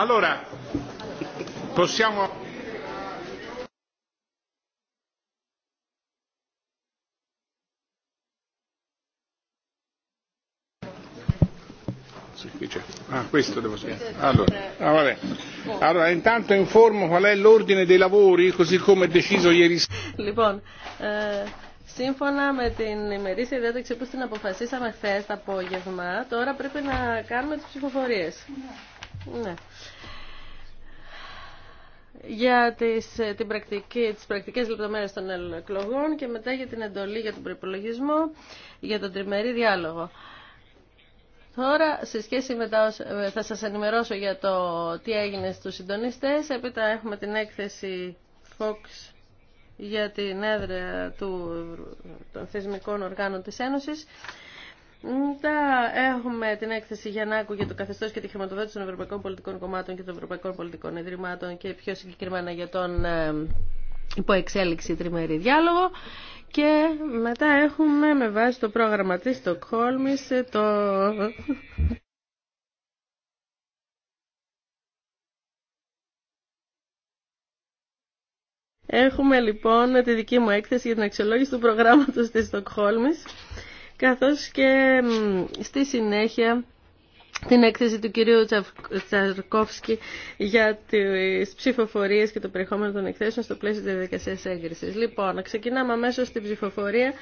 Allora, possiamo... Ah, questo devo allora, ah, vabbè. allora intanto informo qual è l'ordine dei lavori così come è deciso ieri sera. σύμφωνα με την ημερήσια διάταξη που την αποφασίσαμε χθε το απόγευμα, τώρα πρέπει να κάνουμε τι ψηφοφορίε. Ναι. Για τις, ε, την πρακτική, τις πρακτικές λεπτομέρειες των εκλογών και μετά για την εντολή για τον προπολογισμό για τον τριμερή διάλογο. Τώρα, σε σχέση με τα, ε, θα σας ενημερώσω για το τι έγινε στους συντονιστές. Έπειτα έχουμε την έκθεση Fox για την έδρα του, των θεσμικών οργάνων της Ένωσης. Μετά έχουμε την έκθεση Γιαννάκου για το καθεστώ και τη χρηματοδότηση των Ευρωπαϊκών Πολιτικών Κομμάτων και των Ευρωπαϊκών Πολιτικών Ιδρυμάτων και πιο συγκεκριμένα για τον υποεξέλιξη τριμερή διάλογο. Και μετά έχουμε με βάση το πρόγραμμα τη Στοκχόλμη το... Έχουμε λοιπόν τη δική μου έκθεση για την αξιολόγηση του προγράμματος της Στοκχόλμης καθώς και στη συνέχεια την έκθεση του κυρίου Τσαρκόφσκι για τις ψηφοφορίες και το περιεχόμενο των εκθέσεων στο πλαίσιο της διαδικασίας έγκρισης. Λοιπόν, ξεκινάμε αμέσως στην ψηφοφορία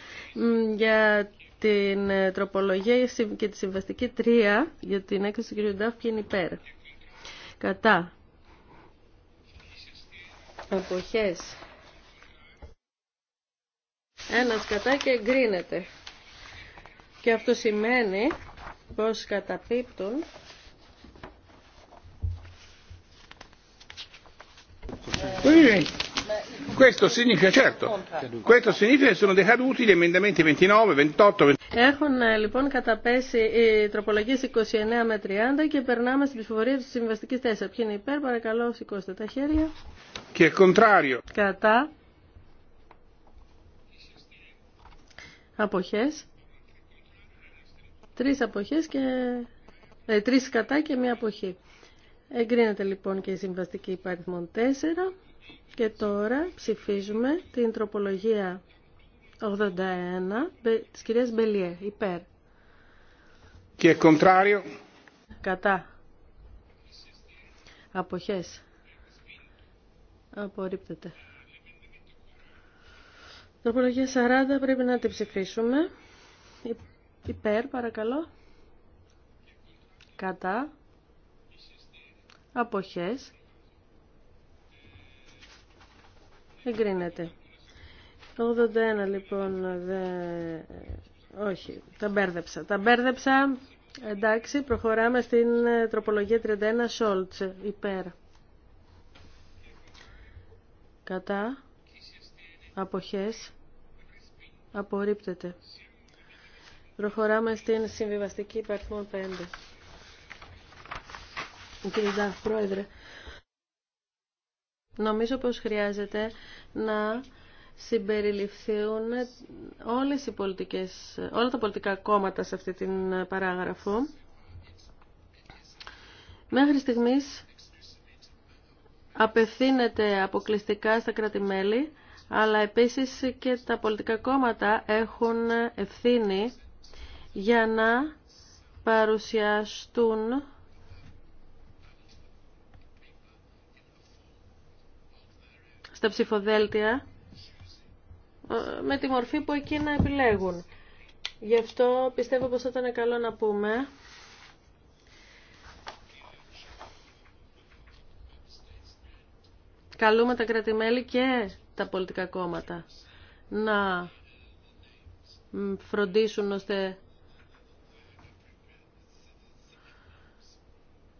για την ε, τροπολογία και τη συμβαστική 3 για την έκθεση του κυρίου Τσαρκόφσκι είναι υπέρ. Κατά. Εποχές. Ένας κατά και εγκρίνεται. Και αυτό σημαίνει πως καταπίπτουν έχουν λοιπόν καταπέσει η τροπολογίε 29 με 30 και περνάμε στην ψηφοφορία τη συμβαστική 4. Ποιοι είναι υπέρ, παρακαλώ, σηκώστε τα χέρια. Και κοντράριο. Κατά. Αποχές. Τρεις αποχές και... Ε, τρεις κατά και μία αποχή. Εγκρίνεται λοιπόν και η συμβαστική υπαριθμών 4 και τώρα ψηφίζουμε την τροπολογία 81 της κυρίας Μπελιέ, υπέρ. Και κοντράριο. Κατά. Αποχές. Απορρίπτεται. Τροπολογία 40 πρέπει να την ψηφίσουμε. Υπέρ, παρακαλώ. Κατά. Αποχές. Εγκρίνεται. 81 λοιπόν, δε... όχι, τα μπέρδεψα. Τα μπέρδεψα, εντάξει, προχωράμε στην ε, τροπολογία 31, Σόλτς, υπέρ. Κατά, αποχές, απορρίπτεται. Προχωράμε στην συμβιβαστική υπαρθμό 5. Κύριε Πρόεδρε, νομίζω πως χρειάζεται να συμπεριληφθούν όλες οι πολιτικές, όλα τα πολιτικά κόμματα σε αυτή την παράγραφο. Μέχρι στιγμής απευθύνεται αποκλειστικά στα κράτη-μέλη, αλλά επίσης και τα πολιτικά κόμματα έχουν ευθύνη για να παρουσιαστούν στα ψηφοδέλτια ε, με τη μορφή που να επιλέγουν. Γι' αυτό πιστεύω πως θα ήταν καλό να πούμε καλούμε τα κρατημέλη και τα πολιτικά κόμματα να φροντίσουν ώστε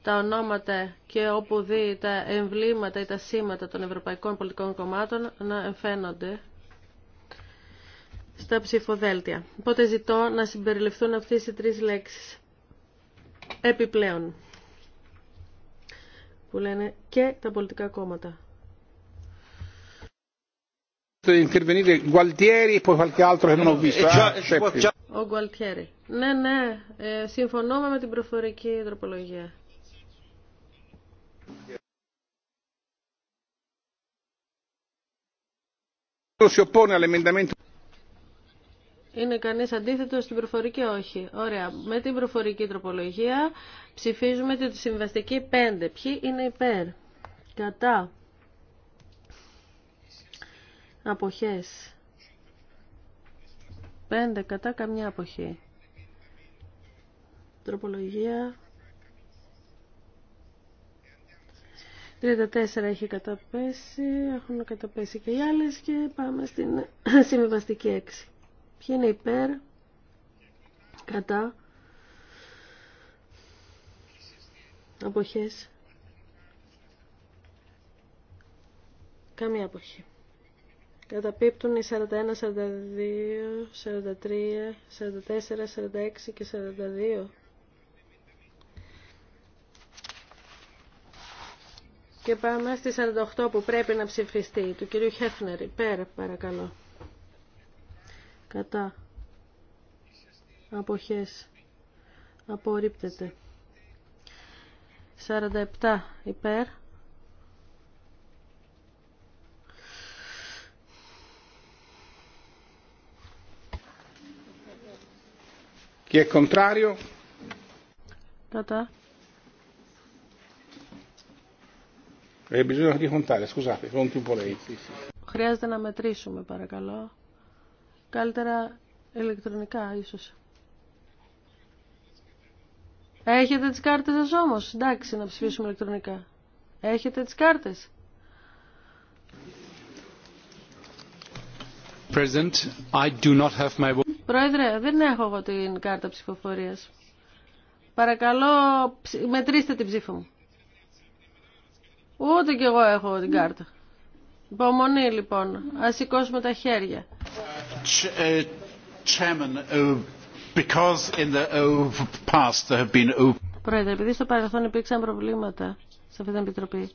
τα ονόματα και όπου δει τα εμβλήματα ή τα σήματα των ευρωπαϊκών πολιτικών κομμάτων να εμφαίνονται στα ψηφοδέλτια. Οπότε ζητώ να συμπεριληφθούν αυτές οι τρεις λέξεις επιπλέον που λένε και τα πολιτικά κόμματα. Ο Γκουαλτιέρη. Ναι, ναι, ε, Συμφωνώ με την προφορική τροπολογία. Είναι κανείς αντίθετος στην προφορική, όχι. Ωραία. Με την προφορική τροπολογία ψηφίζουμε τη συμβαστική 5. Ποιοι είναι υπέρ. Κατά. Αποχές. 5 κατά καμιά αποχή. Τροπολογία 34 έχει καταπέσει, έχουν καταπέσει και οι άλλες και πάμε στην συμβιβαστική 6. Ποιοι είναι υπέρ, κατά, αποχές, καμία αποχή. Καταπίπτουν οι 41, 42, 43, 44, 46 και 42. Και πάμε στη 48 που πρέπει να ψηφιστεί, του κυρίου Χέφνερ. Υπέρ, παρακαλώ. Κατά. Αποχές. Απορρίπτεται. 47 υπέρ. Και κοντράριο. Κατά. Ε, Χρειάζεται να μετρήσουμε, παρακαλώ. Καλύτερα ηλεκτρονικά, ίσως. Έχετε τις κάρτες σας όμως. Εντάξει, να ψηφίσουμε ηλεκτρονικά. Έχετε τις κάρτες. President, Πρόεδρε, δεν έχω εγώ την κάρτα ψηφοφορίας. Παρακαλώ, μετρήστε την ψήφο μου. Ούτε κι εγώ έχω την κάρτα. Υπομονή λοιπόν. α σηκώσουμε τα χέρια. Ε, ε, ε, Πρόεδρε, επειδή στο παρελθόν υπήρξαν προβλήματα σε αυτή την επιτροπή.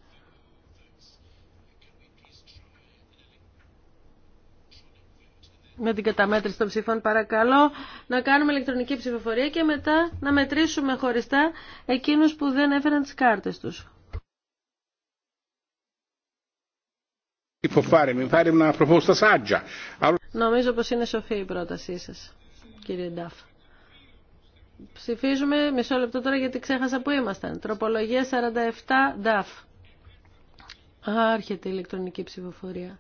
Με την καταμέτρηση των ψήφων παρακαλώ να κάνουμε ηλεκτρονική ψηφοφορία και μετά να μετρήσουμε χωριστά εκείνους που δεν έφεραν τις κάρτες τους. Νομίζω πως είναι σοφή η πρότασή σας, κύριε Ντάφ. Ψηφίζουμε μισό λεπτό τώρα γιατί ξέχασα που ήμασταν. Τροπολογία 47 Ντάφ. Άρχεται η ηλεκτρονική ψηφοφορία.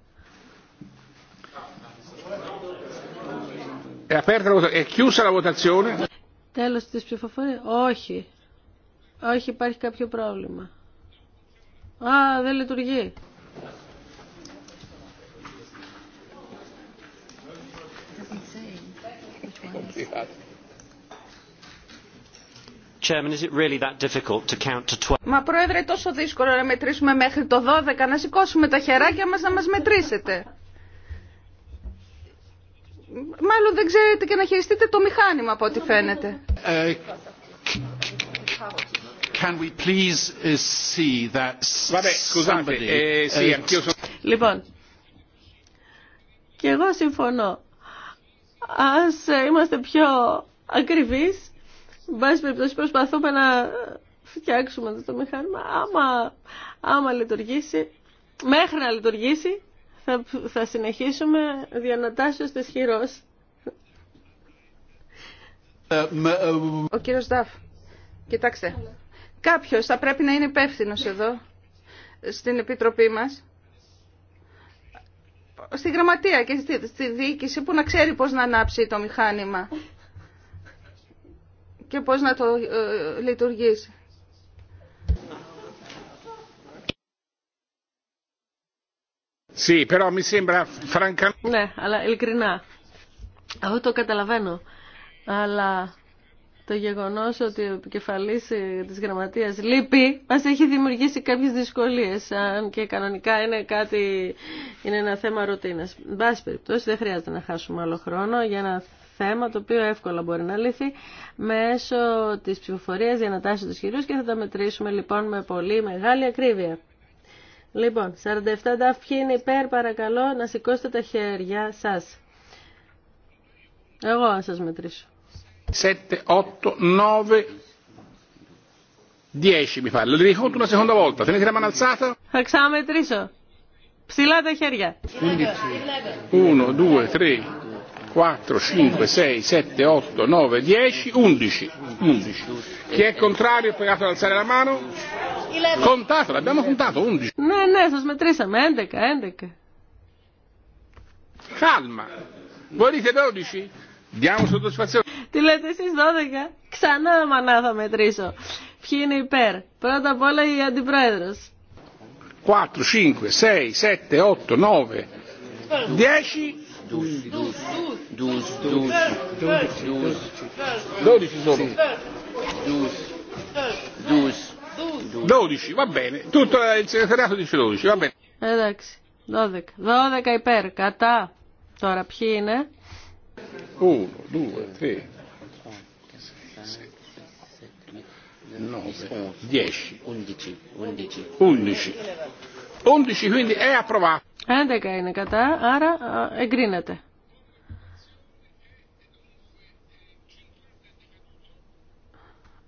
Τέλος της ψηφοφορίας. Όχι. Όχι υπάρχει κάποιο πρόβλημα. Α, δεν λειτουργεί. Μα πρόεδρε τόσο δύσκολο να μετρήσουμε μέχρι το 12, να σηκώσουμε τα χεράκια μας να μας μετρήσετε. Μάλλον δεν ξέρετε και να χειριστείτε το μηχάνημα από ό,τι φαίνεται. Λοιπόν, και εγώ συμφωνώ Ας ε, είμαστε πιο ακριβείς. βάση περιπτώσει προσπαθούμε να φτιάξουμε το, το μηχάνημα. Άμα, άμα λειτουργήσει, μέχρι να λειτουργήσει, θα, θα συνεχίσουμε διανατάσσεως της χειρός. Ε, ε, Ο κύριος Νταφ, κοιτάξτε. Κάποιος θα πρέπει να είναι υπεύθυνο εδώ, στην Επιτροπή μας στη γραμματεία και στη, διοίκηση που να ξέρει πώς να ανάψει το μηχάνημα και πώς να το ε, λειτουργήσει. Ναι, αλλά ειλικρινά. Εγώ το καταλαβαίνω. Αλλά το γεγονό ότι ο επικεφαλή ε, τη Γραμματεία λείπει μα έχει δημιουργήσει κάποιε δυσκολίε. αν και κανονικά είναι κάτι είναι ένα θέμα ρουτίνα. εν πάση περιπτώσει δεν χρειάζεται να χάσουμε άλλο χρόνο για ένα θέμα το οποίο εύκολα μπορεί να λυθεί μέσω τη ψηφοφορία για να του χειρού και θα τα μετρήσουμε λοιπόν με πολύ μεγάλη ακρίβεια. Λοιπόν, 47 ταφ είναι υπέρ παρακαλώ να σηκώσετε τα χέρια σας. Εγώ να σας μετρήσω. 7, 8, 9, 10 mi pare. Lo ricordo una seconda volta. Tenete la mano alzata? Θα ξαναμετρήσω. Ψηλά τα χέρια. 1, 2, 3, 4, 5, 6, 7, 8, 9, 10, 11. 11. Chi è contrario è pregato ad alzare la mano. Contato, l'abbiamo contato, 11. Ναι, ναι, σας μετρήσαμε, 11, 11. Calma. Voi dite 12? Diamo soddisfazione. Τι λέτε εσεί 12. Ξανά μανά θα μετρήσω. Ποιοι είναι υπέρ. Πρώτα απ' όλα η αντιπρόεδρος. 4, 5, 6, 7, 8, 9, 10. 12 12 12 12 12 12 12 12 12 12 12 εντάξει 12 12 υπέρ κατά τώρα ποιοι είναι 12 12 12 9, 10, 11, 11. 11 quindi è approvato. 11 είναι κατά, άρα εγκρίνεται.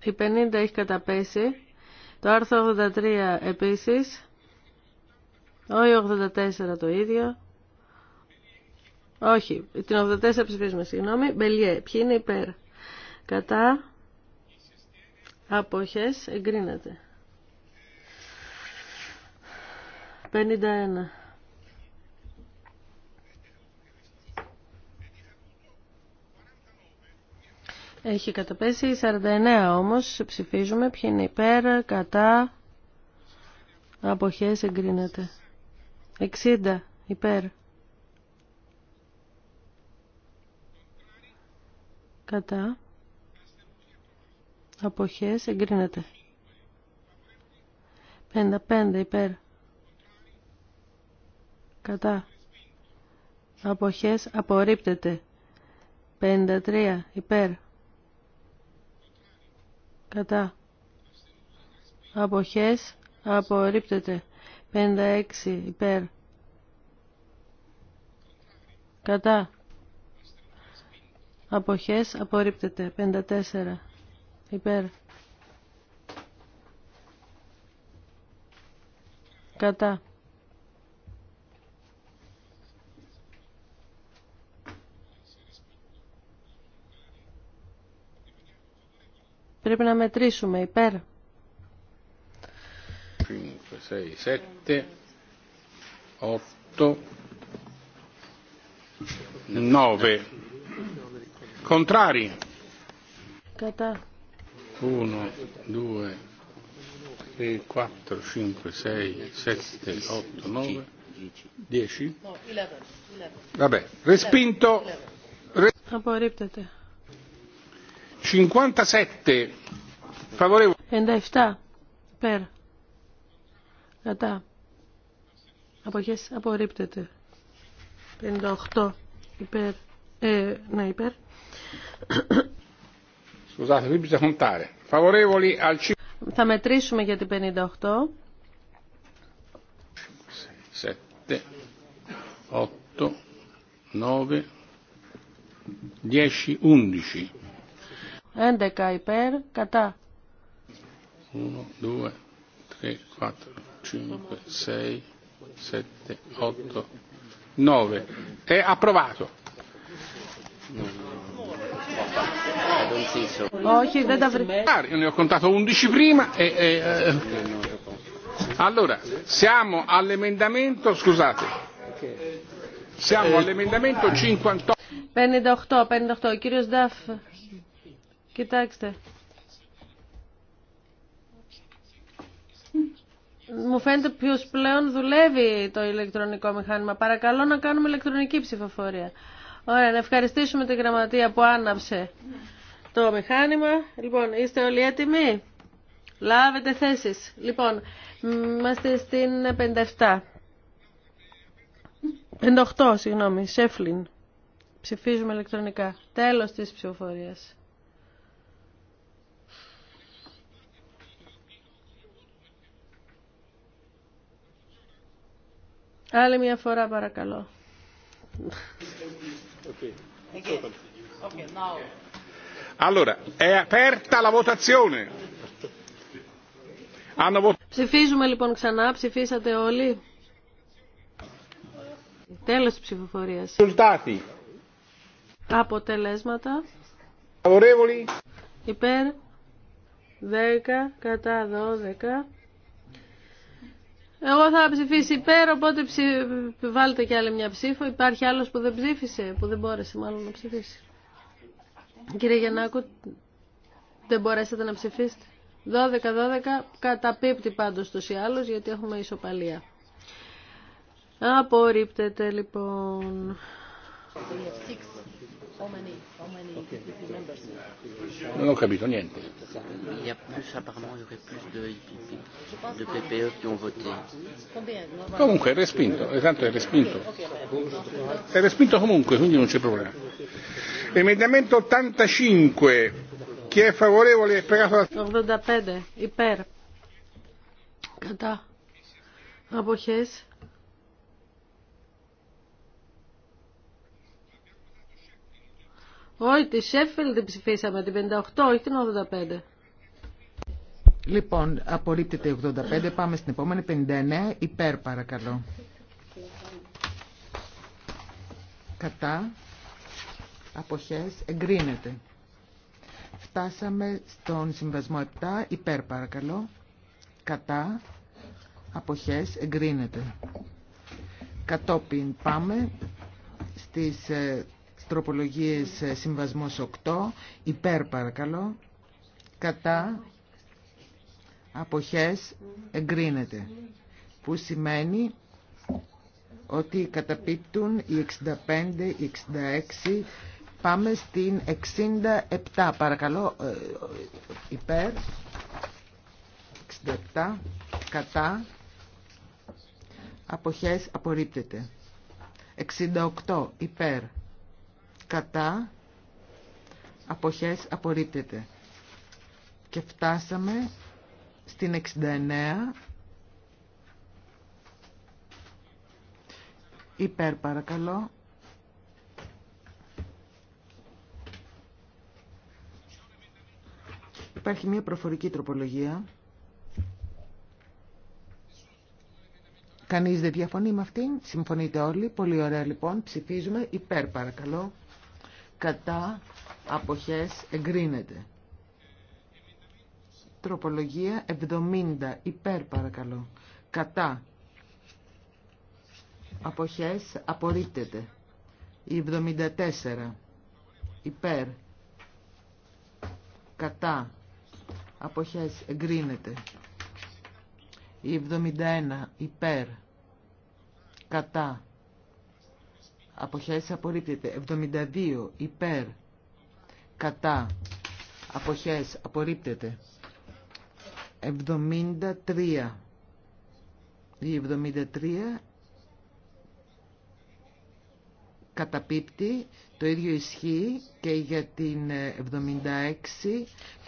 Η 50 έχει καταπέσει. Το άρθρο 83 επίσης. Όχι 84 το ίδιο. Όχι, την 84 ψηφίζουμε, συγγνώμη. Μπελιέ, ποιοι είναι υπέρ. Κατά αποχές εγκρίνεται. 51. Έχει καταπέσει 49 όμως, ψηφίζουμε ποιοι είναι υπέρ, κατά, αποχές εγκρίνεται. 60 υπέρ. Κατά αποχές εγκρίνεται. 55 υπέρ κατά αποχές απορρίπτεται. 53 υπέρ κατά αποχές απορρίπτεται. 56 υπέρ κατά αποχές απορρίπτεται. 54 υπέρ κατά Πρέπει να μετρήσουμε υπέρ. 5, 6, 7, 8, 9. Contrari. Κατά. 1, 2, 3, 4, 5, 6, 7, 8, 9, 10. Vabbè, respinto. Απορρίπτεται. 57. Favorevole. 57. Περ. Κατά. Αποχές απορρίπτεται. 58. Υπέρ. Ε, ναι, υπέρ. Θα μετρήσουμε για την 58. 7, 8, 9, 10, 11. 11 υπέρ, κατά. 1, 2, 3, 4, 5, 6, 7, 8, 9. È approvato. Όχι, δεν τα βρήκα. Ne ho contato 11 prima e, e, e Allora, siamo all'emendamento, scusate. Siamo eh, all'emendamento 58. 58, 58. Ο Νταφ. Κοιτάξτε. Μου φαίνεται ποιος πλέον δουλεύει το ηλεκτρονικό μηχάνημα. Παρακαλώ να κάνουμε ηλεκτρονική ψηφοφορία. Ωραία, να ευχαριστήσουμε τη γραμματεία που άναψε το μηχάνημα. Λοιπόν, είστε όλοι έτοιμοι. Λάβετε θέσεις. Λοιπόν, είμαστε στην 57. 58, συγγνώμη, Σέφλιν. Ψηφίζουμε ηλεκτρονικά. Τέλος της ψηφοφορίας. Άλλη μια φορά παρακαλώ. Okay. Okay. Okay, now. Ψηφίζουμε λοιπόν ξανά. Ψηφίσατε όλοι. Τέλος της ψηφοφορίας. Αποτελέσματα. Υπέρ 10 κατά 12. Εγώ θα ψηφίσει υπέρ, οπότε ψη... βάλτε και άλλη μια ψήφο. Υπάρχει άλλος που δεν ψήφισε, που δεν μπόρεσε μάλλον να ψηφίσει. Κύριε Γιαννάκου, δεν μπορέσατε να ψηφίσετε. 12-12 καταπίπτει πάντως τους ή άλλους γιατί έχουμε ισοπαλία. Απορρίπτεται λοιπόν. Non, non, capito niente. Il y a plus, apparemment, il y aurait plus de, de PPE qui ont voté. Comunque è respinto, tanto è respinto. È respinto comunque, quindi non c'è problema. Emendamento 85, chi è favorevole è pregato da... pede, iper. Κατά. Αποχές. Όχι, τη Σέφελ δεν ψηφίσαμε, την 58, όχι την 85. Λοιπόν, απορρίπτεται 85, πάμε στην επόμενη 59, υπέρ παρακαλώ. Κατά, αποχές, εγκρίνεται. Φτάσαμε στον συμβασμό 7, υπέρ παρακαλώ. Κατά, αποχές, εγκρίνεται. Κατόπιν πάμε στις ε, τροπολογίες ε, συμβασμός 8, υπέρ παρακαλώ, κατά αποχές εγκρίνεται, που σημαίνει ότι καταπίπτουν οι 65, οι 66, Πάμε στην 67, παρακαλώ, ε, υπέρ, 67, κατά, αποχές απορρίπτεται. 68, υπέρ, κατά, αποχές απορρίπτεται. Και φτάσαμε στην 69, υπέρ παρακαλώ, Υπάρχει μια προφορική τροπολογία. Κανείς δεν διαφωνεί με αυτήν. Συμφωνείτε όλοι. Πολύ ωραία λοιπόν. Ψηφίζουμε υπέρ παρακαλώ κατά αποχές εγκρίνεται. Τροπολογία 70 υπέρ παρακαλώ. Κατά αποχές απορρίπτεται. Η 74 υπέρ κατά αποχές εγκρίνεται. Η 71 υπέρ κατά αποχές απορρίπτεται 72 υπέρ κατά αποχές απορρίπτεται 73 η 73 καταπίπτει το ίδιο ισχύει και για την 76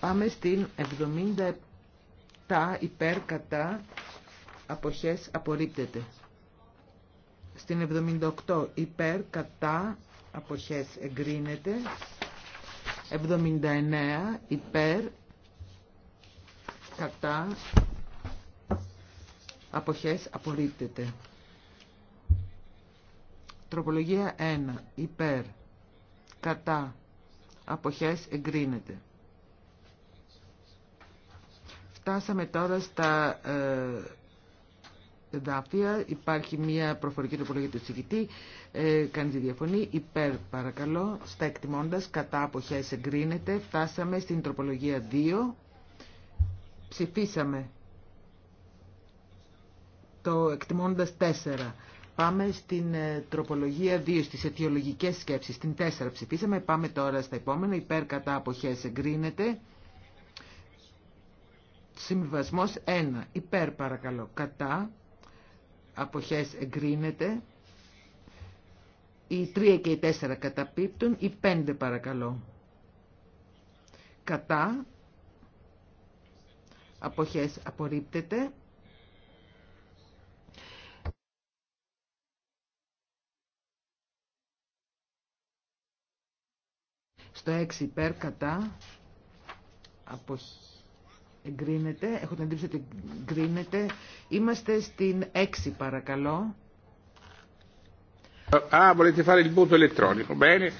πάμε στην 77 υπέρ κατά αποχές απορρίπτεται στην 78 υπέρ κατά αποχές εγκρίνεται. 79 υπέρ κατά αποχές απορρίπτεται. Τροπολογία 1 υπέρ κατά αποχές εγκρίνεται. Φτάσαμε τώρα στα ε, Υπάρχει μια προφορική τροπολογία του εισηγητή. Ε, Κανεί τη διαφωνή. Υπέρ παρακαλώ. Στα εκτιμώντα, κατά αποχέ εγκρίνεται. Φτάσαμε στην τροπολογία 2. Ψηφίσαμε το εκτιμώντα 4. Πάμε στην ε, τροπολογία 2, στις αιτιολογικές σκέψεις, στην 4 ψηφίσαμε, πάμε τώρα στα επόμενα, υπέρ κατά αποχές εγκρίνεται. Συμβιβασμός 1. Υπέρ παρακαλώ. Κατά αποχές εγκρίνεται. Οι 3 και οι 4 καταπίπτουν. ή 5 παρακαλώ. Κατά. Αποχές απορρίπτεται. Στο 6 υπέρ κατά. Αποχές Εγκρίνεται. Έχω την εντύπωση ότι εγκρίνεται. Είμαστε στην 6 παρακαλώ. Α, volete fare il voto elettronico. Bene.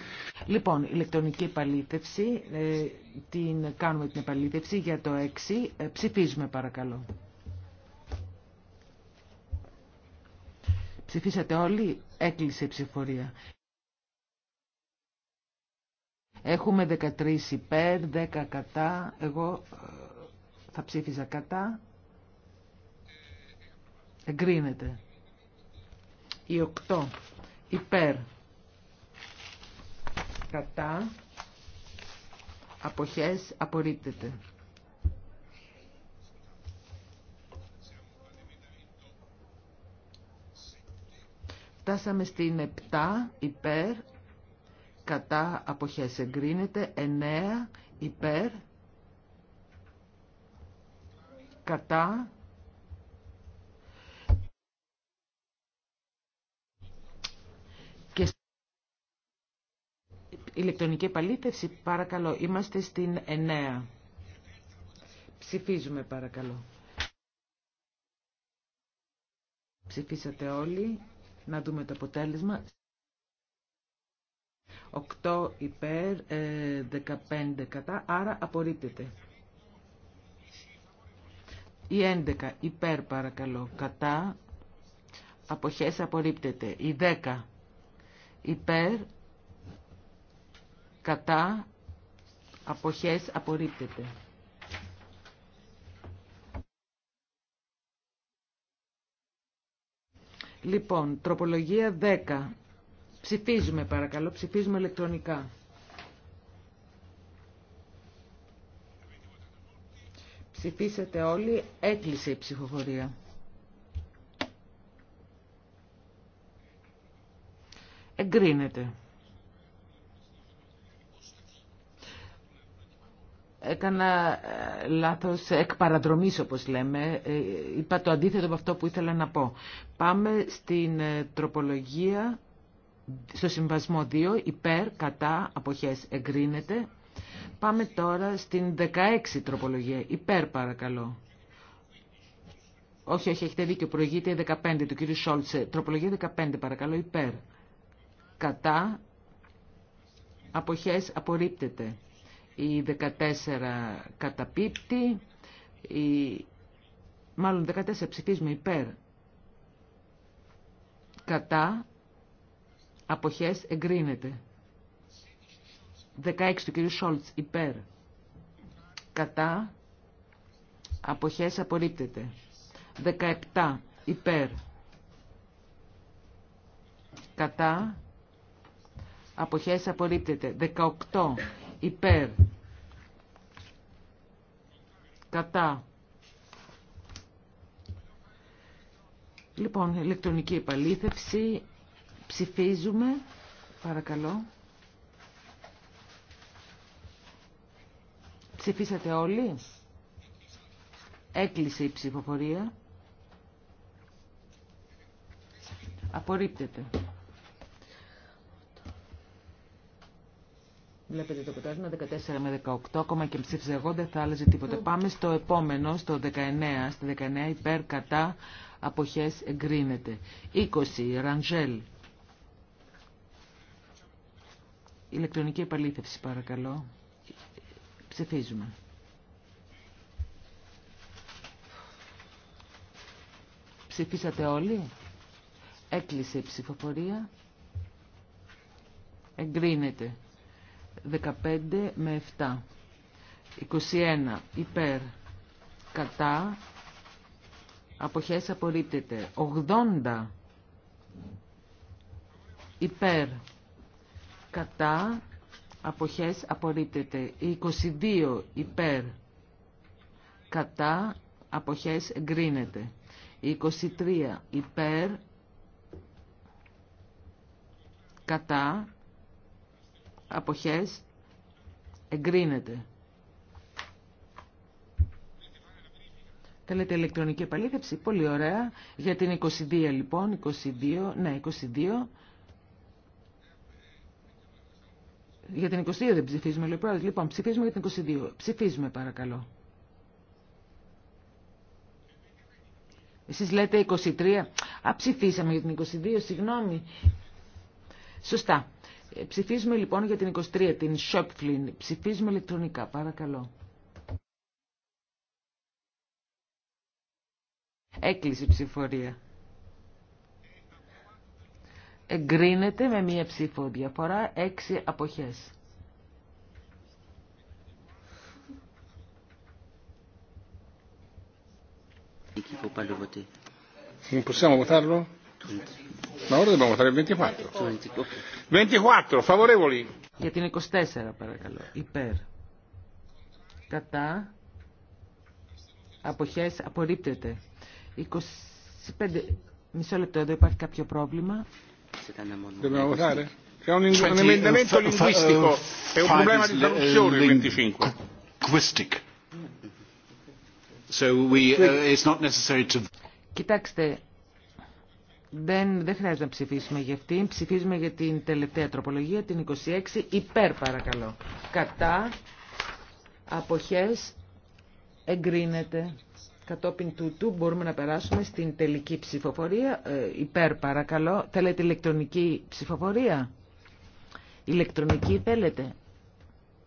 Λοιπόν, ηλεκτρονική επαλήθευση, ε, την κάνουμε την επαλήθευση για το 6. Ε, ψηφίζουμε παρακαλώ. Ψηφίσατε όλοι, έκλεισε η ψηφορία. Έχουμε 13 υπέρ, 10 κατά, εγώ ε, θα ψήφιζα κατά. Εγκρίνεται. Η 8 υπέρ κατά αποχές απορρίπτεται. Φτάσαμε στην 7 υπέρ κατά αποχές εγκρίνεται, 9 υπέρ κατά και ηλεκτρονική επαλήθευση παρακαλώ είμαστε στην 9 ψηφίζουμε παρακαλώ ψηφίσατε όλοι να δούμε το αποτέλεσμα 8 υπέρ 15 ε, κατά άρα απορρίπτεται η 11 υπέρ παρακαλώ κατά αποχές απορρίπτεται. Η 10 υπέρ κατά αποχές απορρίπτεται. Λοιπόν, τροπολογία 10. Ψηφίζουμε παρακαλώ, ψηφίζουμε ηλεκτρονικά. Ψηφίσατε όλοι. Έκλεισε η ψηφοφορία. Εγκρίνεται. Έκανα ε, λάθος εκ παραδρομής, όπως λέμε. Ε, είπα το αντίθετο από αυτό που ήθελα να πω. Πάμε στην ε, τροπολογία, στο συμβασμό 2, υπέρ, κατά, αποχές. Εγκρίνεται. Πάμε τώρα στην 16 τροπολογία. Υπέρ παρακαλώ. Όχι, όχι, έχετε δίκιο. Προηγείται η 15 του κύριου Σόλτσε. Τροπολογία 15 παρακαλώ. Υπέρ. Κατά. Αποχές απορρίπτεται. Η 14 καταπίπτει. Η... Μάλλον 14 ψηφίζουμε υπέρ. Κατά. Αποχές εγκρίνεται. 16 του κυρίου Σόλτς υπέρ κατά αποχές απορρίπτεται 17 υπέρ κατά αποχές απορρίπτεται 18 υπέρ κατά Λοιπόν, ηλεκτρονική επαλήθευση. Ψηφίζουμε. Παρακαλώ. Ψηφίσατε όλοι. Έκλεισε η ψηφοφορία. Απορρίπτεται. Βλέπετε το αποτέλεσμα 14 με 18, ακόμα και εγώ δεν θα άλλαζε τίποτα. Πάμε στο επόμενο, στο 19, Στο 19 υπέρ κατά αποχές εγκρίνεται. 20, Ραντζέλ. Ηλεκτρονική επαλήθευση παρακαλώ. Ψηφίζουμε. Ψηφίσατε όλοι. Έκλεισε η ψηφοφορία. Εγκρίνεται. 15 με 7. 21 υπέρ. Κατά. Αποχές απορρίπτεται. 80 υπέρ. Κατά αποχές απορρίπτεται. 22 υπέρ κατά αποχές εγκρίνεται. 23 υπέρ κατά αποχές εγκρίνεται. Θέλετε ηλεκτρονική επαλήθευση. Πολύ ωραία. Για την 22 λοιπόν, 22, ναι 22 Για την 22 δεν ψηφίζουμε, λέει ο Λοιπόν, ψηφίζουμε για την 22. Ψηφίζουμε, παρακαλώ. Εσείς λέτε 23. Α, ψηφίσαμε για την 22, συγγνώμη. Σωστά. Ε, ψηφίζουμε λοιπόν για την 23, την Σόπφλιν. Ψηφίζουμε ηλεκτρονικά, παρακαλώ. Έκλεισε η ψηφορία. Εγκρίνεται με μία ψήφο διαφορά, έξι αποχές. possiamo 24. Για την 24 παρακαλώ. Υπέρ. Κατά. Αποχές απορρίπτεται. 25. Μισό λεπτό εδώ υπάρχει κάποιο πρόβλημα. Dobbiamo votare? C'è un emendamento linguistico, è un problema di traduzione il 25. Uh, Κοιτάξτε, δεν, δεν χρειάζεται να ψηφίσουμε για αυτήν. Ψηφίζουμε για την τελευταία τροπολογία, την 26, υπέρ παρακαλώ. Κατά, αποχές, εγκρίνεται. Κατόπιν τούτου μπορούμε να περάσουμε στην τελική ψηφοφορία. Ε, υπέρ παρακαλώ. Θέλετε ηλεκτρονική ψηφοφορία. Ηλεκτρονική θέλετε.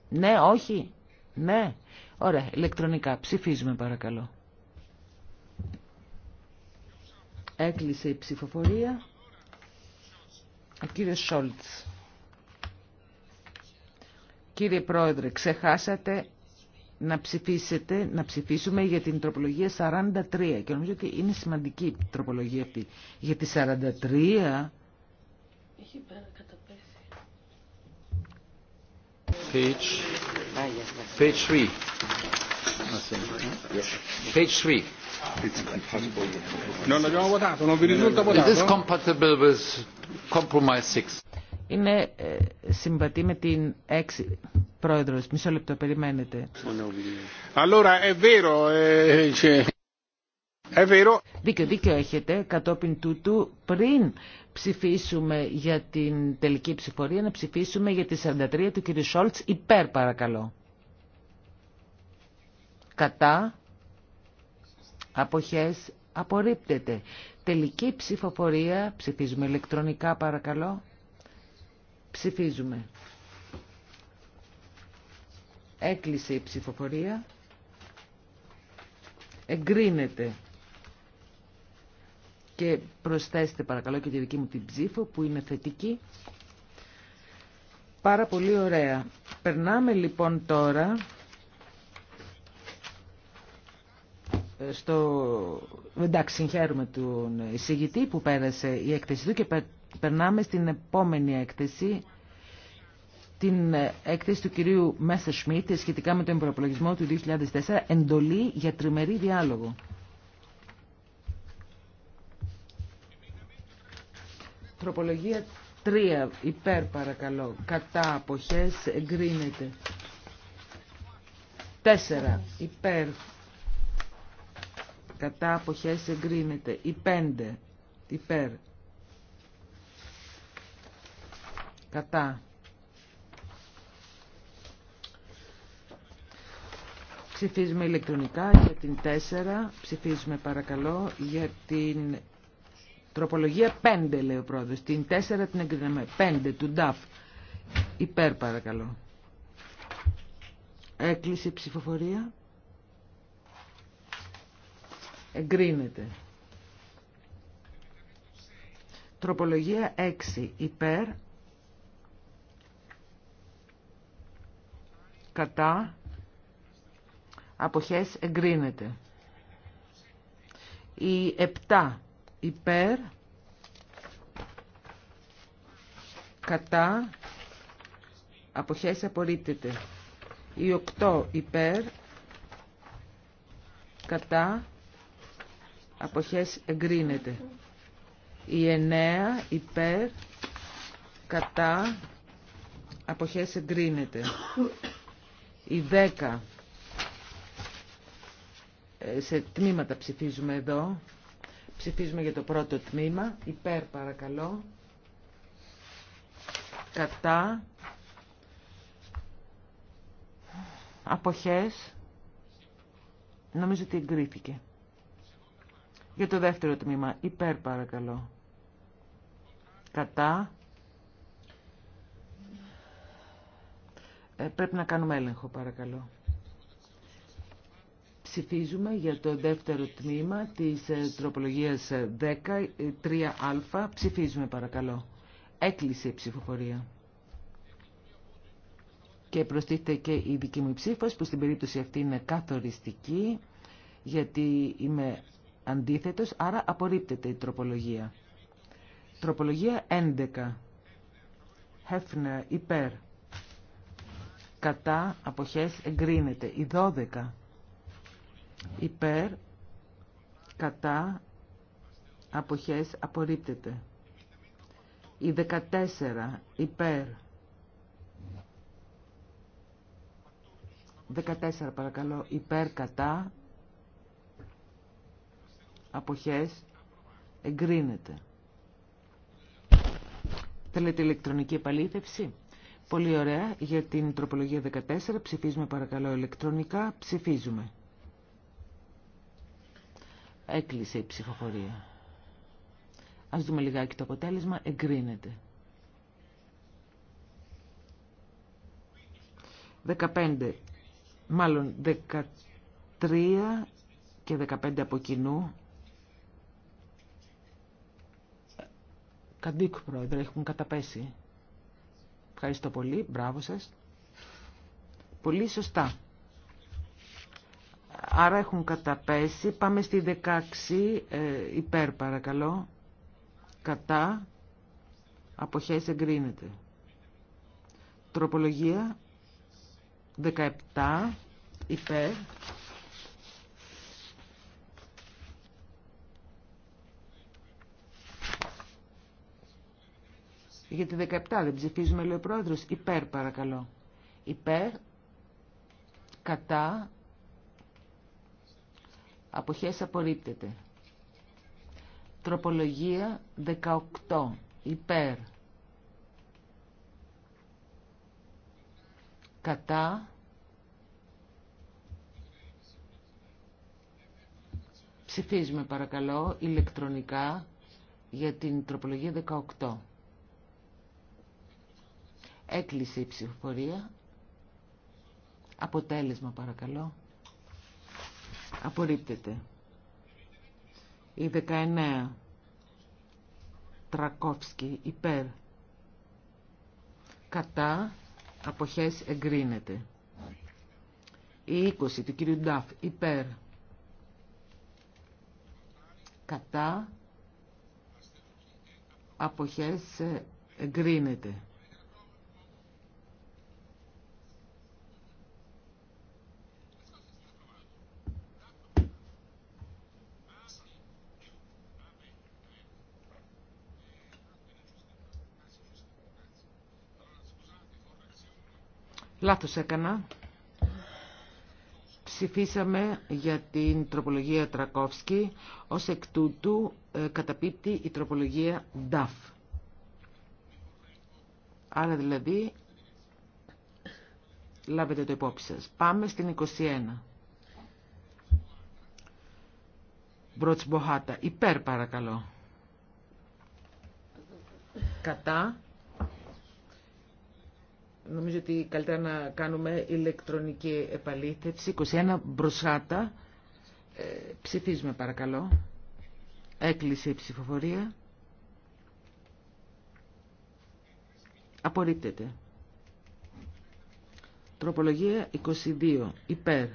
Ναι, όχι. Ναι. Ωραία, ηλεκτρονικά. Ψηφίζουμε παρακαλώ. Έκλεισε η ψηφοφορία. Ο κύριος Σόλτς. Κύριε Πρόεδρε, ξεχάσατε να ψηφίσετε, να ψηφίσουμε για την τροπολογία 43 και νομίζω ότι είναι σημαντική η τροπολογία αυτή. Για τη 43... Έχει πέρα καταπέσει. Page, page 3. Page 3. Non abbiamo votato, non is compatible with compromise 6 είναι ε, συμβατή με την έξι πρόεδρος. Μισό λεπτό, περιμένετε. Ε, δίκιο, δίκιο έχετε. Κατόπιν τούτου, πριν ψηφίσουμε για την τελική ψηφορία, να ψηφίσουμε για τη 43 του κ. Σόλτς υπέρ, παρακαλώ. Κατά. Αποχές. Απορρίπτεται. Τελική ψηφοφορία. Ψηφίζουμε ηλεκτρονικά, παρακαλώ. Ψηφίζουμε. Έκλεισε η ψηφοφορία. Εγκρίνεται. Και προσθέστε παρακαλώ και τη δική μου την ψήφο που είναι θετική. Πάρα πολύ ωραία. Περνάμε λοιπόν τώρα ε, στο... Εντάξει, συγχαίρουμε τον εισηγητή που πέρασε η έκθεση του και Περνάμε στην επόμενη έκθεση, την έκθεση του κυρίου Μέσα Σμιτ σχετικά με τον προπολογισμό του 2004, εντολή για τριμερή διάλογο. Τροπολογία 3, υπέρ παρακαλώ, κατά αποχές εγκρίνεται. 4, υπέρ, κατά αποχές εγκρίνεται. Η 5, υπέρ, Κατά. Ψηφίζουμε ηλεκτρονικά για την 4. Ψηφίζουμε παρακαλώ για την τροπολογία 5 λέει ο πρόεδρος. Την 4 την εγκρίναμε. 5 του ΝΤΑΦ. Υπέρ παρακαλώ. Έκλεισε η ψηφοφορία. Εγκρίνεται. Τροπολογία 6 υπέρ κατά, αποχές εγκρίνεται. Η 7 υπέρ, κατά, αποχές απορρίπτεται. Η 8 υπέρ, κατά, αποχές εγκρίνεται. Η 9 υπέρ, κατά, αποχές εγκρίνεται. Η δέκα ε, σε τμήματα ψηφίζουμε εδώ. Ψηφίζουμε για το πρώτο τμήμα. Υπέρ παρακαλώ. Κατά. Αποχές. Νομίζω ότι εγκρίθηκε. Για το δεύτερο τμήμα. Υπέρ παρακαλώ. Κατά. Ε, πρέπει να κάνουμε έλεγχο παρακαλώ. Ψηφίζουμε για το δεύτερο τμήμα της ε, τροπολογίας 10, ε, 3α. Ψηφίζουμε παρακαλώ. Έκλεισε η ψηφοφορία. Και προστίθεται και η δική μου ψήφος που στην περίπτωση αυτή είναι καθοριστική γιατί είμαι αντίθετος, άρα απορρίπτεται η τροπολογία. Τροπολογία 11. Χέφνερ υπέρ κατά αποχές εγκρίνεται. Η 12 υπέρ κατά αποχές απορρίπτεται. Η 14 υπέρ 14 παρακαλώ υπέρ κατά αποχές εγκρίνεται. Θέλετε ηλεκτρονική επαλήθευση. Πολύ ωραία. Για την τροπολογία 14 ψηφίζουμε παρακαλώ ηλεκτρονικά. Ψηφίζουμε. Έκλεισε η ψηφοφορία. Ας δούμε λιγάκι το αποτέλεσμα. Εγκρίνεται. 15, μάλλον 13 και 15 από κοινού. Καντίκου πρόεδρε, έχουν καταπέσει. Ευχαριστώ πολύ. Μπράβο σας. Πολύ σωστά. Άρα έχουν καταπέσει. Πάμε στη 16 ε, υπέρ παρακαλώ. Κατά. Αποχές εγκρίνεται. Τροπολογία 17 υπέρ. Για τη 17 δεν ψηφίζουμε, λέει ο πρόεδρος. Υπέρ παρακαλώ. Υπέρ, κατά, αποχές απορρίπτεται. Τροπολογία 18. Υπέρ. Κατά. Ψηφίζουμε παρακαλώ ηλεκτρονικά για την τροπολογία 18. Έκλεισε η ψηφοφορία. Αποτέλεσμα παρακαλώ. Απορρίπτεται. Η 19. Τρακόφσκι υπέρ. Κατά αποχές εγκρίνεται. Η 20 του κύριου Νταφ υπέρ. Κατά αποχές εγκρίνεται. Λάθος έκανα. Ψηφίσαμε για την τροπολογία Τρακόφσκι, ως εκ τούτου ε, καταπίπτει η τροπολογία Νταφ. Άρα δηλαδή λάβετε το υπόψη σας. Πάμε στην 21. Μπροτσμποχάτα. Υπέρ παρακαλώ. Κατά. Νομίζω ότι καλύτερα να κάνουμε ηλεκτρονική επαλήθευση. 21 μπροσάτα. Ε, ψηφίζουμε παρακαλώ. Έκλεισε η ψηφοφορία. Απορρίπτεται. Τροπολογία 22. Υπέρ.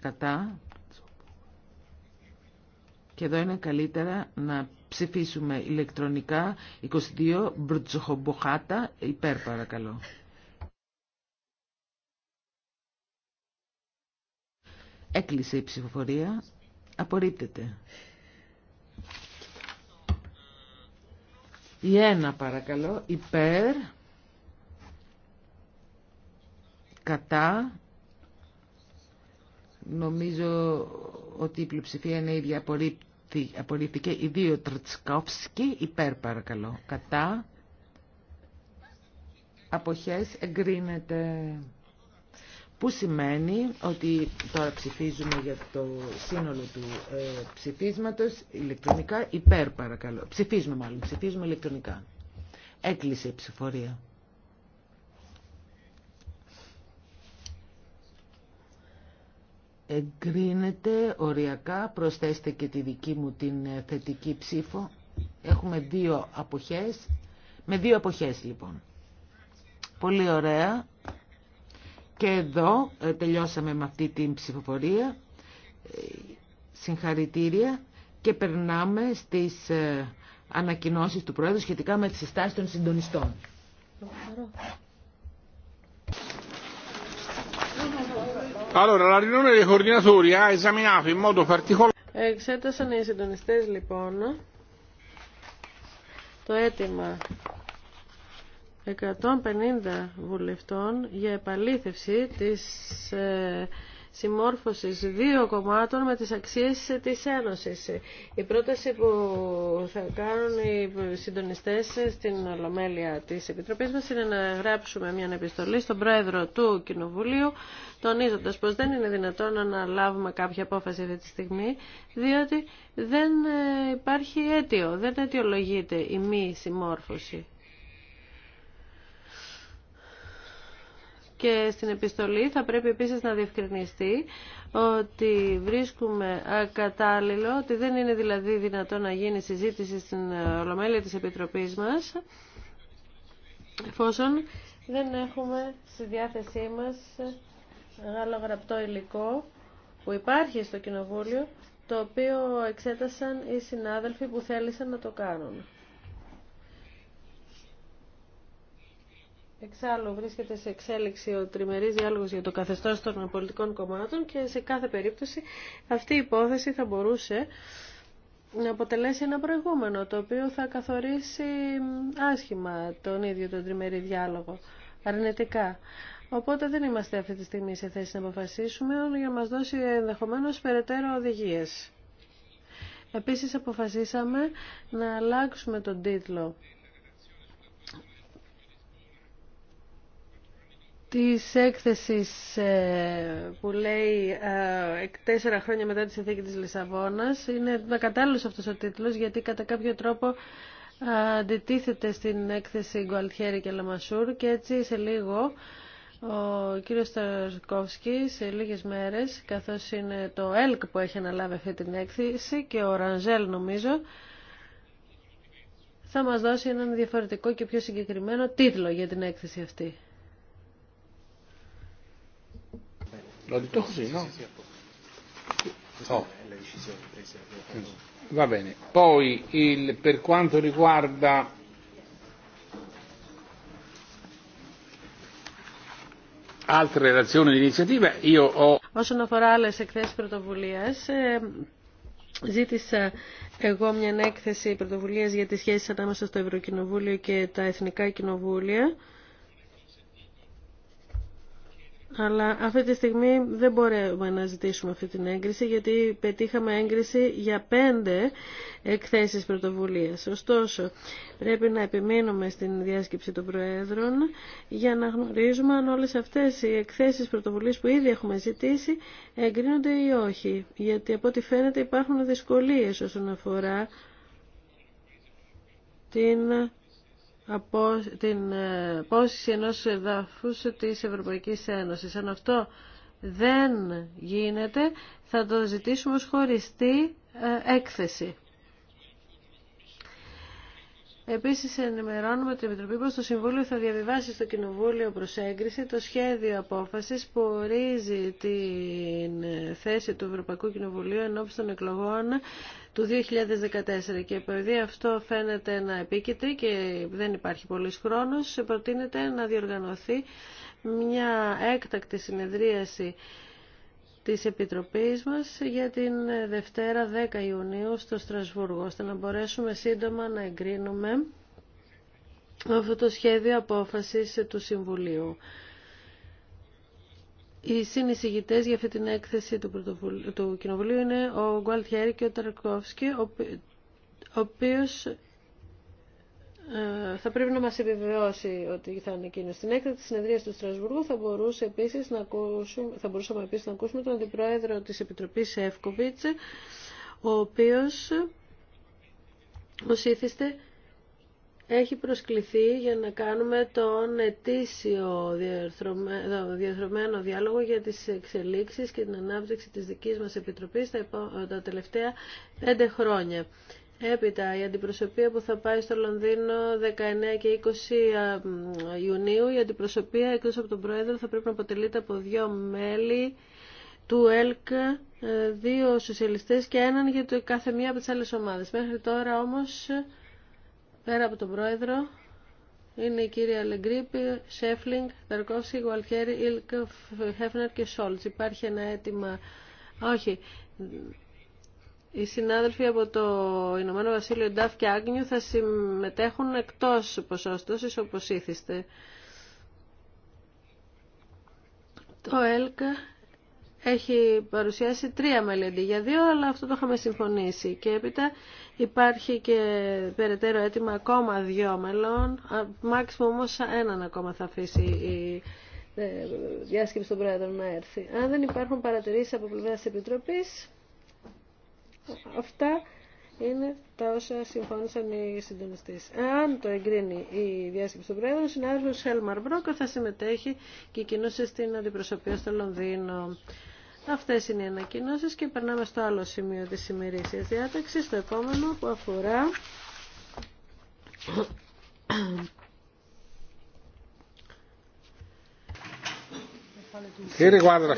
Κατά. Και εδώ είναι καλύτερα να ψηφίσουμε ηλεκτρονικά 22 Μπρτζοχομποχάτα υπέρ παρακαλώ. Έκλεισε η ψηφοφορία. Απορρίπτεται. Η ένα παρακαλώ υπέρ κατά νομίζω ότι η πλειοψηφία είναι ίδια Απορρίπτεται απορρίφθηκε η 2 Τρτσκόφσκι υπέρ παρακαλώ κατά αποχές εγκρίνεται που σημαίνει ότι τώρα ψηφίζουμε για το σύνολο του ε, ψηφίσματος ηλεκτρονικά υπέρ παρακαλώ ψηφίζουμε μάλλον, ψηφίζουμε ηλεκτρονικά έκλεισε η ψηφορία εγκρίνεται οριακά, προσθέστε και τη δική μου την ε, θετική ψήφο. Έχουμε δύο αποχές, με δύο αποχές λοιπόν. Πολύ ωραία. Και εδώ ε, τελειώσαμε με αυτή την ψηφοφορία. Ε, συγχαρητήρια και περνάμε στις ανακοινώσεις του Πρόεδρου σχετικά με τις συστάσεις των συντονιστών. Allora, la riunione dei coordinatori ha esaminato in modo particolare. Εξέτασαν οι συντονιστέ λοιπόν το αίτημα 150 βουλευτών για επαλήθευση της Ε, συμμόρφωσης δύο κομμάτων με τις αξίες της Ένωσης. Η πρόταση που θα κάνουν οι συντονιστές στην Ολομέλεια της Επιτροπής μας είναι να γράψουμε μια επιστολή στον Πρόεδρο του Κοινοβουλίου, τονίζοντας πως δεν είναι δυνατόν να λάβουμε κάποια απόφαση αυτή τη στιγμή, διότι δεν ε, υπάρχει αίτιο, δεν αιτιολογείται η μη συμμόρφωση. και στην επιστολή θα πρέπει επίσης να διευκρινιστεί ότι βρίσκουμε ακατάλληλο, ότι δεν είναι δηλαδή δυνατό να γίνει συζήτηση στην Ολομέλεια της Επιτροπής μας, εφόσον δεν έχουμε στη διάθεσή μας μεγάλο γραπτό υλικό που υπάρχει στο Κοινοβούλιο, το οποίο εξέτασαν οι συνάδελφοι που θέλησαν να το κάνουν. Εξάλλου βρίσκεται σε εξέλιξη ο τριμερής διάλογος για το καθεστώς των πολιτικών κομμάτων και σε κάθε περίπτωση αυτή η υπόθεση θα μπορούσε να αποτελέσει ένα προηγούμενο το οποίο θα καθορίσει άσχημα τον ίδιο τον τριμερή διάλογο αρνητικά. Οπότε δεν είμαστε αυτή τη στιγμή σε θέση να αποφασίσουμε για να μας δώσει ενδεχομένως περαιτέρω οδηγίες. Επίσης αποφασίσαμε να αλλάξουμε τον τίτλο της έκθεσης ε, που λέει ε, τέσσερα χρόνια μετά τη συνθήκη της Λισαβόνας είναι να κατάλληλος αυτός ο τίτλος γιατί κατά κάποιο τρόπο ε, αντιτίθεται στην έκθεση Γκουαλτιέρη και Λαμασούρ και έτσι σε λίγο ο κύριος Σταρκόφσκι σε λίγες μέρες καθώς είναι το ΕΛΚ που έχει αναλάβει αυτή την έκθεση και ο Ρανζέλ νομίζω θα μας δώσει έναν διαφορετικό και πιο συγκεκριμένο τίτλο για την έκθεση αυτή. Lo detto così, no? Oh. Eh, Va bene. Poi il, per quanto riguarda altre relazioni di iniziativa, io ho... Όσον αφορά άλλε εκθέσει πρωτοβουλία, ε, Ζήτησα εγώ μια έκθεση πρωτοβουλία για τι σχέσει ανάμεσα στο Ευρωκοινοβούλιο και τα Εθνικά Κοινοβούλια. Αλλά αυτή τη στιγμή δεν μπορούμε να ζητήσουμε αυτή την έγκριση γιατί πετύχαμε έγκριση για πέντε εκθέσεις πρωτοβουλίας. Ωστόσο, πρέπει να επιμείνουμε στην διάσκεψη των Προέδρων για να γνωρίζουμε αν όλες αυτές οι εκθέσεις πρωτοβουλίας που ήδη έχουμε ζητήσει εγκρίνονται ή όχι. Γιατί από ό,τι φαίνεται υπάρχουν δυσκολίες όσον αφορά την από την ε, πόση ενός εδάφους της Ευρωπαϊκής Ένωσης. Αν αυτό δεν γίνεται, θα το ζητήσουμε ως χωριστή ε, έκθεση. Επίσης ενημερώνουμε την Επιτροπή πω το Συμβούλιο θα διαβιβάσει στο Κοινοβούλιο προς έγκριση το σχέδιο απόφαση που ορίζει την θέση του Ευρωπαϊκού Κοινοβουλίου ενώπιση των εκλογών του 2014 και επειδή αυτό φαίνεται να επίκειται και δεν υπάρχει πολλή χρόνος προτείνεται να διοργανωθεί μια έκτακτη συνεδρίαση της Επιτροπής μας για την Δευτέρα 10 Ιουνίου στο Στρασβούργο, ώστε να μπορέσουμε σύντομα να εγκρίνουμε αυτό το σχέδιο απόφασης του Συμβουλίου. Οι συνεισηγητές για αυτή την έκθεση του, του Κοινοβουλίου είναι ο Γκουαλτιέρη και ο Ταρκόφσκι, ο οποίος ε, θα πρέπει να μας επιβεβαιώσει ότι θα είναι εκείνο. Στην έκτα της συνεδρίας του Στρασβουργού θα, μπορούσε επίσης να ακούσουμε, θα μπορούσαμε επίσης να ακούσουμε τον Αντιπρόεδρο της Επιτροπής Εύκοβιτς, ο οποίος, ως ήθιστε, έχει προσκληθεί για να κάνουμε τον ετήσιο διαρθρωμένο διάλογο για τις εξελίξεις και την ανάπτυξη της δικής μας Επιτροπής τα τελευταία πέντε χρόνια. Έπειτα, η αντιπροσωπεία που θα πάει στο Λονδίνο 19 και 20 Ιουνίου, η αντιπροσωπεία εκτός από τον Πρόεδρο θα πρέπει να αποτελείται από δύο μέλη του ΕΛΚ, ε, δύο σοσιαλιστές και έναν για το κάθε μία από τις άλλες ομάδες. Μέχρι τώρα όμως, πέρα από τον Πρόεδρο, είναι η κυρία Λεγκρίπη, Σέφλινγκ, Ταρκόφσκι, Γουαλτιέρη, Ιλκ, Χέφνερ και Σόλτς. Υπάρχει ένα αίτημα... Όχι, οι συνάδελφοι από το Ηνωμένο Βασίλειο Ντάφ και Άγνιου θα συμμετέχουν εκτός ποσόστοσης όπως ήθιστε. Το ΕΛΚ έχει παρουσιάσει τρία μελέτη για δύο, αλλά αυτό το είχαμε συμφωνήσει. Και έπειτα υπάρχει και περαιτέρω ετοιμα ακόμα δύο μελών. Μάξιμο όμως έναν ακόμα θα αφήσει η ε, διάσκεψη των πρόεδρων να έρθει. Αν δεν υπάρχουν παρατηρήσεις από πλευρά της Επιτροπής, Αυτά είναι τα όσα συμφώνησαν οι συντονιστέ. Αν το εγκρίνει η διάσκεψη του Πρόεδρου, ο συνάδελφο Χέλμαρ Μπρόκα θα συμμετέχει και κινούσε στην αντιπροσωπεία στο Λονδίνο. Αυτέ είναι οι ανακοινώσει και περνάμε στο άλλο σημείο τη ημερήσια διάταξη, το επόμενο που αφορά. Che riguarda e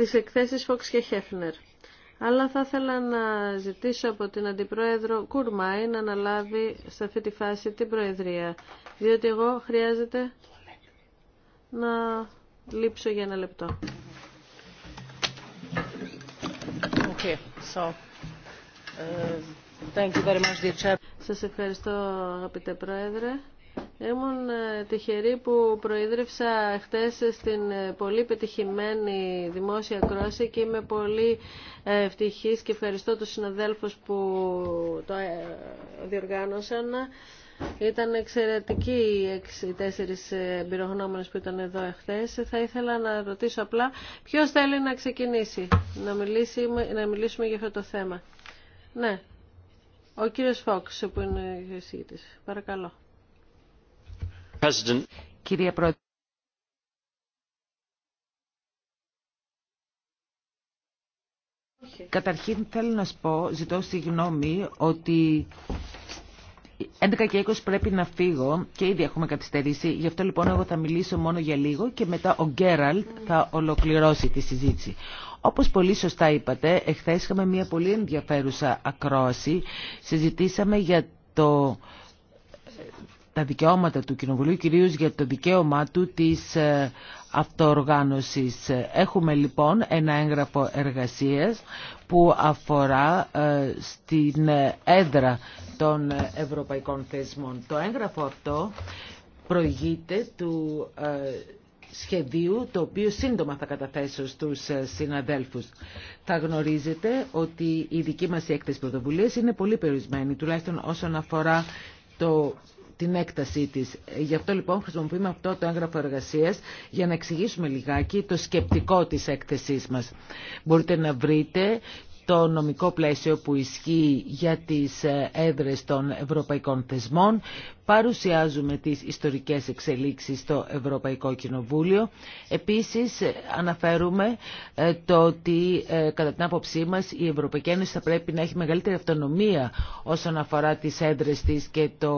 τις εκθέσεις Φόξ και Χέφνερ. Αλλά θα ήθελα να ζητήσω από την Αντιπρόεδρο Κουρμάη να αναλάβει σε αυτή τη φάση την Προεδρία. Διότι εγώ χρειάζεται να λείψω για ένα λεπτό. Okay, so, uh, thank you very much, dear Σας ευχαριστώ αγαπητέ Πρόεδρε. Ήμουν ε, τυχερή που προείδρευσα χτες στην ε, πολύ πετυχημένη δημόσια κρόση και είμαι πολύ ε, ευτυχής και ευχαριστώ τους συναδέλφους που το διοργάνωσαν. Ήταν εξαιρετικοί οι τέσσερις εμπειρογνώμονες που ήταν εδώ εχθές. Θα ήθελα να ρωτήσω απλά ποιος θέλει να ξεκινήσει, να, μιλήσει, να μιλήσουμε για αυτό το θέμα. Ναι, ο κύριος Φόξ που είναι ο Παρακαλώ. Κυρία Κύριε Πρόεδρε, Καταρχήν θέλω να σου πω, ζητώ συγγνώμη, ότι 11 και 20 πρέπει να φύγω και ήδη έχουμε καθυστερήσει. Γι' αυτό λοιπόν εγώ θα μιλήσω μόνο για λίγο και μετά ο Γκέραλτ θα ολοκληρώσει τη συζήτηση. Όπως πολύ σωστά είπατε, εχθές είχαμε μια πολύ ενδιαφέρουσα ακρόαση. Συζητήσαμε για το τα δικαιώματα του Κοινοβουλίου, κυρίως για το δικαίωμά του της ε, αυτοοργάνωσης. Έχουμε λοιπόν ένα έγγραφο εργασίας που αφορά ε, στην έδρα των ευρωπαϊκών θεσμών. Το έγγραφο αυτό προηγείται του ε, σχεδίου το οποίο σύντομα θα καταθέσω στους συναδέλφους. Θα γνωρίζετε ότι η δική μας έκθεση πρωτοβουλίας είναι πολύ περιορισμένη, τουλάχιστον όσον αφορά το την έκτασή τη. Ε, γι' αυτό λοιπόν χρησιμοποιούμε αυτό το έγγραφο εργασίας για να εξηγήσουμε λιγάκι το σκεπτικό της έκθεσής μας. Μπορείτε να βρείτε το νομικό πλαίσιο που ισχύει για τις ε, έδρες των ευρωπαϊκών θεσμών. Παρουσιάζουμε τις ιστορικές εξελίξεις στο Ευρωπαϊκό Κοινοβούλιο. Επίσης ε, αναφέρουμε ε, το ότι κατά την άποψή μας η Ευρωπαϊκή Ένωση θα πρέπει να έχει μεγαλύτερη αυτονομία όσον αφορά τις έδρες της και το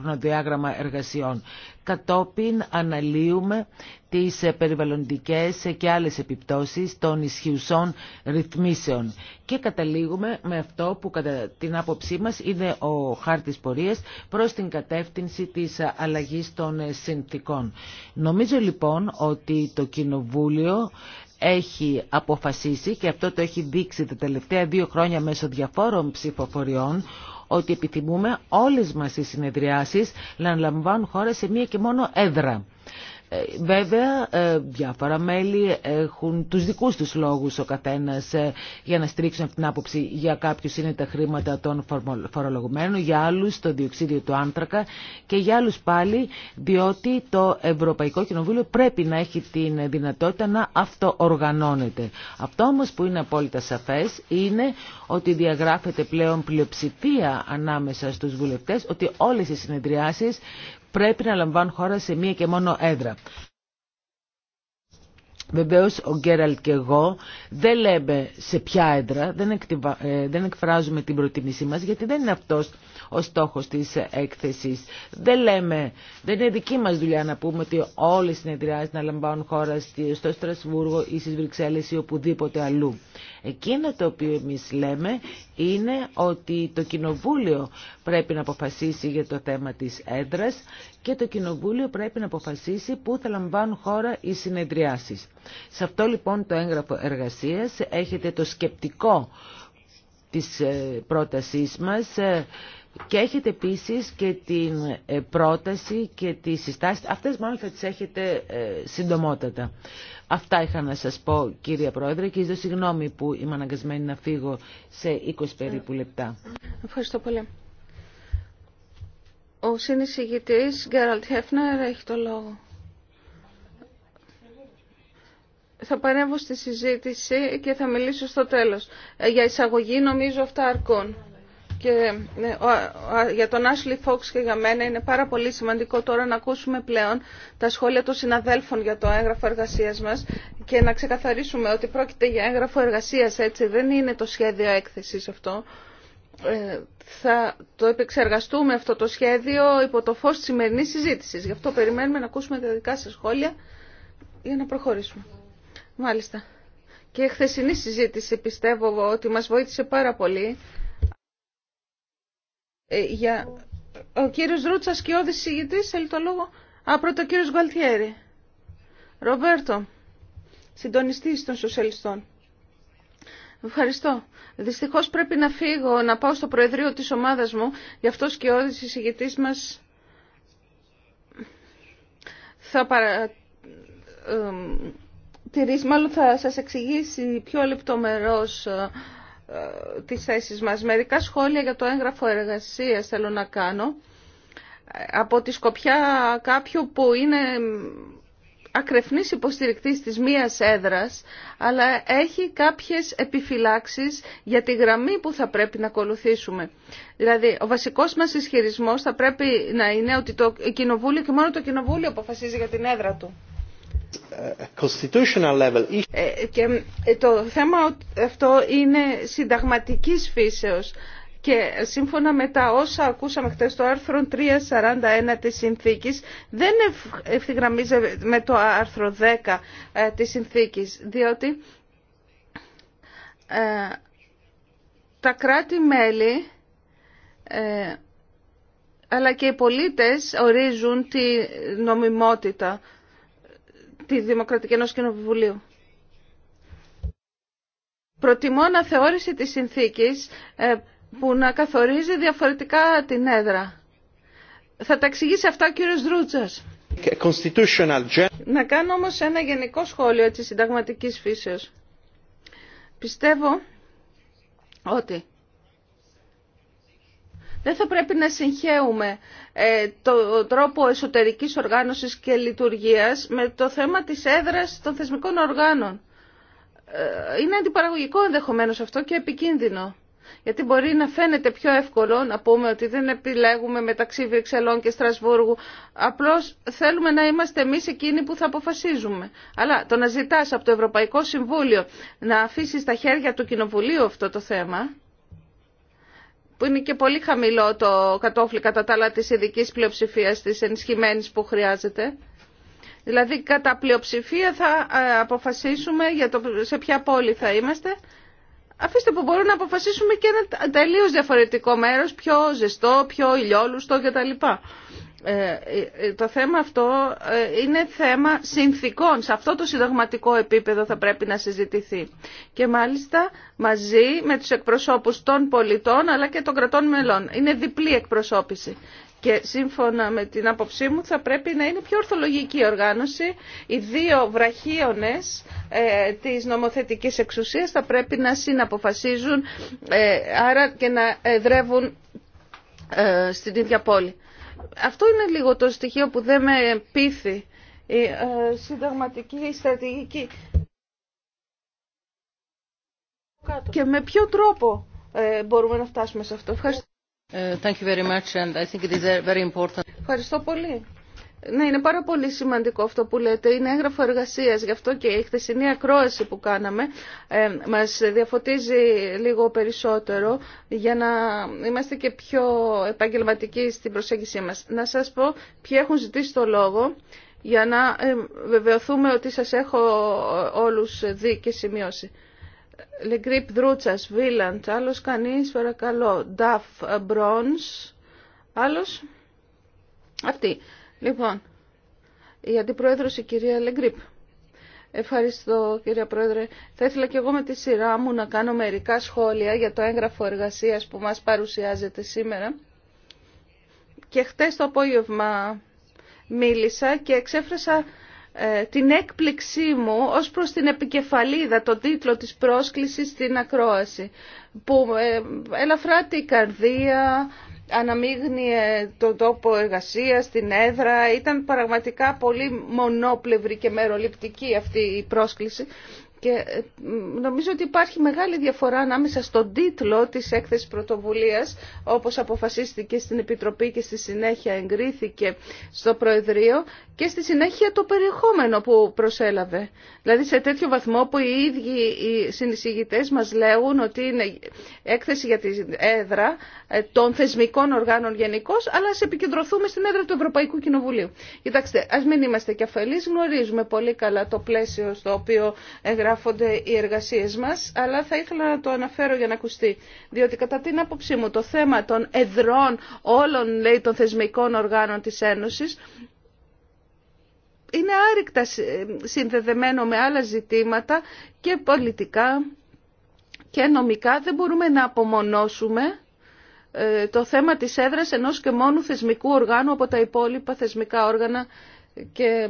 χρονοδιάγραμμα εργασιών κατόπιν αναλύουμε τις ε, περιβαλλοντικές ε, και άλλες επιπτώσεις των ισχυουσών ρυθμίσεων. Και καταλήγουμε με αυτό που κατά την άποψή μας είναι ο χάρτης πορείας προς την κατεύθυνση της αλλαγής των ε, συνθήκων. Νομίζω λοιπόν ότι το Κοινοβούλιο έχει αποφασίσει και αυτό το έχει δείξει τα τελευταία δύο χρόνια μέσω διαφόρων ψηφοφοριών ότι επιθυμούμε όλες μας οι συνεδριάσεις να λαμβάνουν χώρα σε μία και μόνο έδρα. Ε, βέβαια, ε, διάφορα μέλη έχουν τους δικούς τους λόγους ο καθένας ε, για να στρίξουν αυτή την άποψη. Για κάποιους είναι τα χρήματα των φορολογουμένων, για άλλους το διοξίδιο του άνθρακα και για άλλους πάλι διότι το Ευρωπαϊκό Κοινοβούλιο πρέπει να έχει την δυνατότητα να αυτοοργανώνεται. Αυτό όμως που είναι απόλυτα σαφές είναι ότι διαγράφεται πλέον πλειοψηφία ανάμεσα στους βουλευτές ότι όλες οι συνεδριάσεις πρέπει να λαμβάνουν χώρα σε μία και μόνο έδρα. Βεβαίως ο Γκέραλτ και εγώ δεν λέμε σε ποια έδρα, δεν, ε, δεν εκφράζουμε την προτίμησή μας γιατί δεν είναι αυτός ο στόχος της έκθεσης. Δεν λέμε, δεν είναι δική μας δουλειά να πούμε ότι όλες οι συνεδριάσεις να λαμβάνουν χώρα στο Στρασβούργο ή στις Βρυξέλλες ή οπουδήποτε αλλού. Εκείνο το οποίο εμείς λέμε είναι ότι το Κοινοβούλιο πρέπει να αποφασίσει για το θέμα της έδρας και το Κοινοβούλιο πρέπει να αποφασίσει πού θα λαμβάνουν χώρα οι συνεδριάσεις. Σε αυτό λοιπόν το έγγραφο εργασίας έχετε το σκεπτικό της ε, πρότασής μας ε, και έχετε επίσης και την ε, πρόταση και τη συστάση. Αυτές μάλλον θα τις έχετε συντομότατα. Αυτά είχα να σας πω κύριε Πρόεδρε και ζητώ συγγνώμη που είμαι αναγκασμένη να φύγω σε 20 περίπου λεπτά. Ευχαριστώ πολύ. Ο συνεισηγητής Γκέραλτ Χέφνερ έχει το λόγο. Θα παρέμβω στη συζήτηση και θα μιλήσω στο τέλος. Ε, για εισαγωγή νομίζω αυτά αρκούν. Και ε, για τον Άσλι Φόξ και για μένα είναι πάρα πολύ σημαντικό τώρα να ακούσουμε πλέον τα σχόλια των συναδέλφων για το έγγραφο εργασίας μας και να ξεκαθαρίσουμε ότι πρόκειται για έγγραφο εργασίας έτσι δεν είναι το σχέδιο έκθεσης αυτό. Ε, θα το επεξεργαστούμε αυτό το σχέδιο υπό το φως της σημερινής συζήτησης. Γι' αυτό περιμένουμε να ακούσουμε τα δικά σας σχόλια για να προχωρήσουμε. Μάλιστα. Και η χθεσινή συζήτηση πιστεύω ότι μας βοήθησε πάρα πολύ. Ε, για... Ο κύριος Ρούτσας και ο συγητής, θέλει το λόγο. Α, πρώτα ο κύριος Ρομπέρτο, συντονιστή συντονιστής των σοσιαλιστών. Ευχαριστώ. Δυστυχώ πρέπει να φύγω, να πάω στο Προεδρείο τη ομάδας μου, γι' αυτό και ο συζητητής μα θα παρα... μάλλον θα σας εξηγήσει πιο λεπτομερώς ε, ε, τις θέσεις μας. Μερικά σχόλια για το έγγραφο εργασίας θέλω να κάνω. Ε, από τη σκοπιά κάποιου που είναι ακρεφνής υποστηρικτής της μίας έδρας, αλλά έχει κάποιες επιφυλάξεις για τη γραμμή που θα πρέπει να ακολουθήσουμε. Δηλαδή, ο βασικός μας ισχυρισμός θα πρέπει να είναι ότι το Κοινοβούλιο και μόνο το Κοινοβούλιο αποφασίζει για την έδρα του. Ε, και το θέμα αυτό είναι συνταγματικής φύσεως. Και σύμφωνα με τα όσα ακούσαμε χθες το άρθρο 341 της συνθήκης δεν ευθυγραμμίζεται με το άρθρο 10 ε, της συνθήκης διότι ε, τα κράτη-μέλη ε, αλλά και οι πολίτες ορίζουν τη νομιμότητα τη Δημοκρατική Ενώση Κοινοβουλίου. Προτιμώ να θεώρηση της συνθήκης που να καθορίζει διαφορετικά την έδρα. Θα τα εξηγήσει αυτά ο κύριος Δρούτσας. Να κάνω όμως ένα γενικό σχόλιο της συνταγματικής φύσεως. Πιστεύω ότι δεν θα πρέπει να συγχέουμε ε, το τρόπο εσωτερικής οργάνωσης και λειτουργίας με το θέμα της έδρας των θεσμικών οργάνων. Ε, είναι αντιπαραγωγικό ενδεχομένως αυτό και επικίνδυνο. Γιατί μπορεί να φαίνεται πιο εύκολο να πούμε ότι δεν επιλέγουμε μεταξύ Βρυξελών και Στρασβούργου. Απλώς θέλουμε να είμαστε εμείς εκείνοι που θα αποφασίζουμε. Αλλά το να ζητάς από το Ευρωπαϊκό Συμβούλιο να αφήσει στα χέρια του Κοινοβουλίου αυτό το θέμα, που είναι και πολύ χαμηλό το κατόφλι κατά τα άλλα της ειδικής πλειοψηφία της ενισχυμένης που χρειάζεται, Δηλαδή κατά πλειοψηφία θα ε, αποφασίσουμε για το, σε ποια πόλη θα είμαστε Αφήστε που μπορούμε να αποφασίσουμε και ένα τελείως διαφορετικό μέρος, πιο ζεστό, πιο ηλιόλουστο κτλ. Ε, ε το θέμα αυτό ε, είναι θέμα συνθήκων. Σε αυτό το συνταγματικό επίπεδο θα πρέπει να συζητηθεί. Και μάλιστα μαζί με τους εκπροσώπους των πολιτών αλλά και των κρατών μελών. Είναι διπλή εκπροσώπηση. Και σύμφωνα με την άποψή μου θα πρέπει να είναι πιο ορθολογική η οργάνωση. Οι δύο βραχίονες ε, της νομοθετικής εξουσίας θα πρέπει να συναποφασίζουν ε, άρα και να εδρεύουν ε, στην ίδια πόλη. Αυτό είναι λίγο το στοιχείο που δεν με πείθει η συνταγματική η στρατηγική. Και με ποιο τρόπο μπορούμε να φτάσουμε σε αυτό. Ευχαριστώ. Ευχαριστώ πολύ. Ναι, είναι πάρα πολύ σημαντικό αυτό που λέτε. Είναι έγγραφο εργασία. Γι' αυτό και η χθεσινή ακρόαση που κάναμε ε, μας διαφωτίζει λίγο περισσότερο για να είμαστε και πιο επαγγελματικοί στην προσέγγιση μα. Να σα πω ποιοι έχουν ζητήσει το λόγο για να ε, βεβαιωθούμε ότι σας έχω όλους δει και σημειώσει. Λεγκρίπ Δρούτσας, Βίλαντ, άλλος κανείς, παρακαλώ, Νταφ Μπρόνς, άλλος, αυτή. Λοιπόν, η Αντιπρόεδρος η κυρία Λεγκρίπ. Ευχαριστώ κυρία Πρόεδρε. Θα ήθελα και εγώ με τη σειρά μου να κάνω μερικά σχόλια για το έγγραφο εργασίας που μας παρουσιάζεται σήμερα. Και χτες το απόγευμα μίλησα και εξέφρασα ε, την έκπληξή μου ως προς την επικεφαλίδα, τον τίτλο της πρόσκλησης στην ακρόαση, που ε, ελαφρά την καρδία, αναμείγνυε τον τόπο εργασίας, την έδρα. Ήταν πραγματικά πολύ μονόπλευρη και μεροληπτική αυτή η πρόσκληση. Και ε, νομίζω ότι υπάρχει μεγάλη διαφορά ανάμεσα στον τίτλο της έκθεσης πρωτοβουλίας, όπως αποφασίστηκε στην Επιτροπή και στη συνέχεια εγκρίθηκε στο Προεδρείο, και στη συνέχεια το περιεχόμενο που προσέλαβε. Δηλαδή σε τέτοιο βαθμό που οι ίδιοι οι συνεισηγητές μας λέγουν ότι είναι έκθεση για την έδρα ε, των θεσμικών οργάνων γενικώ, αλλά ας επικεντρωθούμε στην έδρα του Ευρωπαϊκού Κοινοβουλίου. Κοιτάξτε, ας μην είμαστε γνωρίζουμε πολύ καλά το πλαίσιο στο οποίο περιγράφονται οι εργασίες μας, αλλά θα ήθελα να το αναφέρω για να ακουστεί. Διότι κατά την άποψή μου το θέμα των εδρών όλων λέει, των θεσμικών οργάνων της Ένωσης είναι άρρηκτα συνδεδεμένο με άλλα ζητήματα και πολιτικά και νομικά. Δεν μπορούμε να απομονώσουμε ε, το θέμα της έδρας ενός και μόνου θεσμικού οργάνου από τα υπόλοιπα θεσμικά όργανα και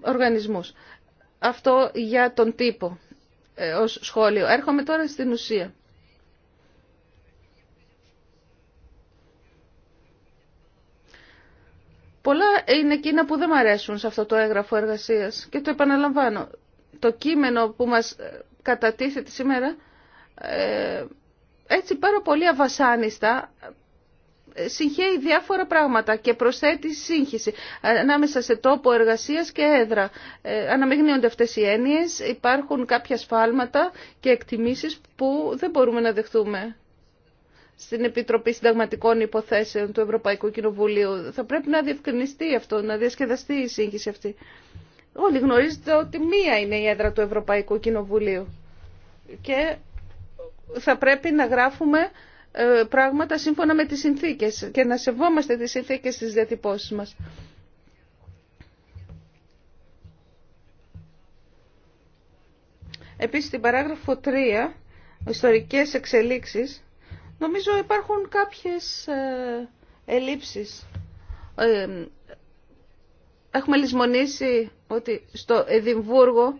οργανισμούς. Αυτό για τον τύπο ε, ως σχόλιο. Έρχομαι τώρα στην ουσία. Πολλά είναι εκείνα που δεν μου αρέσουν σε αυτό το έγγραφο εργασίας και το επαναλαμβάνω. Το κείμενο που μας ε, κατατίθεται σήμερα ε, έτσι πάρα πολύ αβασάνιστα συγχαίει διάφορα πράγματα και προσθέτει σύγχυση ανάμεσα σε τόπο εργασίας και έδρα. Ε, αναμειγνύονται αυτές οι έννοιες, υπάρχουν κάποια σφάλματα και εκτιμήσεις που δεν μπορούμε να δεχτούμε στην Επιτροπή Συνταγματικών Υποθέσεων του Ευρωπαϊκού Κοινοβουλίου. Θα πρέπει να διευκρινιστεί αυτό, να διασκεδαστεί η σύγχυση αυτή. Όλοι γνωρίζετε ότι μία είναι η έδρα του Ευρωπαϊκού Κοινοβουλίου. Και θα πρέπει να γράφουμε ε, πράγματα σύμφωνα με τις συνθήκες και να σεβόμαστε τις συνθήκες στις διατυπώσεις μας. Επίσης, στην παράγραφο 3, ιστορικές εξελίξεις, νομίζω υπάρχουν κάποιες ε, ελλείψεις. Ε, έχουμε λησμονήσει ότι στο Εδιμβούργο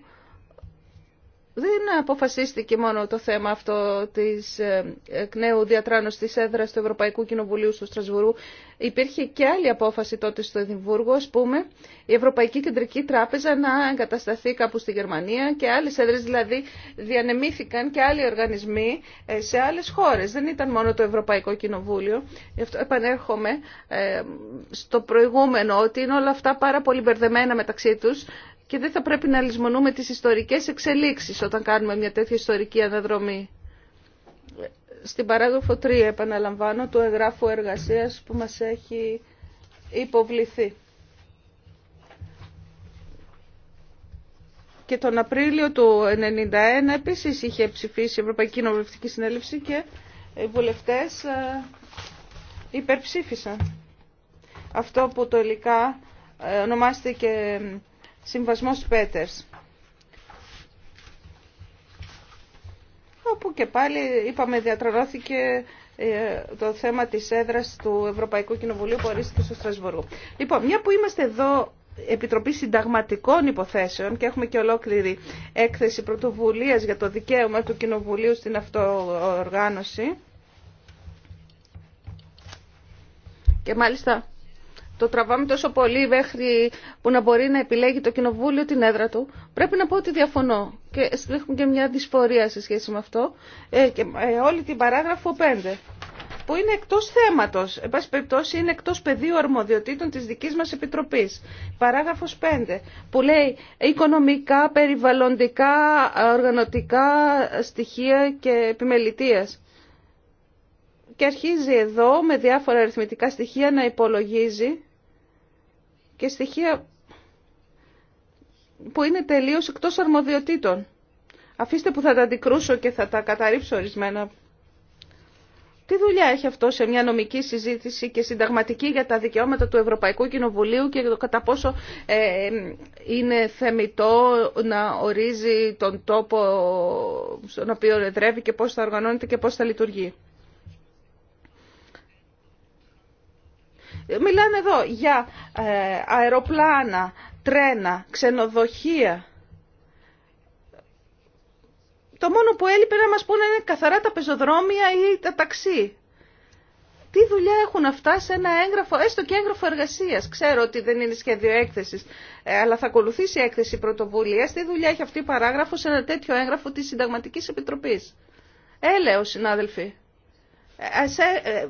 δεν αποφασίστηκε μόνο το θέμα αυτό της ε, εκ νέου διατράνωσης της έδρας του Ευρωπαϊκού Κοινοβουλίου στο Στρασβουρού. Υπήρχε και άλλη απόφαση τότε στο Εδιμβούργο, ας πούμε, η Ευρωπαϊκή Κεντρική Τράπεζα να εγκατασταθεί κάπου στη Γερμανία και άλλες έδρες δηλαδή διανεμήθηκαν και άλλοι οργανισμοί ε, σε άλλες χώρες. Δεν ήταν μόνο το Ευρωπαϊκό Κοινοβούλιο. Γι' αυτό επανέρχομαι ε, στο προηγούμενο ότι είναι όλα αυτά πάρα πολύ μπερδεμένα μεταξύ τους και δεν θα πρέπει να λησμονούμε τις ιστορικές εξελίξεις όταν κάνουμε μια τέτοια ιστορική αναδρομή. Στην παράγραφο 3 επαναλαμβάνω του εγγράφου εργασίας που μας έχει υποβληθεί. Και τον Απρίλιο του 1991 επίσης είχε ψηφίσει η Ευρωπαϊκή Κοινοβουλευτική Συνέλευση και οι βουλευτές ε, υπερψήφισαν. Αυτό που τελικά ε, ονομάστηκε ε, Συμβασμός Πέτερς. Όπου και πάλι είπαμε διατρονώθηκε ε, το θέμα της έδρας του Ευρωπαϊκού Κοινοβουλίου που ορίστηκε στο Στρασβούργο. Λοιπόν, μια που είμαστε εδώ Επιτροπή Συνταγματικών Υποθέσεων και έχουμε και ολόκληρη έκθεση πρωτοβουλίας για το δικαίωμα του Κοινοβουλίου στην αυτοοργάνωση. Και μάλιστα το τραβάμε τόσο πολύ μέχρι που να μπορεί να επιλέγει το κοινοβούλιο την έδρα του. Πρέπει να πω ότι διαφωνώ και έχουμε και μια δυσφορία σε σχέση με αυτό ε, και ε, όλη την παράγραφο 5 που είναι εκτός θέματος, εν πάση περιπτώσει είναι εκτός πεδίου αρμοδιοτήτων της δική μας Επιτροπής. Παράγραφος 5 που λέει οικονομικά, περιβαλλοντικά, οργανωτικά στοιχεία και επιμελητία. και αρχίζει εδώ με διάφορα αριθμητικά στοιχεία να υπολογίζει και στοιχεία που είναι τελείως εκτός αρμοδιοτήτων. Αφήστε που θα τα αντικρούσω και θα τα καταρρύψω ορισμένα. Τι δουλειά έχει αυτό σε μια νομική συζήτηση και συνταγματική για τα δικαιώματα του Ευρωπαϊκού Κοινοβουλίου και το κατά πόσο ε, είναι θεμητό να ορίζει τον τόπο στον οποίο εδρεύει και πώς θα οργανώνεται και πώς θα λειτουργεί. Μιλάνε εδώ για ε, αεροπλάνα, τρένα, ξενοδοχεία. Το μόνο που έλειπε να μας πούνε είναι καθαρά τα πεζοδρόμια ή τα ταξί. Τι δουλειά έχουν αυτά σε ένα έγγραφο, έστω και έγγραφο εργασία. Ξέρω ότι δεν είναι σχέδιο έκθεση, ε, αλλά θα ακολουθήσει η έκθεση πρωτοβουλία. Τι δουλειά έχει αυτή η παράγραφο σε ένα τέτοιο έγγραφο τη Συνταγματική Επιτροπή. Έλεω, συνάδελφοι. Ε,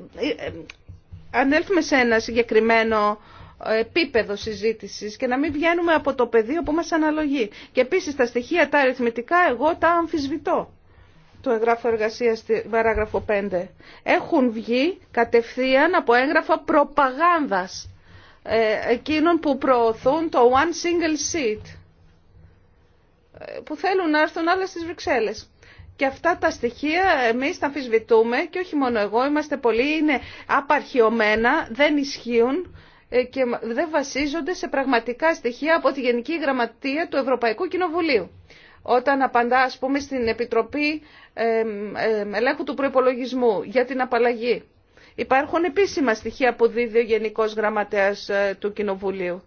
αν έλθουμε σε ένα συγκεκριμένο επίπεδο συζήτησης και να μην βγαίνουμε από το πεδίο που μας αναλογεί. Και επίσης τα στοιχεία τα αριθμητικά εγώ τα αμφισβητώ το εγγράφου εργασία στη παράγραφο 5. Έχουν βγει κατευθείαν από έγγραφα προπαγάνδας ε, εκείνων που προωθούν το one single seat ε, που θέλουν να έρθουν άλλα στις Βρυξέλλες. Και αυτά τα στοιχεία εμεί τα αμφισβητούμε και όχι μόνο εγώ, είμαστε πολλοί, είναι απαρχιωμένα, δεν ισχύουν ε, και δεν βασίζονται σε πραγματικά στοιχεία από τη Γενική Γραμματεία του Ευρωπαϊκού Κοινοβουλίου. Όταν απαντά, ας πούμε, στην Επιτροπή Ελέγχου του Προϋπολογισμού για την απαλλαγή, υπάρχουν επίσημα στοιχεία που δίδει ο Γενικός Γραμματέας ε, του Κοινοβουλίου.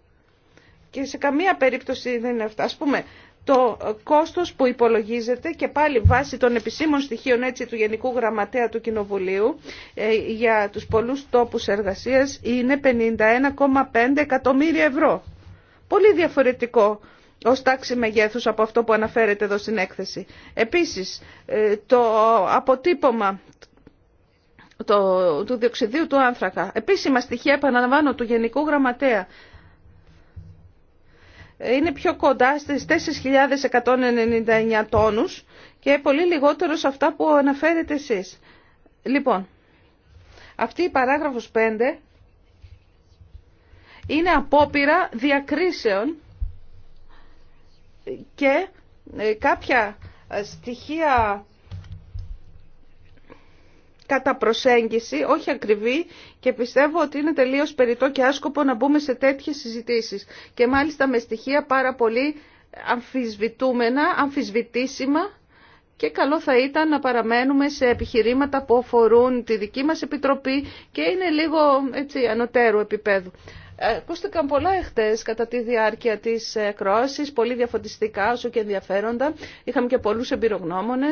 Και σε καμία περίπτωση δεν είναι αυτά. Ας πούμε, το κόστος που υπολογίζεται και πάλι βάσει των επισήμων στοιχείων έτσι του Γενικού Γραμματέα του Κοινοβουλίου ε, για τους πολλούς τόπους εργασίας είναι 51,5 εκατομμύρια ευρώ. Πολύ διαφορετικό ως τάξη μεγέθους από αυτό που αναφέρεται εδώ στην έκθεση. Επίσης, ε, το αποτύπωμα του διοξιδίου του άνθρακα. Επίσημα στοιχεία, επαναλαμβάνω, του Γενικού Γραμματέα είναι πιο κοντά στις 4.199 τόνους και πολύ λιγότερο σε αυτά που αναφέρετε εσείς. Λοιπόν, αυτή η παράγραφος 5 είναι απόπειρα διακρίσεων και ε, κάποια στοιχεία κατά προσέγγιση, όχι ακριβή και πιστεύω ότι είναι τελείως περιττό και άσκοπο να μπούμε σε τέτοιες συζητήσεις και μάλιστα με στοιχεία πάρα πολύ αμφισβητούμενα, αμφισβητήσιμα και καλό θα ήταν να παραμένουμε σε επιχειρήματα που αφορούν τη δική μας επιτροπή και είναι λίγο έτσι, ανωτέρου επίπεδου. Ε, ακούστηκαν πολλά εχθές κατά τη διάρκεια τη κρόασης, πολύ διαφωτιστικά όσο και ενδιαφέροντα. Είχαμε και πολλούς εμπειρογνώμονε.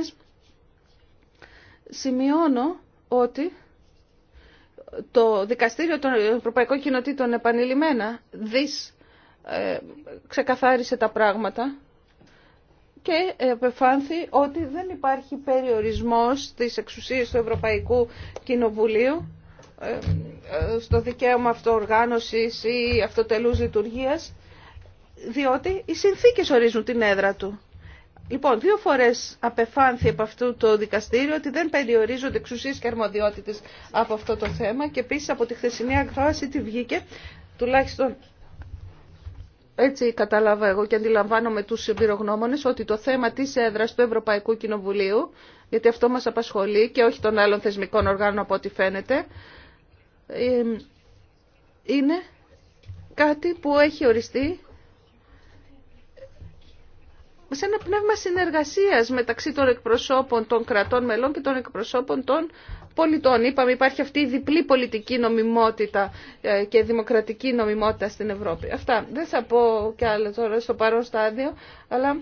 Σημειώνω ότι το Δικαστήριο των Ευρωπαϊκών Κοινοτήτων επανειλημμένα δις ε, ξεκαθάρισε τα πράγματα και επεφάνθη ότι δεν υπάρχει περιορισμός της εξουσίας του Ευρωπαϊκού Κοινοβουλίου ε, ε, στο δικαίωμα αυτοοργάνωσης ή αυτοτελούς λειτουργίας διότι οι συνθήκες ορίζουν την έδρα του. Λοιπόν, δύο φορέ απεφάνθη από αυτό το δικαστήριο ότι δεν περιορίζονται εξουσίε και αρμοδιότητε από αυτό το θέμα και επίση από τη χθεσινή ακρόαση τη βγήκε, τουλάχιστον έτσι κατάλαβα εγώ και αντιλαμβάνομαι του εμπειρογνώμονε, ότι το θέμα τη έδρα του Ευρωπαϊκού Κοινοβουλίου, γιατί αυτό μα απασχολεί και όχι των άλλων θεσμικών οργάνων από ό,τι φαίνεται, ε, είναι κάτι που έχει οριστεί σε ένα πνεύμα συνεργασίας μεταξύ των εκπροσώπων των κρατών μελών και των εκπροσώπων των πολιτών. Είπαμε υπάρχει αυτή η διπλή πολιτική νομιμότητα ε, και δημοκρατική νομιμότητα στην Ευρώπη. Αυτά δεν θα πω κι άλλο τώρα στο παρόν στάδιο, αλλά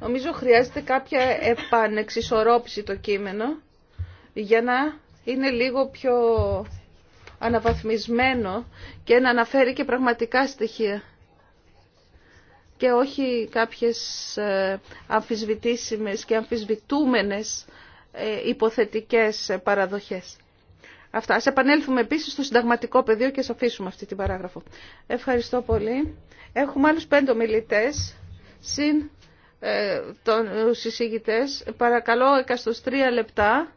νομίζω χρειάζεται κάποια επανεξισορρόπηση το κείμενο για να είναι λίγο πιο αναβαθμισμένο και να αναφέρει και πραγματικά στοιχεία και όχι κάποιες ε, αμφισβητήσιμες και αμφισβητούμενες ε, υποθετικές παραδοχές. Αυτά. Ας επανέλθουμε επίσης στο συνταγματικό πεδίο και ας αφήσουμε αυτή την παράγραφο. Ευχαριστώ πολύ. Έχουμε άλλους πέντε ομιλητές, συν ε, των Παρακαλώ, εκαστος τρία λεπτά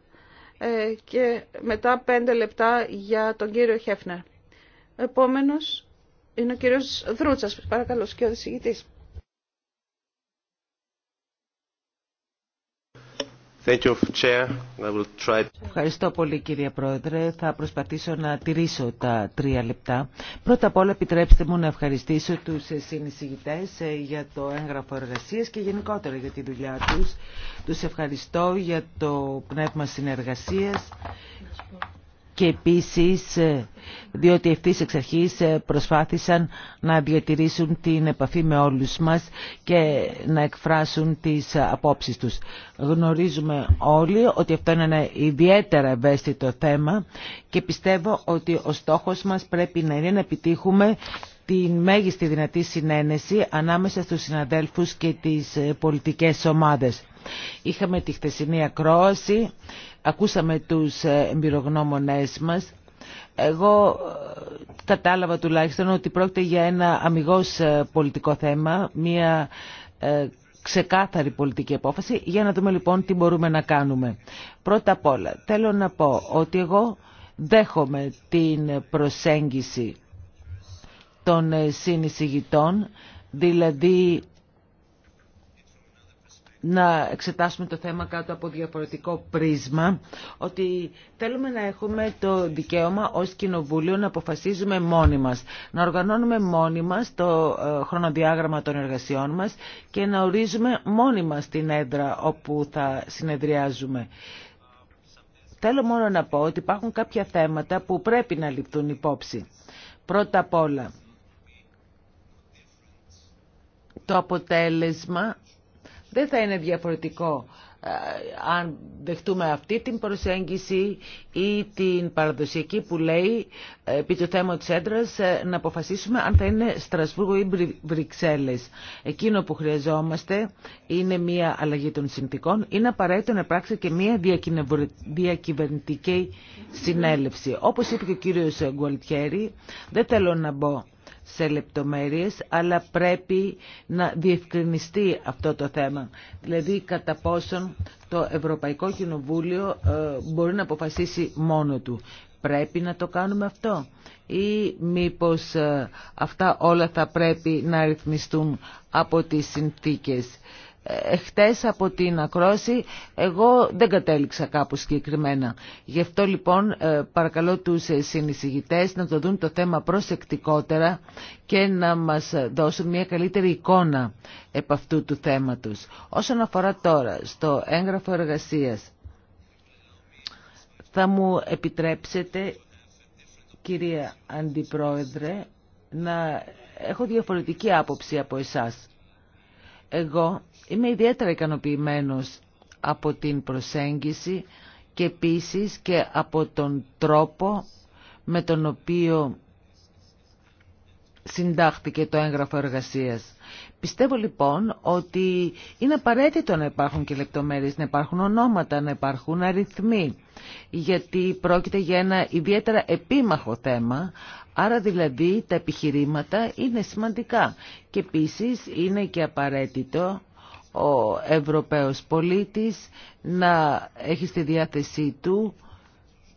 ε, και μετά πέντε λεπτά για τον κύριο Χέφνερ. Επόμενος, είναι ο κύριος Δρούτσας, παρακαλώ, και ο δισηγητής. Ευχαριστώ πολύ κύριε Πρόεδρε. Θα προσπαθήσω να τηρήσω τα τρία λεπτά. Πρώτα απ' όλα επιτρέψτε μου να ευχαριστήσω τους συνεισηγητές ε, για το έγγραφο εργασίας και γενικότερα για τη δουλειά τους. Τους ευχαριστώ για το πνεύμα συνεργασίας και επίσης ε, διότι ευθύς εξ αρχής ε, προσπάθησαν να διατηρήσουν την επαφή με όλους μας και να εκφράσουν τις ε, απόψεις τους. Γνωρίζουμε όλοι ότι αυτό είναι ένα ιδιαίτερα ευαίσθητο θέμα και πιστεύω ότι ο στόχος μας πρέπει να είναι να επιτύχουμε τη μέγιστη δυνατή συνένεση ανάμεσα στους συναδέλφους και τις πολιτικές ομάδες. Είχαμε τη χθεσινή ακρόαση Ακούσαμε τους ε, εμπειρογνώμονές μας. Εγώ ε, κατάλαβα τουλάχιστον ότι πρόκειται για ένα αμυγός ε, πολιτικό θέμα, μια ξεκάθαρη πολιτική απόφαση. Για να δούμε λοιπόν τι μπορούμε να κάνουμε. Πρώτα απ' όλα θέλω να πω ότι εγώ δέχομαι την προσέγγιση των συνεισηγητών, δηλαδή να εξετάσουμε το θέμα κάτω από διαφορετικό πρίσμα, ότι θέλουμε να έχουμε το δικαίωμα ως Κοινοβούλιο να αποφασίζουμε μόνοι μας, να οργανώνουμε μόνοι μας το ε, χρονοδιάγραμμα των εργασιών μας και να ορίζουμε μόνοι μας την έδρα όπου θα συνεδριάζουμε. Θέλω μόνο να πω ότι υπάρχουν κάποια θέματα που πρέπει να ληφθούν υπόψη. Πρώτα απ' όλα, το αποτέλεσμα δεν θα είναι διαφορετικό ε, αν δεχτούμε αυτή την προσέγγιση ή την παραδοσιακή που λέει ε, επί το θέμα της έντρας ε, να αποφασίσουμε αν θα είναι Στρασβούργο ή Βρυξέλλες. Εκείνο που χρειαζόμαστε είναι μια αλλαγή των συνθήκων. Είναι απαραίτητο να πράξει και μια διακυβερνητική συνέλευση. Όπως είπε και ο κύριος Γκουαλτιέρη, δεν θέλω να μπω σε λεπτομέρειες, αλλά πρέπει να διευκρινιστεί αυτό το θέμα. Δηλαδή, κατά πόσον το Ευρωπαϊκό Κοινοβούλιο ε, μπορεί να αποφασίσει μόνο του. Πρέπει να το κάνουμε αυτό ή μήπως ε, αυτά όλα θα πρέπει να ρυθμιστούν από τις συνθήκες χτες από την ακρόση εγώ δεν κατέληξα κάπου συγκεκριμένα. Γι' αυτό λοιπόν ε, παρακαλώ τους ε, συνεισηγητές να το δουν το θέμα προσεκτικότερα και να μας δώσουν μια καλύτερη εικόνα επ' αυτού του θέματος. Όσον αφορά τώρα στο έγγραφο εργασίας θα μου επιτρέψετε κυρία Αντιπρόεδρε να έχω διαφορετική άποψη από εσάς. Εγώ είμαι ιδιαίτερα ικανοποιημένος από την προσέγγιση και επίση και από τον τρόπο με τον οποίο συντάχθηκε το έγγραφο εργασίας. Πιστεύω λοιπόν ότι είναι απαραίτητο να υπάρχουν και λεπτομέρειες, να υπάρχουν ονόματα, να υπάρχουν αριθμοί, γιατί πρόκειται για ένα ιδιαίτερα επίμαχο θέμα, άρα δηλαδή τα επιχειρήματα είναι σημαντικά. Και επίσης είναι και απαραίτητο ο Ευρωπαίος πολίτης να έχει στη διάθεσή του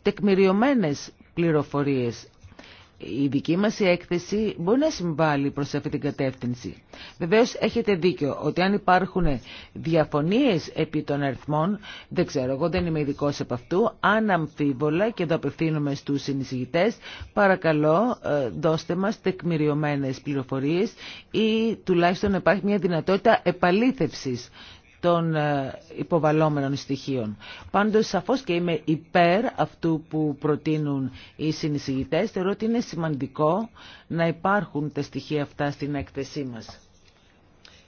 τεκμηριωμένες πληροφορίες η δική μας έκθεση μπορεί να συμβάλλει προς αυτή την κατεύθυνση. Βεβαίως έχετε δίκιο ότι αν υπάρχουν διαφωνίες επί των αριθμών, δεν ξέρω, εγώ δεν είμαι ειδικό από αυτού, αν αμφίβολα και εδώ απευθύνομαι στους συνεισηγητές, παρακαλώ ε, δώστε μας τεκμηριωμένες πληροφορίες ή τουλάχιστον υπάρχει μια δυνατότητα επαλήθευσης των ε, υποβαλόμενων στοιχείων. Πάντως σαφώς και είμαι υπέρ αυτού που προτείνουν οι συνεισηγητές. Θεωρώ ότι είναι σημαντικό να υπάρχουν τα στοιχεία αυτά στην έκθεσή μας.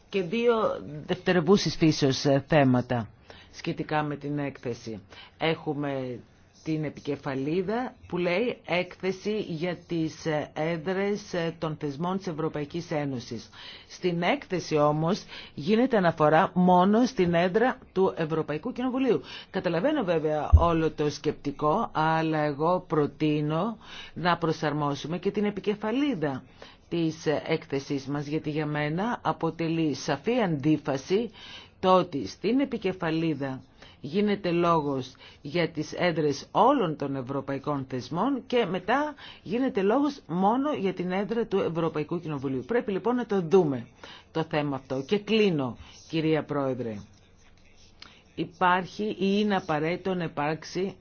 Και δύο δευτερευούσεις φύσεως ε, θέματα σχετικά με την έκθεση. Έχουμε την επικεφαλίδα που λέει έκθεση για τις έδρες των θεσμών της Ευρωπαϊκής Ένωσης. Στην έκθεση όμως γίνεται αναφορά μόνο στην έδρα του Ευρωπαϊκού Κοινοβουλίου. Καταλαβαίνω βέβαια όλο το σκεπτικό, αλλά εγώ προτείνω να προσαρμόσουμε και την επικεφαλίδα της έκθεσής μας, γιατί για μένα αποτελεί σαφή αντίφαση το ότι στην επικεφαλίδα γίνεται λόγος για τις έδρες όλων των ευρωπαϊκών θεσμών και μετά γίνεται λόγος μόνο για την έδρα του Ευρωπαϊκού Κοινοβουλίου. Πρέπει λοιπόν να το δούμε το θέμα αυτό. Και κλείνω, κυρία Πρόεδρε. Υπάρχει ή είναι απαραίτητο να υπάρξει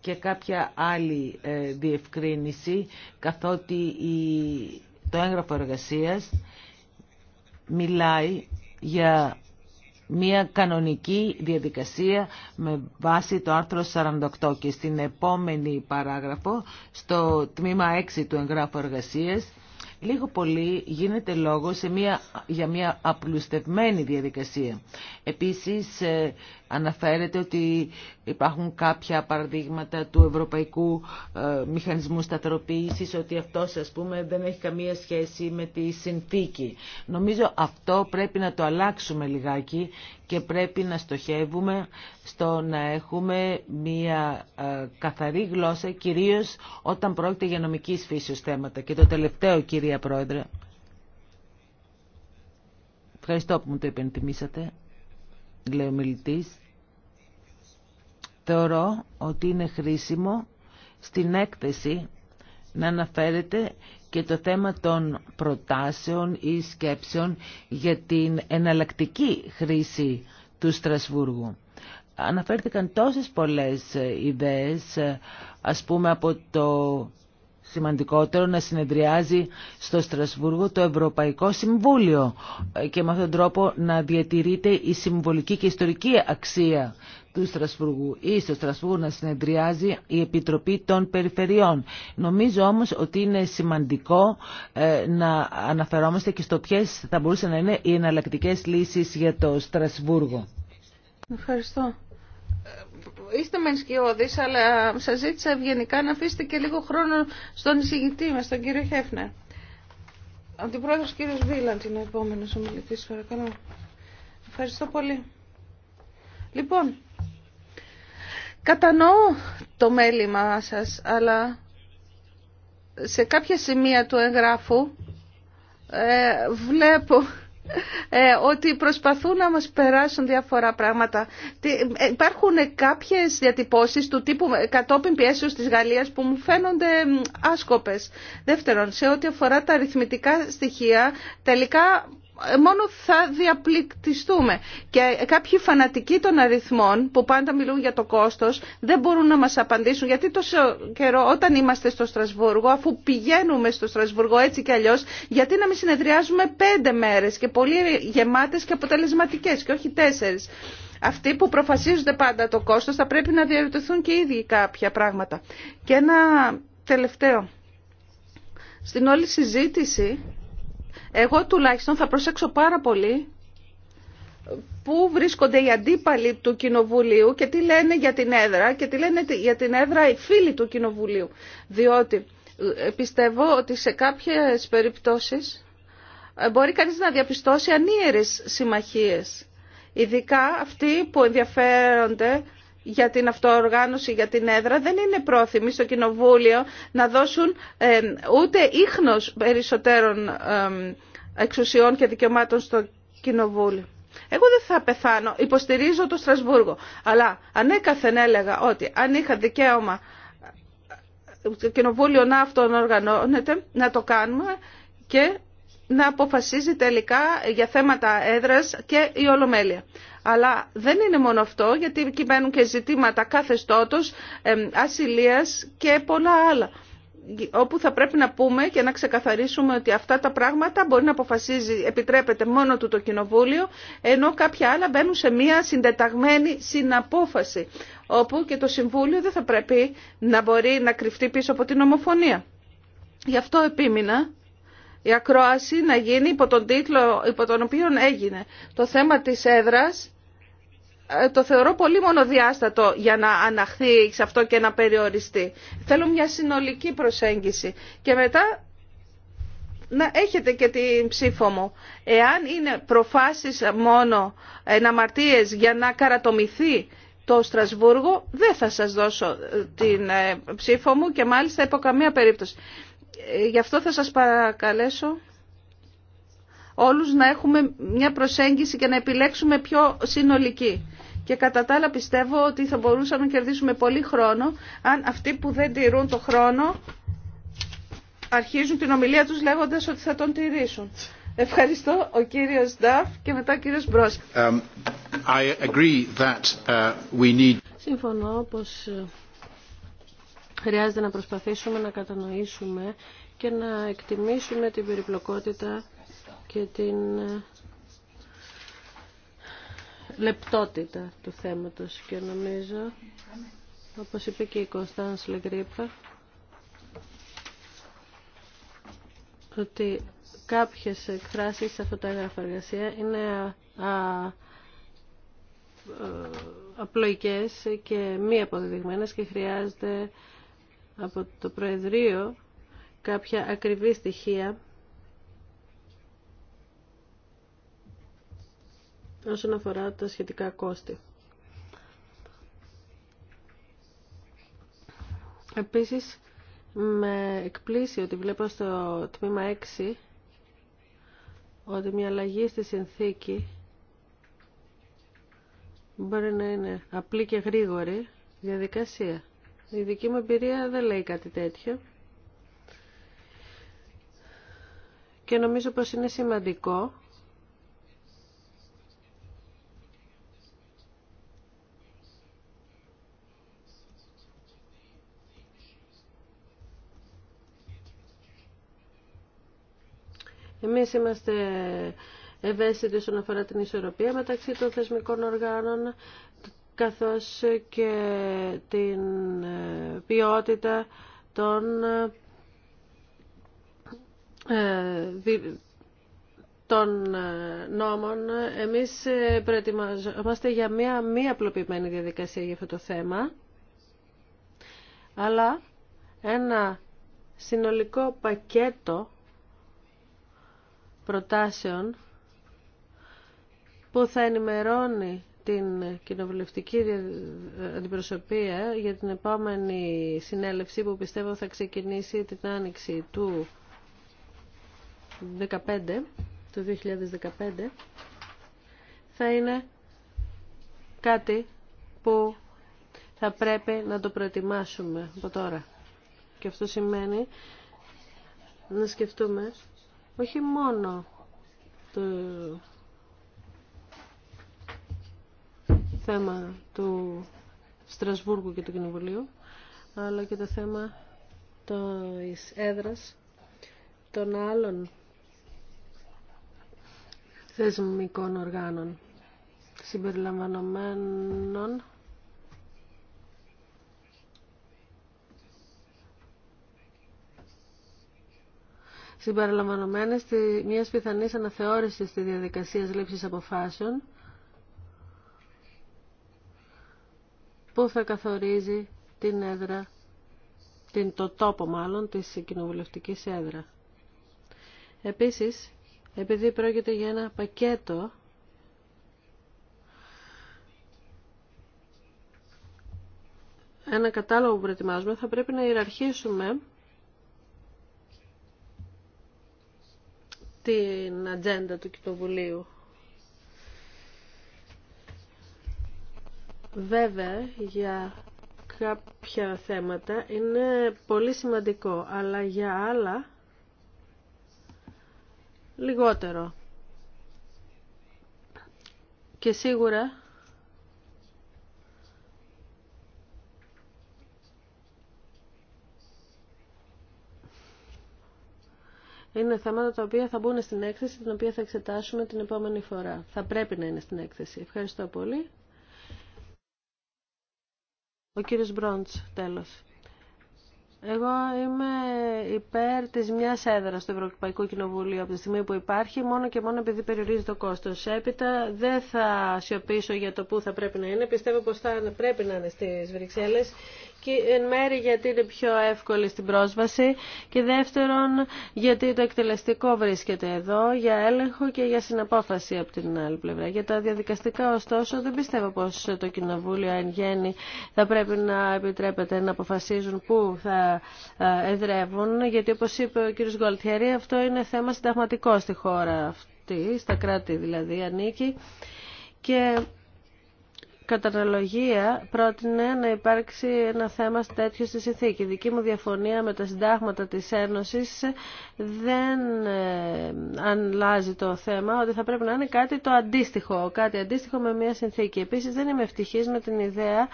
και κάποια άλλη ε, διευκρίνηση, καθότι το έγγραφο εργασίας μιλάει για μια κανονική διαδικασία με βάση το άρθρο 48 και στην επόμενη παράγραφο στο τμήμα 6 του εγγράφου εργασίας λίγο πολύ γίνεται λόγο σε μια, για μια απλουστευμένη διαδικασία. Επίσης ε, Αναφέρεται ότι υπάρχουν κάποια παραδείγματα του Ευρωπαϊκού ε, Μηχανισμού Σταθεροποίησης ότι αυτός ας πούμε δεν έχει καμία σχέση με τη συνθήκη. Νομίζω αυτό πρέπει να το αλλάξουμε λιγάκι και πρέπει να στοχεύουμε στο να έχουμε μία ε, καθαρή γλώσσα κυρίως όταν πρόκειται για νομικής φύσεως θέματα. Και το τελευταίο κυρία Πρόεδρε. Ευχαριστώ που μου το υπενθυμίσατε λέει ο θεωρώ ότι είναι χρήσιμο στην έκθεση να αναφέρεται και το θέμα των προτάσεων ή σκέψεων για την εναλλακτική χρήση του Στρασβούργου. Αναφέρθηκαν τόσες πολλές ιδέες, ας πούμε από το σημαντικότερο να συνεδριάζει στο Στρασβούργο το Ευρωπαϊκό Συμβούλιο ε, και με αυτόν τον τρόπο να διατηρείται η συμβολική και ιστορική αξία του Στρασβουργού ή στο Στρασβούργο να συνεδριάζει η Επιτροπή των Περιφερειών. Νομίζω όμως ότι είναι σημαντικό ε, να αναφερόμαστε και στο ποιες θα μπορούσαν να είναι οι εναλλακτικέ λύσεις για το Στρασβούργο. Ευχαριστώ είστε μεν σκιώδη, αλλά σα ζήτησα ευγενικά να αφήσετε και λίγο χρόνο στον εισηγητή μα, τον κύριο Χέφνερ. Αντιπρόεδρος κύριο Βίλαντ είναι ο επόμενος ομιλητή, παρακαλώ. Ευχαριστώ πολύ. Λοιπόν, κατανοώ το μέλημά σας, αλλά σε κάποια σημεία του εγγράφου ε, βλέπω ε, ότι προσπαθούν να μας περάσουν διάφορα πράγματα. Ε, υπάρχουν κάποιες διατυπώσεις του τύπου κατόπιν πιέσεως της Γαλλίας που μου φαίνονται άσκοπες. Δεύτερον, σε ό,τι αφορά τα αριθμητικά στοιχεία, τελικά μόνο θα διαπληκτιστούμε. Και κάποιοι φανατικοί των αριθμών που πάντα μιλούν για το κόστος δεν μπορούν να μας απαντήσουν γιατί τόσο καιρό όταν είμαστε στο Στρασβούργο αφού πηγαίνουμε στο Στρασβούργο έτσι και αλλιώς γιατί να μην συνεδριάζουμε πέντε μέρες και πολύ γεμάτες και αποτελεσματικές και όχι τέσσερις. Αυτοί που προφασίζονται πάντα το κόστος θα πρέπει να διαρωτηθούν και ίδιοι κάποια πράγματα. Και ένα τελευταίο. Στην όλη συζήτηση εγώ τουλάχιστον θα προσέξω πάρα πολύ πού βρίσκονται οι αντίπαλοι του Κοινοβουλίου και τι λένε για την έδρα και τι λένε για την έδρα οι φίλοι του Κοινοβουλίου. Διότι ε, πιστεύω ότι σε κάποιες περιπτώσεις ε, μπορεί κανείς να διαπιστώσει ανίερες συμμαχίες. Ειδικά αυτοί που ενδιαφέρονται για την αυτοοργάνωση, για την έδρα, δεν είναι πρόθυμοι στο Κοινοβούλιο να δώσουν ε, ούτε ίχνος περισσότερων εξουσιών και δικαιωμάτων στο Κοινοβούλιο. Εγώ δεν θα πεθάνω, υποστηρίζω το Στρασβούργο. Αλλά ανέκαθεν έλεγα ότι αν είχα δικαίωμα ε, το Κοινοβούλιο να αυτοοργανώνεται, να το κάνουμε και να αποφασίζει τελικά για θέματα έδρας και η Ολομέλεια. Αλλά δεν είναι μόνο αυτό, γιατί εκεί μπαίνουν και ζητήματα καθεστώτος, ασυλίας και πολλά άλλα όπου θα πρέπει να πούμε και να ξεκαθαρίσουμε ότι αυτά τα πράγματα μπορεί να αποφασίζει, επιτρέπεται μόνο του το Κοινοβούλιο, ενώ κάποια άλλα μπαίνουν σε μια συντεταγμένη συναπόφαση, όπου και το Συμβούλιο δεν θα πρέπει να μπορεί να κρυφτεί πίσω από την ομοφωνία. Γι' αυτό επίμεινα η ακρόαση να γίνει υπό τον τίτλο υπό τον οποίο έγινε. Το θέμα της έδρας ε, το θεωρώ πολύ μονοδιάστατο για να αναχθεί σε αυτό και να περιοριστεί. Θέλω μια συνολική προσέγγιση. Και μετά να έχετε και την ψήφο μου. Εάν είναι προφάσεις μόνο μαρτίες για να καρατομηθεί το Στρασβούργο, δεν θα σας δώσω ε, την ε, ψήφο μου και μάλιστα υπό καμία περίπτωση. Γι' αυτό θα σας παρακαλέσω όλους να έχουμε μια προσέγγιση και να επιλέξουμε πιο συνολική. Και κατά τα άλλα πιστεύω ότι θα μπορούσαμε να κερδίσουμε πολύ χρόνο αν αυτοί που δεν τηρούν το χρόνο αρχίζουν την ομιλία τους λέγοντας ότι θα τον τηρήσουν. Ευχαριστώ ο κύριος Νταφ και μετά ο κύριος Μπρός. Um, uh, Συμφωνώ πως ε, χρειάζεται να προσπαθήσουμε να κατανοήσουμε και να εκτιμήσουμε την περιπλοκότητα και την ε, λεπτότητα του θέματος και νομίζω, όπως είπε και η Κωνσταντς Λεγκρίπα, ότι κάποιες εκφράσεις σε αυτά τα είναι α, α, ε, απλοϊκές και μη αποδεδειγμένες και χρειάζεται από το Προεδρείο κάποια ακριβή στοιχεία όσον αφορά τα σχετικά κόστη. Επίσης, με εκπλήσει ότι βλέπω στο τμήμα 6 ότι μια αλλαγή στη συνθήκη μπορεί να είναι απλή και γρήγορη διαδικασία. Η δική μου εμπειρία δεν λέει κάτι τέτοιο. Και νομίζω πως είναι σημαντικό Εμείς είμαστε ευαίσθητοι όσον αφορά την ισορροπία μεταξύ των θεσμικών οργάνων καθώς και την ε, ποιότητα των ε, των ε, νόμων. Εμείς προετοιμαζόμαστε για μία μη απλοποιημένη διαδικασία για αυτό το θέμα, αλλά ένα συνολικό πακέτο προτάσεων που θα ενημερώνει την κοινοβουλευτική αντιπροσωπεία για την επόμενη συνέλευση που πιστεύω θα ξεκινήσει την άνοιξη του του 2015 θα είναι κάτι που θα πρέπει να το προετοιμάσουμε από τώρα. Και αυτό σημαίνει να σκεφτούμε όχι μόνο το θέμα του Στρασβούργου και του Κοινοβουλίου, αλλά και το θέμα της έδρας των άλλων θεσμικών οργάνων συμπεριλαμβανομένων συμπεριλαμβανομένες μιας πιθανής αναθεώρησης της διαδικασίας λήψης αποφάσεων που θα καθορίζει την έδρα, την, το τόπο μάλλον της κοινοβουλευτική έδρα. Επίσης, επειδή πρόκειται για ένα πακέτο ένα κατάλογο που προετοιμάζουμε θα πρέπει να ιεραρχήσουμε την ατζέντα του Κοινοβουλίου. Βέβαια, για κάποια θέματα είναι πολύ σημαντικό, αλλά για άλλα λιγότερο. Και σίγουρα είναι θέματα τα οποία θα μπουν στην έκθεση, την οποία θα εξετάσουμε την επόμενη φορά. Θα πρέπει να είναι στην έκθεση. Ευχαριστώ πολύ. Ο κύριος Μπρόντς, τέλος. Εγώ είμαι υπέρ τη μια έδρα του Ευρωπαϊκού Κοινοβουλίου από τη στιγμή που υπάρχει, μόνο και μόνο επειδή περιορίζει το κόστο. Έπειτα δεν θα σιωπήσω για το πού θα πρέπει να είναι. Πιστεύω πω θα πρέπει να είναι στι Βρυξέλλε και εν μέρη γιατί είναι πιο εύκολη στην πρόσβαση και δεύτερον γιατί το εκτελεστικό βρίσκεται εδώ για έλεγχο και για συναπόφαση από την άλλη πλευρά. Για τα διαδικαστικά ωστόσο δεν πιστεύω πως το Κοινοβούλιο εν γέννη θα πρέπει να επιτρέπεται να αποφασίζουν πού θα ε, εδρεύουν γιατί όπως είπε ο κ. Γκολτιέρη αυτό είναι θέμα συνταγματικό στη χώρα αυτή, στα κράτη δηλαδή ανήκει και κατά αναλογία πρότεινε να υπάρξει ένα θέμα τέτοιο στη συνθήκη. Η δική μου διαφωνία με τα συντάγματα της Ένωσης δεν ε, αλλάζει το θέμα ότι θα πρέπει να είναι κάτι το αντίστοιχο, κάτι αντίστοιχο με μια συνθήκη. Επίσης δεν είμαι ευτυχής με την ιδέα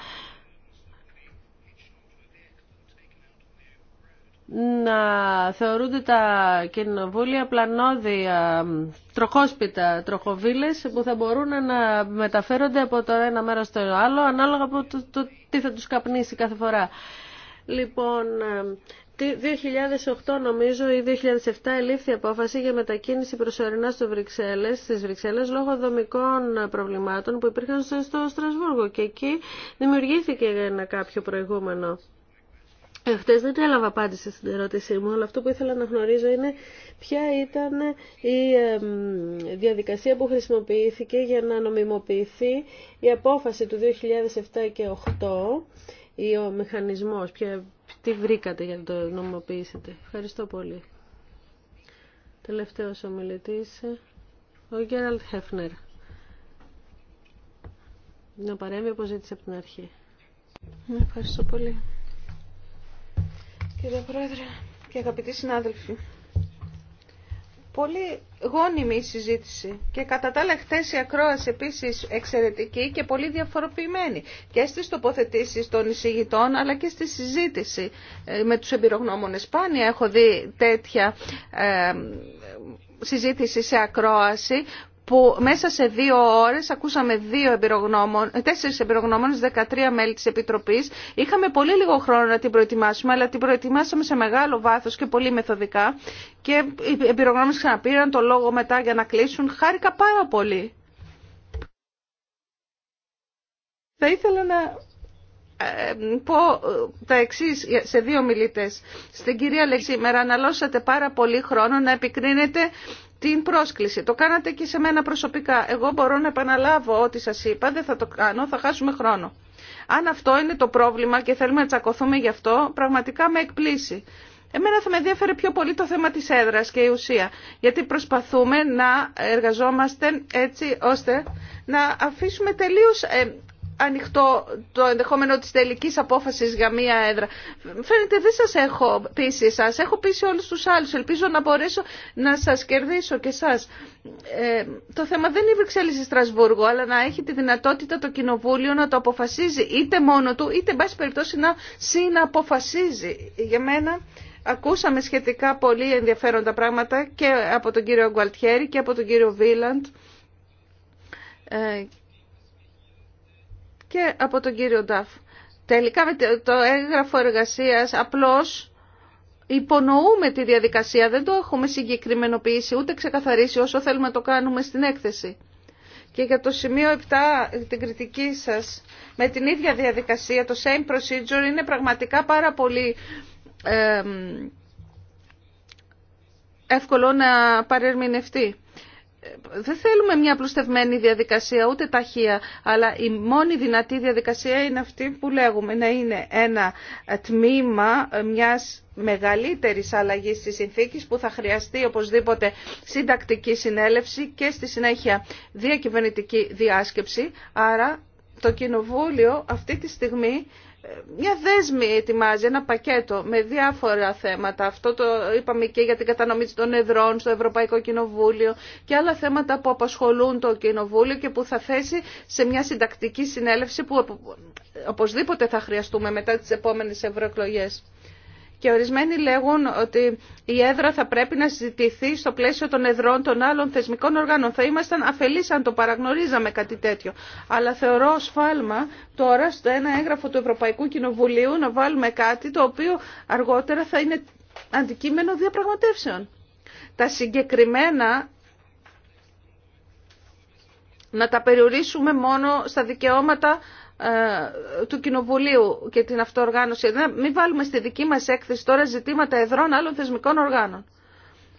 να θεωρούνται τα κοινοβούλια πλανόδια, τροχόσπιτα, τροχοβίλες που θα μπορούν να μεταφέρονται από το ένα μέρος στο άλλο ανάλογα από το, τι θα τους καπνίσει κάθε φορά. Λοιπόν, 2008 νομίζω ή 2007 ελήφθη απόφαση για μετακίνηση προσωρινά στο Βρυξέλλες, στις Βρυξέλλες λόγω δομικών προβλημάτων που υπήρχαν στο Στρασβούργο και εκεί δημιουργήθηκε ένα κάποιο προηγούμενο. Ε, Χθε δεν έλαβα απάντηση στην ερώτησή μου, αλλά αυτό που ήθελα να γνωρίζω είναι ποια ήταν η διαδικασία που χρησιμοποιήθηκε για να νομιμοποιηθεί η απόφαση του 2007 και 2008 ή ο μηχανισμός, ποια, τι βρήκατε για να το νομιμοποιήσετε. Ευχαριστώ πολύ. Τελευταίος ομιλητής, ο Γκέραλτ Χέφνερ. Να παρέμβει όπως ζήτησε από την αρχή. Ευχαριστώ πολύ. Κύριε Πρόεδρε και αγαπητοί συνάδελφοι, πολύ γόνιμη η συζήτηση και κατά τα άλλα η ακρόαση επίσης εξαιρετική και πολύ διαφοροποιημένη και στις τοποθετήσεις των εισηγητών αλλά και στη συζήτηση ε, με τους εμπειρογνώμονες. Σπάνια έχω δει τέτοια ε, συζήτηση σε ακρόαση που μέσα σε δύο ώρες ακούσαμε δύο εμπειρογνώμων, τέσσερις εμπειρογνώμων, 13 μέλη της Επιτροπής. Είχαμε πολύ λίγο χρόνο να την προετοιμάσουμε, αλλά την προετοιμάσαμε σε μεγάλο βάθος και πολύ μεθοδικά. Και οι εμπειρογνώμες ξαναπήραν το λόγο μετά για να κλείσουν. Χάρηκα πάρα πολύ. Θα ήθελα να ε, πω ε, τα εξή σε δύο μιλητέ. Στην κυρία Λεξίμερα αναλώσατε πάρα πολύ χρόνο να επικρίνετε την πρόσκληση. Το κάνατε και σε μένα προσωπικά. Εγώ μπορώ να επαναλάβω ό,τι σας είπα, δεν θα το κάνω, θα χάσουμε χρόνο. Αν αυτό είναι το πρόβλημα και θέλουμε να τσακωθούμε γι' αυτό, πραγματικά με εκπλήσει. Εμένα θα με ενδιαφέρει πιο πολύ το θέμα της έδρας και η ουσία, γιατί προσπαθούμε να εργαζόμαστε έτσι ώστε να αφήσουμε τελείως ε, ανοιχτό το ενδεχόμενο της τελικής απόφασης για μία έδρα. Φαίνεται δεν σας έχω πείσει σας, έχω πείσει όλους τους άλλους. Ελπίζω να μπορέσω να σας κερδίσω και σας. Ε, το θέμα δεν είναι η Βρυξέλλη Στρασβούργο, αλλά να έχει τη δυνατότητα το Κοινοβούλιο να το αποφασίζει είτε μόνο του, είτε εν πάση περιπτώσει να συναποφασίζει. Για μένα ακούσαμε σχετικά πολύ ενδιαφέροντα πράγματα και από τον κύριο Γκουαλτιέρη και από τον κύριο Βίλαντ ε, και από τον κύριο Νταφ. Τελικά με το έγγραφο εργασίας απλώς υπονοούμε τη διαδικασία, δεν το έχουμε συγκεκριμενοποιήσει ούτε ξεκαθαρίσει όσο θέλουμε να το κάνουμε στην έκθεση. Και για το σημείο 7, την κριτική σας, με την ίδια διαδικασία, το same procedure είναι πραγματικά πάρα πολύ εύκολο να παρερμηνευτεί δεν θέλουμε μια απλουστευμένη διαδικασία, ούτε ταχεία, αλλά η μόνη δυνατή διαδικασία είναι αυτή που λέγουμε, να είναι ένα τμήμα μιας μεγαλύτερης αλλαγής της συνθήκης που θα χρειαστεί οπωσδήποτε συντακτική συνέλευση και στη συνέχεια διακυβερνητική διάσκεψη. Άρα το Κοινοβούλιο αυτή τη στιγμή μια δέσμη ετοιμάζει, ένα πακέτο με διάφορα θέματα. Αυτό το είπαμε και για την κατανομή των εδρών στο Ευρωπαϊκό Κοινοβούλιο και άλλα θέματα που απασχολούν το Κοινοβούλιο και που θα θέσει σε μια συντακτική συνέλευση που οπωσδήποτε θα χρειαστούμε μετά τις επόμενες ευρωεκλογές. Και ορισμένοι λέγουν ότι η έδρα θα πρέπει να συζητηθεί στο πλαίσιο των εδρών των άλλων θεσμικών οργάνων. Θα ήμασταν αφελείς αν το παραγνωρίζαμε κάτι τέτοιο. Αλλά θεωρώ σφάλμα τώρα στο ένα έγγραφο του Ευρωπαϊκού Κοινοβουλίου να βάλουμε κάτι το οποίο αργότερα θα είναι αντικείμενο διαπραγματεύσεων. Τα συγκεκριμένα να τα περιορίσουμε μόνο στα δικαιώματα ε, του Κοινοβουλίου και την αυτοοργάνωση. Να μην βάλουμε στη δική μας έκθεση τώρα ζητήματα εδρών άλλων θεσμικών οργάνων.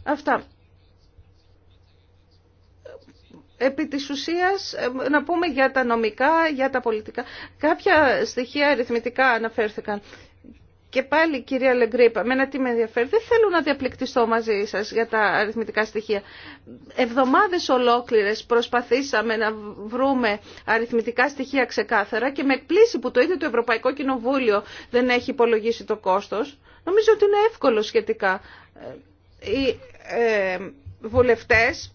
Αυτά. Επί της ουσίας, ε, να πούμε για τα νομικά, για τα πολιτικά. Κάποια στοιχεία αριθμητικά αναφέρθηκαν. Και πάλι, κυρία με μένα τι με ενδιαφέρει, δεν θέλω να διαπληκτιστώ μαζί σα για τα αριθμητικά στοιχεία. Εβδομάδε ολόκληρε προσπαθήσαμε να βρούμε αριθμητικά στοιχεία ξεκάθαρα και με εκπλήσει που το ίδιο το Ευρωπαϊκό Κοινοβούλιο δεν έχει υπολογίσει το κόστο, Νομίζω ότι είναι εύκολο σχετικά. Ε, οι ε, βουλευτές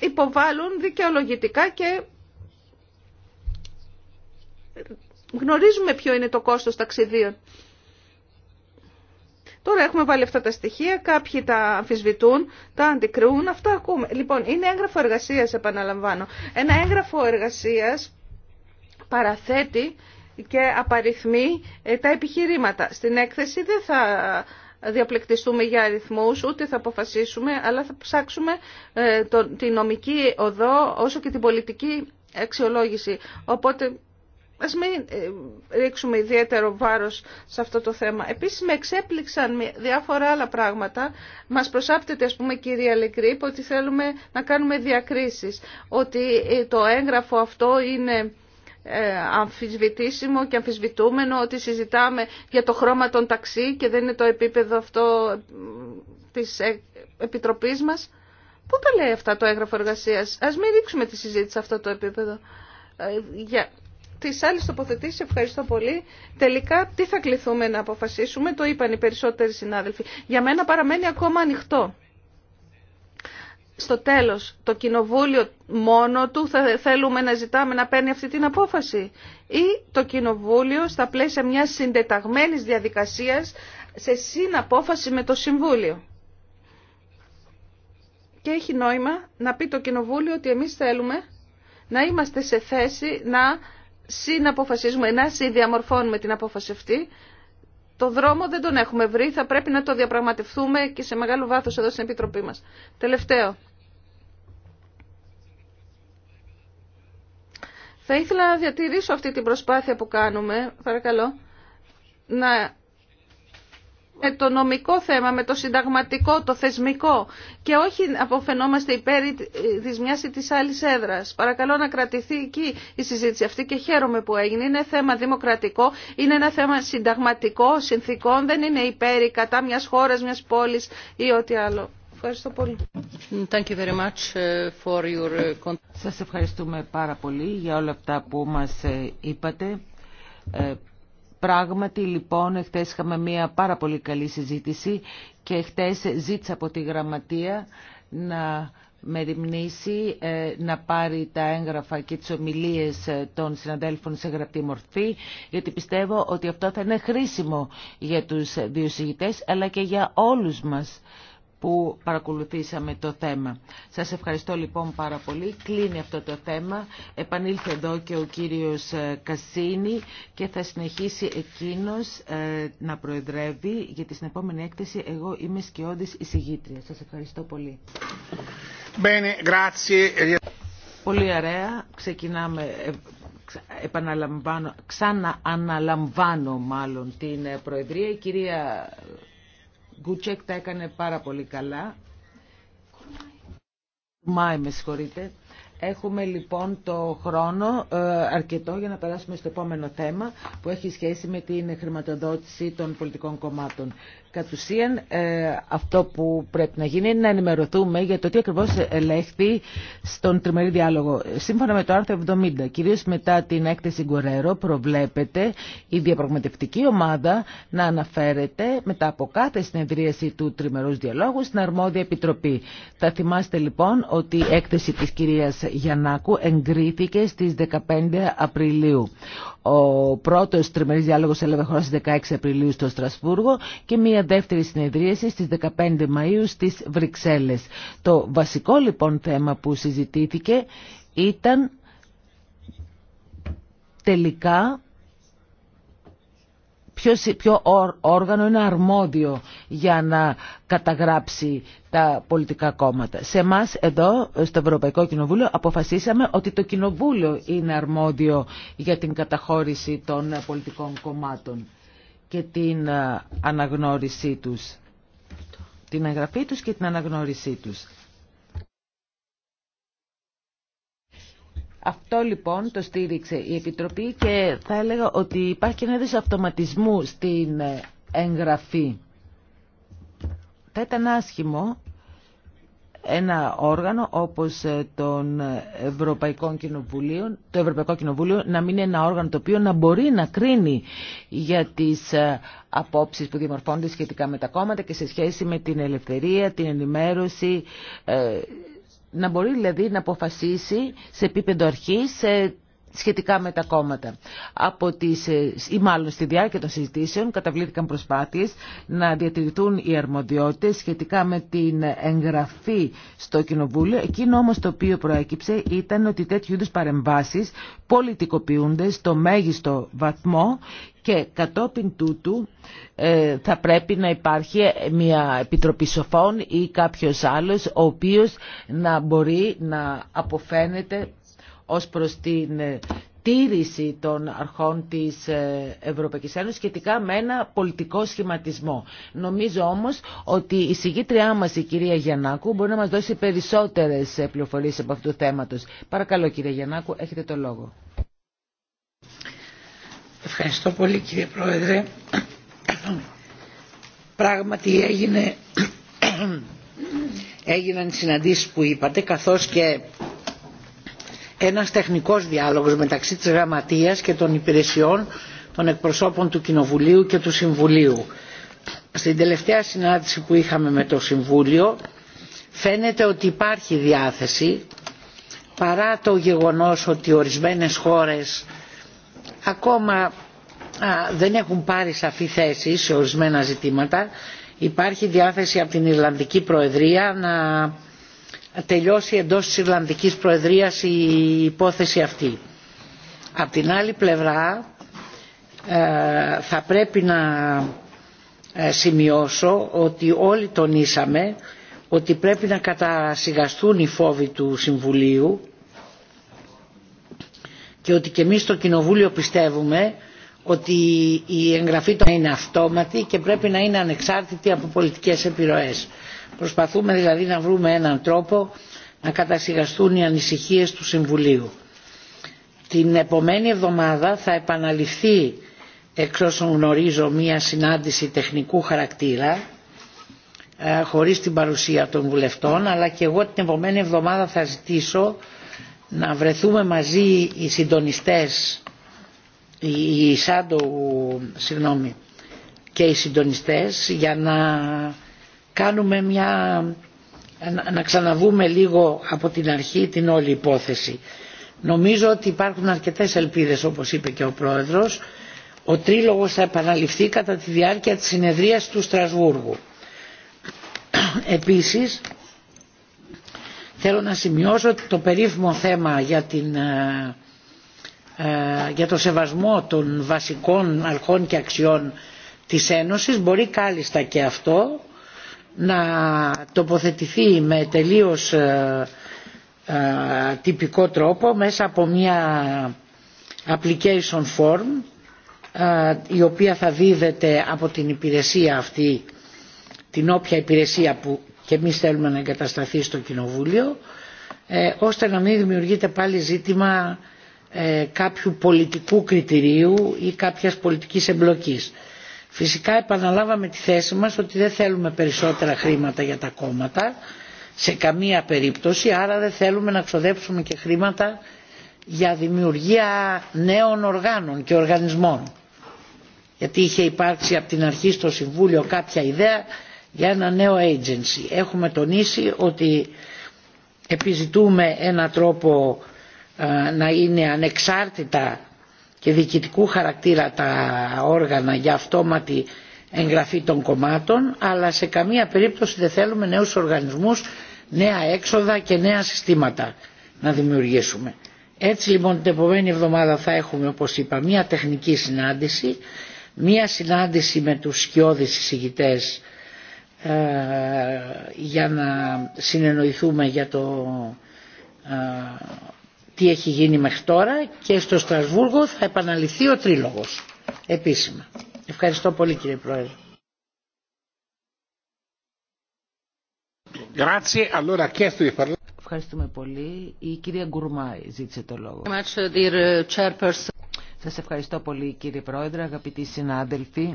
υποβάλλουν δικαιολογητικά και γνωρίζουμε ποιο είναι το κόστος ταξιδίων. Τώρα έχουμε βάλει αυτά τα στοιχεία, κάποιοι τα αμφισβητούν, τα αντικρούν, αυτά ακούμε. Λοιπόν, είναι έγγραφο εργασίας, επαναλαμβάνω. Ένα έγγραφο εργασίας παραθέτει και απαριθμεί ε, τα επιχειρήματα. Στην έκθεση δεν θα διαπλεκτιστούμε για αριθμούς, ούτε θα αποφασίσουμε, αλλά θα ψάξουμε ε, τη νομική οδό όσο και την πολιτική αξιολόγηση. Οπότε ας μην ε, ρίξουμε ιδιαίτερο βάρος σε αυτό το θέμα. Επίσης με εξέπληξαν διάφορα άλλα πράγματα. Μας προσάπτεται ας πούμε κυρία Λεκρύπ ότι θέλουμε να κάνουμε διακρίσεις. Ότι ε, το έγγραφο αυτό είναι ε, αμφισβητήσιμο και αμφισβητούμενο ότι συζητάμε για το χρώμα των ταξί και δεν είναι το επίπεδο αυτό της Επιτροπής μας. Πού τα λέει αυτά το έγγραφο εργασίας. Ας μην ρίξουμε τη συζήτηση σε αυτό το επίπεδο τις άλλες τοποθετήσει ευχαριστώ πολύ. Τελικά, τι θα κληθούμε να αποφασίσουμε, το είπαν οι περισσότεροι συνάδελφοι. Για μένα παραμένει ακόμα ανοιχτό. Στο τέλος, το κοινοβούλιο μόνο του θα θέλουμε να ζητάμε να παίρνει αυτή την απόφαση ή το κοινοβούλιο στα πλαίσια μια συντεταγμένης διαδικασία σε συναπόφαση με το Συμβούλιο. Και έχει νόημα να πει το Κοινοβούλιο ότι εμείς θέλουμε να είμαστε σε θέση να συναποφασίζουμε, να συνδιαμορφώνουμε την απόφαση αυτή. Το δρόμο δεν τον έχουμε βρει, θα πρέπει να το διαπραγματευτούμε και σε μεγάλο βάθος εδώ στην Επιτροπή μας. Τελευταίο. Θα ήθελα να διατηρήσω αυτή την προσπάθεια που κάνουμε, παρακαλώ, να με το νομικό θέμα, με το συνταγματικό, το θεσμικό και όχι αποφαινόμαστε υπέρ της μιας ή της άλλης έδρας. Παρακαλώ να κρατηθεί εκεί η συζήτηση αυτή και χαίρομαι που έγινε. Είναι θέμα δημοκρατικό, είναι ένα θέμα συνταγματικό, συνθήκων, δεν είναι υπέρ κατά μιας χώρας, μιας πόλης ή ό,τι άλλο. Ευχαριστώ πολύ. Thank you very much uh, for your... Uh, Σας ευχαριστούμε πάρα πολύ για όλα αυτά που μας ε, είπατε. Ε, Πράγματι λοιπόν εχθές είχαμε μια πάρα πολύ καλή συζήτηση και εχθές ζήτησα από τη γραμματεία να με ε, να πάρει τα έγγραφα και τις ομιλίες ε, των συναδέλφων σε γραπτή μορφή, γιατί πιστεύω ότι αυτό θα είναι χρήσιμο για τους δύο αλλά και για όλους μας που παρακολουθήσαμε το θέμα. Σας ευχαριστώ λοιπόν πάρα πολύ. Κλείνει αυτό το θέμα. Επανήλθε εδώ και ο κύριος ε, Κασίνη και θα συνεχίσει εκείνος ε, να προεδρεύει για την επόμενη έκθεση εγώ είμαι σκιώδης εισηγήτρια. Σας ευχαριστώ πολύ. Bene, πολύ ωραία. Ξεκινάμε ε, επαναλαμβάνω, ξανααναλαμβάνω μάλλον την Προεδρία. Η κυρία Γκουτσέκ τα έκανε πάρα πολύ καλά. Μάι, με συγχωρείτε. Έχουμε λοιπόν το χρόνο ε, αρκετό για να περάσουμε στο επόμενο θέμα που έχει σχέση με την χρηματοδότηση των πολιτικών κομμάτων. Κατ' ουσίαν ε, αυτό που πρέπει να γίνει είναι να ενημερωθούμε για το τι ακριβώς ελέγχθη στον τριμερή διάλογο. Σύμφωνα με το άρθρο 70, κυρίως μετά την έκθεση Γκορέρο, προβλέπεται η διαπραγματευτική ομάδα να αναφέρεται μετά από κάθε συνεδρίαση του τριμερούς διαλόγου στην αρμόδια επιτροπή. Θα θυμάστε λοιπόν ότι η έκθεση της κυρίας Γιαννάκου εγκρίθηκε στις 15 Απριλίου. Ο πρώτος τριμερής διάλογος έλαβε χώρα στις 16 Απριλίου στο Στρασβούργο και μία δεύτερη συνεδρίαση στις 15 Μαΐου στις Βρυξέλλες. Το βασικό λοιπόν θέμα που συζητήθηκε ήταν τελικά ποιο, όργανο είναι αρμόδιο για να καταγράψει τα πολιτικά κόμματα. Σε εμά εδώ στο Ευρωπαϊκό Κοινοβούλιο αποφασίσαμε ότι το Κοινοβούλιο είναι αρμόδιο για την καταχώρηση των πολιτικών κομμάτων και την ε, αναγνώρισή τους. Την εγγραφή τους και την αναγνώρισή τους. Αυτό λοιπόν το στήριξε η Επιτροπή και θα έλεγα ότι υπάρχει και ένα αυτοματισμού στην ε, εγγραφή. Θα ήταν άσχημο ένα όργανο όπως ε, τον ευρωπαϊκό κοινοβούλιο, το Ευρωπαϊκό Κοινοβούλιο να μην είναι ένα όργανο το οποίο να μπορεί να κρίνει για τις ε, απόψεις που δημορφώνται σχετικά με τα κόμματα και σε σχέση με την ελευθερία, την ενημέρωση, ε, να μπορεί δηλαδή να αποφασίσει σε επίπεδο αρχής σχετικά με τα κόμματα. Από τις, ε, ή μάλλον στη διάρκεια των συζητήσεων καταβλήθηκαν προσπάθειες να διατηρηθούν οι αρμοδιότητες σχετικά με την εγγραφή στο Κοινοβούλιο. Εκείνο όμως το οποίο προέκυψε ήταν ότι τέτοιου είδους παρεμβάσεις πολιτικοποιούνται στο μέγιστο βαθμό και κατόπιν τούτου ε, θα πρέπει να υπάρχει μια επιτροπή σοφών ή κάποιος άλλος ο οποίος να μπορεί να αποφαίνεται ως προς την ε, τήρηση των αρχών της ε, Ευρωπαϊκής Ένωσης σχετικά με ένα πολιτικό σχηματισμό. Νομίζω όμως ότι η συγκήτριά μας η κυρία Γιαννάκου μπορεί να μας δώσει περισσότερες ε, πληροφορίες από αυτού του θέματος. Παρακαλώ κύριε Γιαννάκου, έχετε το λόγο. Ευχαριστώ πολύ κύριε Πρόεδρε. Πράγματι έγινε, έγιναν συναντήσεις που είπατε καθώς και ένας τεχνικός διάλογος μεταξύ της Γραμματείας και των υπηρεσιών των εκπροσώπων του Κοινοβουλίου και του Συμβουλίου. Στην τελευταία συνάντηση που είχαμε με το Συμβούλιο φαίνεται ότι υπάρχει διάθεση παρά το γεγονός ότι ορισμένες χώρες ακόμα δεν έχουν πάρει σαφή θέση σε ορισμένα ζητήματα υπάρχει διάθεση από την Ιρλανδική Προεδρία να τελειώσει εντός της Ιρλανδικής Προεδρίας η υπόθεση αυτή. Απ' την άλλη πλευρά ε, θα πρέπει να ε, σημειώσω ότι όλοι τονίσαμε ότι πρέπει να κατασυγαστούν οι φόβοι του Συμβουλίου και ότι και εμείς στο Κοινοβούλιο πιστεύουμε ότι η εγγραφή των είναι αυτόματη και πρέπει να είναι ανεξάρτητη από πολιτικές επιρροές. Προσπαθούμε δηλαδή να βρούμε έναν τρόπο να κατασυγαστούν οι ανησυχίες του Συμβουλίου. Την επομένη εβδομάδα θα επαναληφθεί εξ όσων γνωρίζω μία συνάντηση τεχνικού χαρακτήρα ε, χωρίς την παρουσία των βουλευτών αλλά και εγώ την επόμενη εβδομάδα θα ζητήσω να βρεθούμε μαζί οι συντονιστές οι Σάντο συγγνώμη, και οι συντονιστές για να κάνουμε μια, να ξαναβούμε λίγο από την αρχή την όλη υπόθεση. Νομίζω ότι υπάρχουν αρκετές ελπίδες όπως είπε και ο Πρόεδρος. Ο Τρίλογος θα επαναληφθεί κατά τη διάρκεια της συνεδρίας του Στρασβούργου. Επίσης θέλω να σημειώσω ότι το περίφημο θέμα για, την, ε, ε, για το σεβασμό των βασικών αρχών και αξιών της Ένωσης μπορεί κάλλιστα και αυτό να τοποθετηθεί με τελείως ε, ε, τυπικό τρόπο μέσα από μια application form ε, η οποία θα δίδεται από την υπηρεσία αυτή την όποια υπηρεσία που και εμείς θέλουμε να εγκατασταθεί στο Κοινοβούλιο ώστε να μην δημιουργείται πάλι ζήτημα κάποιου πολιτικού κριτηρίου ή κάποιας πολιτικής εμπλοκής. Φυσικά επαναλάβαμε τη θέση μας ότι δεν θέλουμε περισσότερα χρήματα για τα κόμματα σε καμία περίπτωση, άρα δεν θέλουμε να ξοδέψουμε και χρήματα για δημιουργία νέων οργάνων και οργανισμών. Γιατί είχε υπάρξει από την αρχή στο Συμβούλιο κάποια ιδέα για ένα νέο agency. Έχουμε τονίσει ότι επιζητούμε ένα τρόπο να είναι ανεξάρτητα και διοικητικού χαρακτήρα τα όργανα για αυτόματη εγγραφή των κομμάτων αλλά σε καμία περίπτωση δεν θέλουμε νέους οργανισμούς, νέα έξοδα και νέα συστήματα να δημιουργήσουμε. Έτσι λοιπόν την επόμενη εβδομάδα θα έχουμε όπως είπα μια τεχνική συνάντηση, μια συνάντηση με τους σκιώδεις εισηγητές ε, για να συνεννοηθούμε για το ε, τι έχει γίνει μέχρι τώρα και στο Στρασβούργο θα επαναληφθεί ο τρίλογος επίσημα. Ευχαριστώ πολύ κύριε Πρόεδρε. Ευχαριστούμε πολύ. Η κυρία Γκουρμάη ζήτησε το λόγο. Uh, Σας ευχαριστώ πολύ κύριε Πρόεδρε, αγαπητοί συνάδελφοι.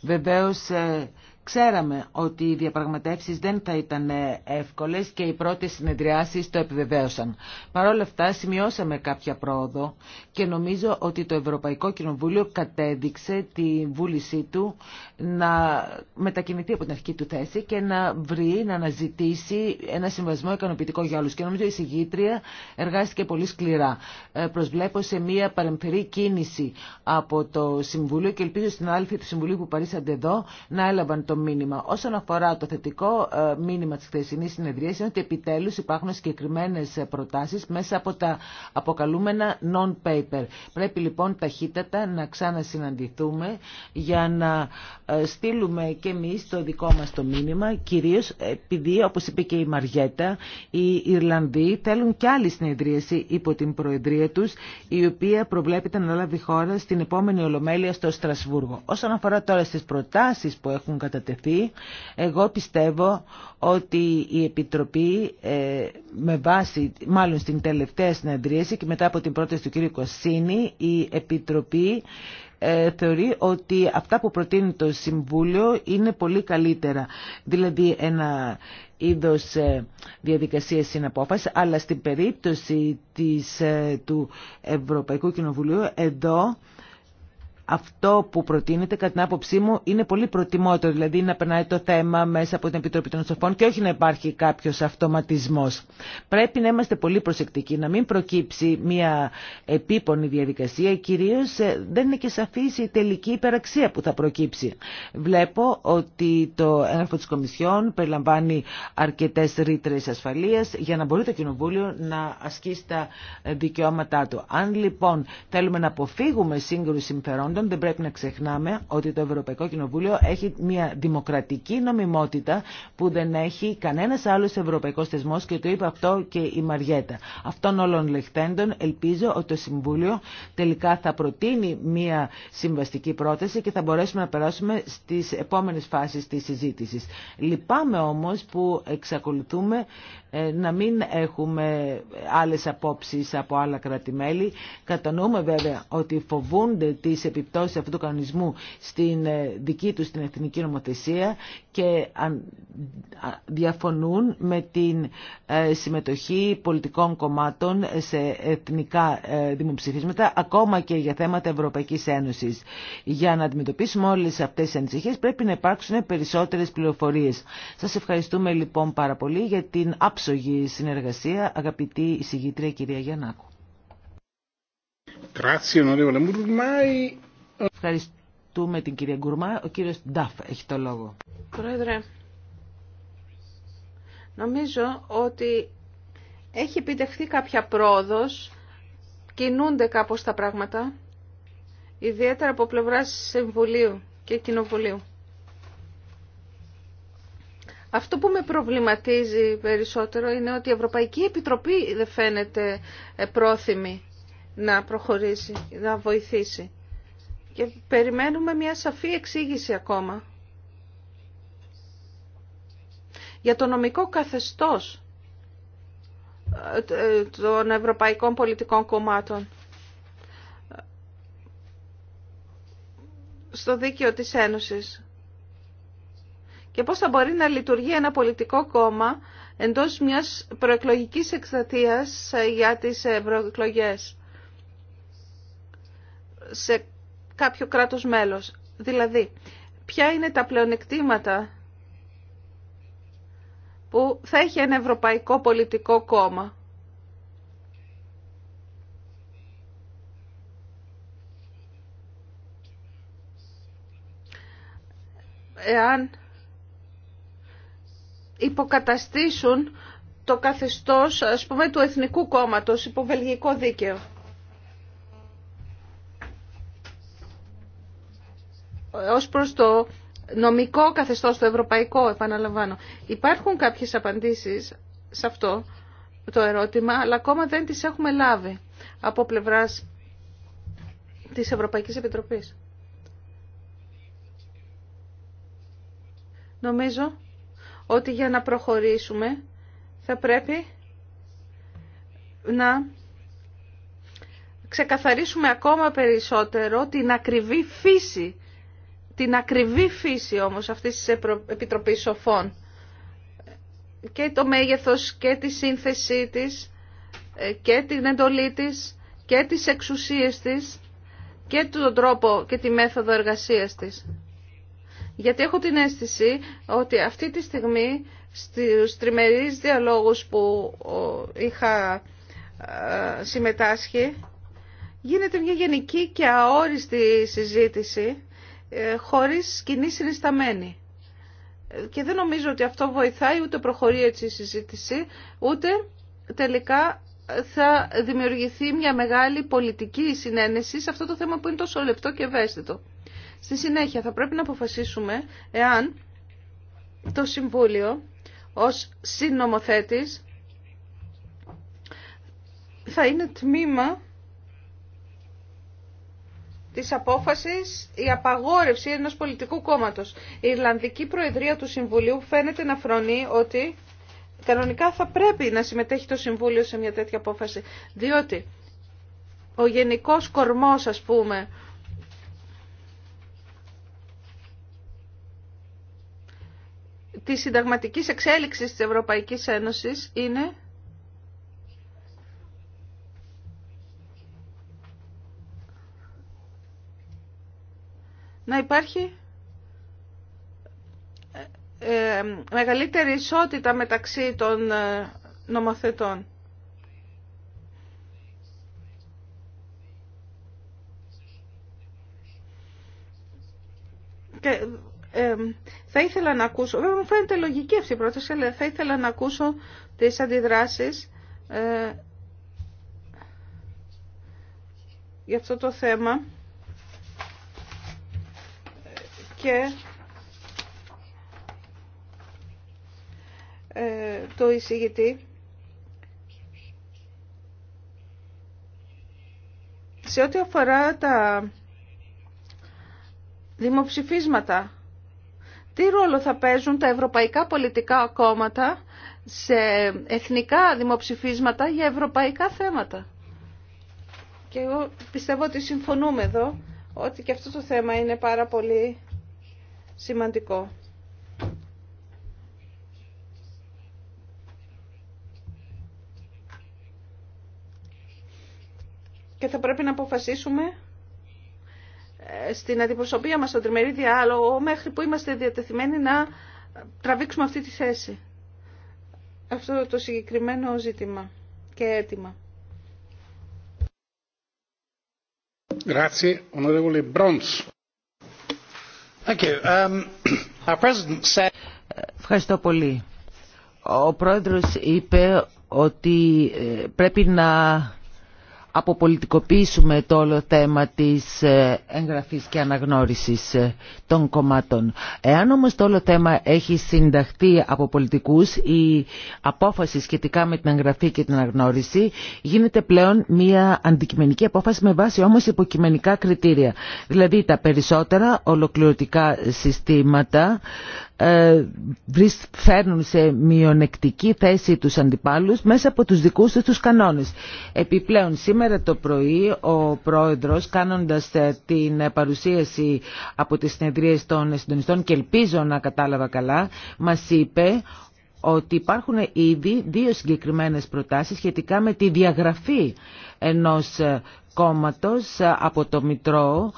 Βεβαίως ε, Ξέραμε ότι οι διαπραγματεύσεις δεν θα ήταν εύκολες και οι πρώτες συνεδριάσεις το επιβεβαίωσαν. Παρ' όλα αυτά σημειώσαμε κάποια πρόοδο και νομίζω ότι το Ευρωπαϊκό Κοινοβούλιο κατέδειξε τη βούλησή του να μετακινηθεί από την αρχική του θέση και να βρει, να αναζητήσει ένα συμβασμό ικανοποιητικό για όλους. Και νομίζω η συγγήτρια εργάστηκε πολύ σκληρά. Ε, προσβλέπω σε μια παρεμφερή κίνηση από το Συμβούλιο και ελπίζω στην άλφη του Συμβουλίου που παρήσατε εδώ να έλαβαν το μήνυμα. Όσον αφορά το θετικό ε, μήνυμα τη χθεσινή συνεδρία, είναι ότι επιτέλου υπάρχουν συγκεκριμένε ε, προτάσει μέσα από τα αποκαλούμενα non-paper. Πρέπει λοιπόν ταχύτατα να ξανασυναντηθούμε για να ε, στείλουμε και εμεί το δικό μα το μήνυμα, Κυρίω επειδή όπω είπε και η Μαριέτα, οι Ιρλανδοί θέλουν και άλλη συνεδρίαση υπό την Προεδρία του, η οποία προβλέπεται να λάβει χώρα στην επόμενη Ολομέλεια στο Στρασβούργο. Όσον αφορά τώρα στι προτάσει που έχουν κατατεθεί, εγώ πιστεύω ότι η Επιτροπή ε, με βάση, μάλλον στην τελευταία συναντρίαση και μετά από την πρόταση του κ. Κωσίνη, η Επιτροπή ε, θεωρεί ότι αυτά που προτείνει το Συμβούλιο είναι πολύ καλύτερα. Δηλαδή ένα είδος ε, διαδικασίας συναπόφασης, αλλά στην περίπτωση της, του Ευρωπαϊκού Κοινοβουλίου εδώ αυτό που προτείνεται κατά την άποψή μου είναι πολύ προτιμότερο, δηλαδή να περνάει το θέμα μέσα από την Επιτροπή των Σοφών και όχι να υπάρχει κάποιος αυτοματισμός. Πρέπει να είμαστε πολύ προσεκτικοί, να μην προκύψει μια επίπονη διαδικασία, κυρίως ε, δεν είναι και σαφής η τελική υπεραξία που θα προκύψει. Βλέπω ότι το έγγραφο της Κομισιόν περιλαμβάνει αρκετές ρήτρες ασφαλείας για να μπορεί το Κοινοβούλιο να ασκήσει τα δικαιώματά του. Αν λοιπόν θέλουμε να αποφύγουμε σύγκρουση συμφερόντων, πάντων δεν πρέπει να ξεχνάμε ότι το Ευρωπαϊκό Κοινοβούλιο έχει μια δημοκρατική νομιμότητα που δεν έχει κανένας άλλος ευρωπαϊκός θεσμός και το είπε αυτό και η Μαριέτα. Αυτών όλων λεχθέντων ελπίζω ότι το Συμβούλιο τελικά θα προτείνει μια συμβαστική πρόταση και θα μπορέσουμε να περάσουμε στις επόμενες φάσεις της συζήτησης. Λυπάμαι όμως που εξακολουθούμε ε, να μην έχουμε άλλες απόψεις από άλλα κρατημέλη. Κατανοούμε βέβαια ότι φοβούνται τις επιπλέον επιπτώσει αυτού του κανονισμού στην ε, δική του την εθνική νομοθεσία και διαφωνούν με την ε, συμμετοχή πολιτικών κομμάτων σε εθνικά ε, δημοψηφίσματα ακόμα και για θέματα Ευρωπαϊκής Ένωσης. Για να αντιμετωπίσουμε όλες αυτές τις ανησυχίες πρέπει να υπάρξουν περισσότερες πληροφορίες. Σας ευχαριστούμε λοιπόν πάρα πολύ για την άψογη συνεργασία αγαπητή εισηγήτρια κυρία Γιαννάκου. Ευχαριστούμε την κυρία Γκουρμά. Ο κύριος Νταφ έχει το λόγο. Πρόεδρε, νομίζω ότι έχει επιτευχθεί κάποια πρόοδος, κινούνται κάπως τα πράγματα, ιδιαίτερα από πλευράς Συμβουλίου και Κοινοβουλίου. Αυτό που με προβληματίζει περισσότερο είναι ότι η Ευρωπαϊκή Επιτροπή δεν φαίνεται πρόθυμη να προχωρήσει, να βοηθήσει και περιμένουμε μια σαφή εξήγηση ακόμα για το νομικό καθεστώς ε, των ευρωπαϊκών πολιτικών κομμάτων. στο δίκαιο της Ένωσης. Και πώς θα μπορεί να λειτουργεί ένα πολιτικό κόμμα εντός μιας προεκλογικής εκστατείας για τις προεκλογές. Σε κάποιο κράτος μέλος. Δηλαδή, ποια είναι τα πλεονεκτήματα που θα έχει ένα ευρωπαϊκό πολιτικό κόμμα. Εάν υποκαταστήσουν το καθεστώς, ας πούμε, του Εθνικού Κόμματος υπό Βελγικό Δίκαιο. ως προς το νομικό καθεστώς, το ευρωπαϊκό, επαναλαμβάνω. Υπάρχουν κάποιες απαντήσεις σε αυτό το ερώτημα, αλλά ακόμα δεν τις έχουμε λάβει από πλευράς της Ευρωπαϊκής Επιτροπής. Νομίζω ότι για να προχωρήσουμε θα πρέπει να ξεκαθαρίσουμε ακόμα περισσότερο την ακριβή φύση την ακριβή φύση όμως αυτής της Επιτροπής Σοφών και το μέγεθος και τη σύνθεσή της ε, και την εντολή της και τις εξουσίες της και τον τρόπο και τη μέθοδο εργασίας της. Γιατί έχω την αίσθηση ότι αυτή τη στιγμή στους τριμερείς διαλόγους που είχα ε, συμμετάσχει γίνεται μια γενική και αόριστη συζήτηση ε, χωρίς κοινή συνισταμένη. Ε, και δεν νομίζω ότι αυτό βοηθάει ούτε προχωρεί έτσι η συζήτηση, ούτε τελικά θα δημιουργηθεί μια μεγάλη πολιτική συνένεση σε αυτό το θέμα που είναι τόσο λεπτό και ευαίσθητο. Στη συνέχεια θα πρέπει να αποφασίσουμε εάν το Συμβούλιο ως συνομοθέτης θα είναι τμήμα της απόφασης η απαγόρευση ενός πολιτικού κόμματος. Η Ιρλανδική Προεδρία του Συμβουλίου φαίνεται να φρονεί ότι κανονικά θα πρέπει να συμμετέχει το Συμβούλιο σε μια τέτοια απόφαση, διότι ο γενικός κορμός, ας πούμε, της συνταγματικής εξέλιξης της Ευρωπαϊκής Ένωσης είναι να υπάρχει ε, ε, μεγαλύτερη ισότητα μεταξύ των ε, νομοθετών. Και, ε, θα ήθελα να ακούσω, βέβαια μου φαίνεται λογική αυτή η πρόταση, αλλά θα ήθελα να ακούσω τις αντιδράσεις ε, για αυτό το θέμα. και ε, το εισηγητή σε ό,τι αφορά τα δημοψηφίσματα. Τι ρόλο θα παίζουν τα ευρωπαϊκά πολιτικά κόμματα σε εθνικά δημοψηφίσματα για ευρωπαϊκά θέματα. Και εγώ πιστεύω ότι συμφωνούμε εδώ ότι και αυτό το θέμα είναι πάρα πολύ σημαντικό. Και θα πρέπει να αποφασίσουμε ε, στην αντιπροσωπεία μας, στον τριμερή διάλογο, μέχρι που είμαστε διατεθειμένοι να τραβήξουμε αυτή τη θέση. Αυτό το συγκεκριμένο ζήτημα και αίτημα. Grazie, onorevole Um, Ευχαριστώ πολύ. Ο πρόεδρος είπε ότι ε, πρέπει να αποπολιτικοποιήσουμε το όλο θέμα της ε, εγγραφής και αναγνώρισης ε, των κομμάτων. Εάν όμως το όλο θέμα έχει συνταχθεί από πολιτικούς, η απόφαση σχετικά με την εγγραφή και την αναγνώριση γίνεται πλέον μια αντικειμενική απόφαση με βάση όμως υποκειμενικά κριτήρια. Δηλαδή τα περισσότερα ολοκληρωτικά συστήματα ε, φέρνουν σε μειονεκτική θέση τους αντιπάλους μέσα από τους δικούς τους τους κανόνες. Επιπλέον σήμερα το πρωί ο πρόεδρος κάνοντας ε, την παρουσίαση από τις συνεδρίες των συντονιστών και ελπίζω να κατάλαβα καλά μας είπε ότι υπάρχουν ήδη δύο συγκεκριμένες προτάσεις σχετικά με τη διαγραφή ενός ε, κόμματος από το Μητρό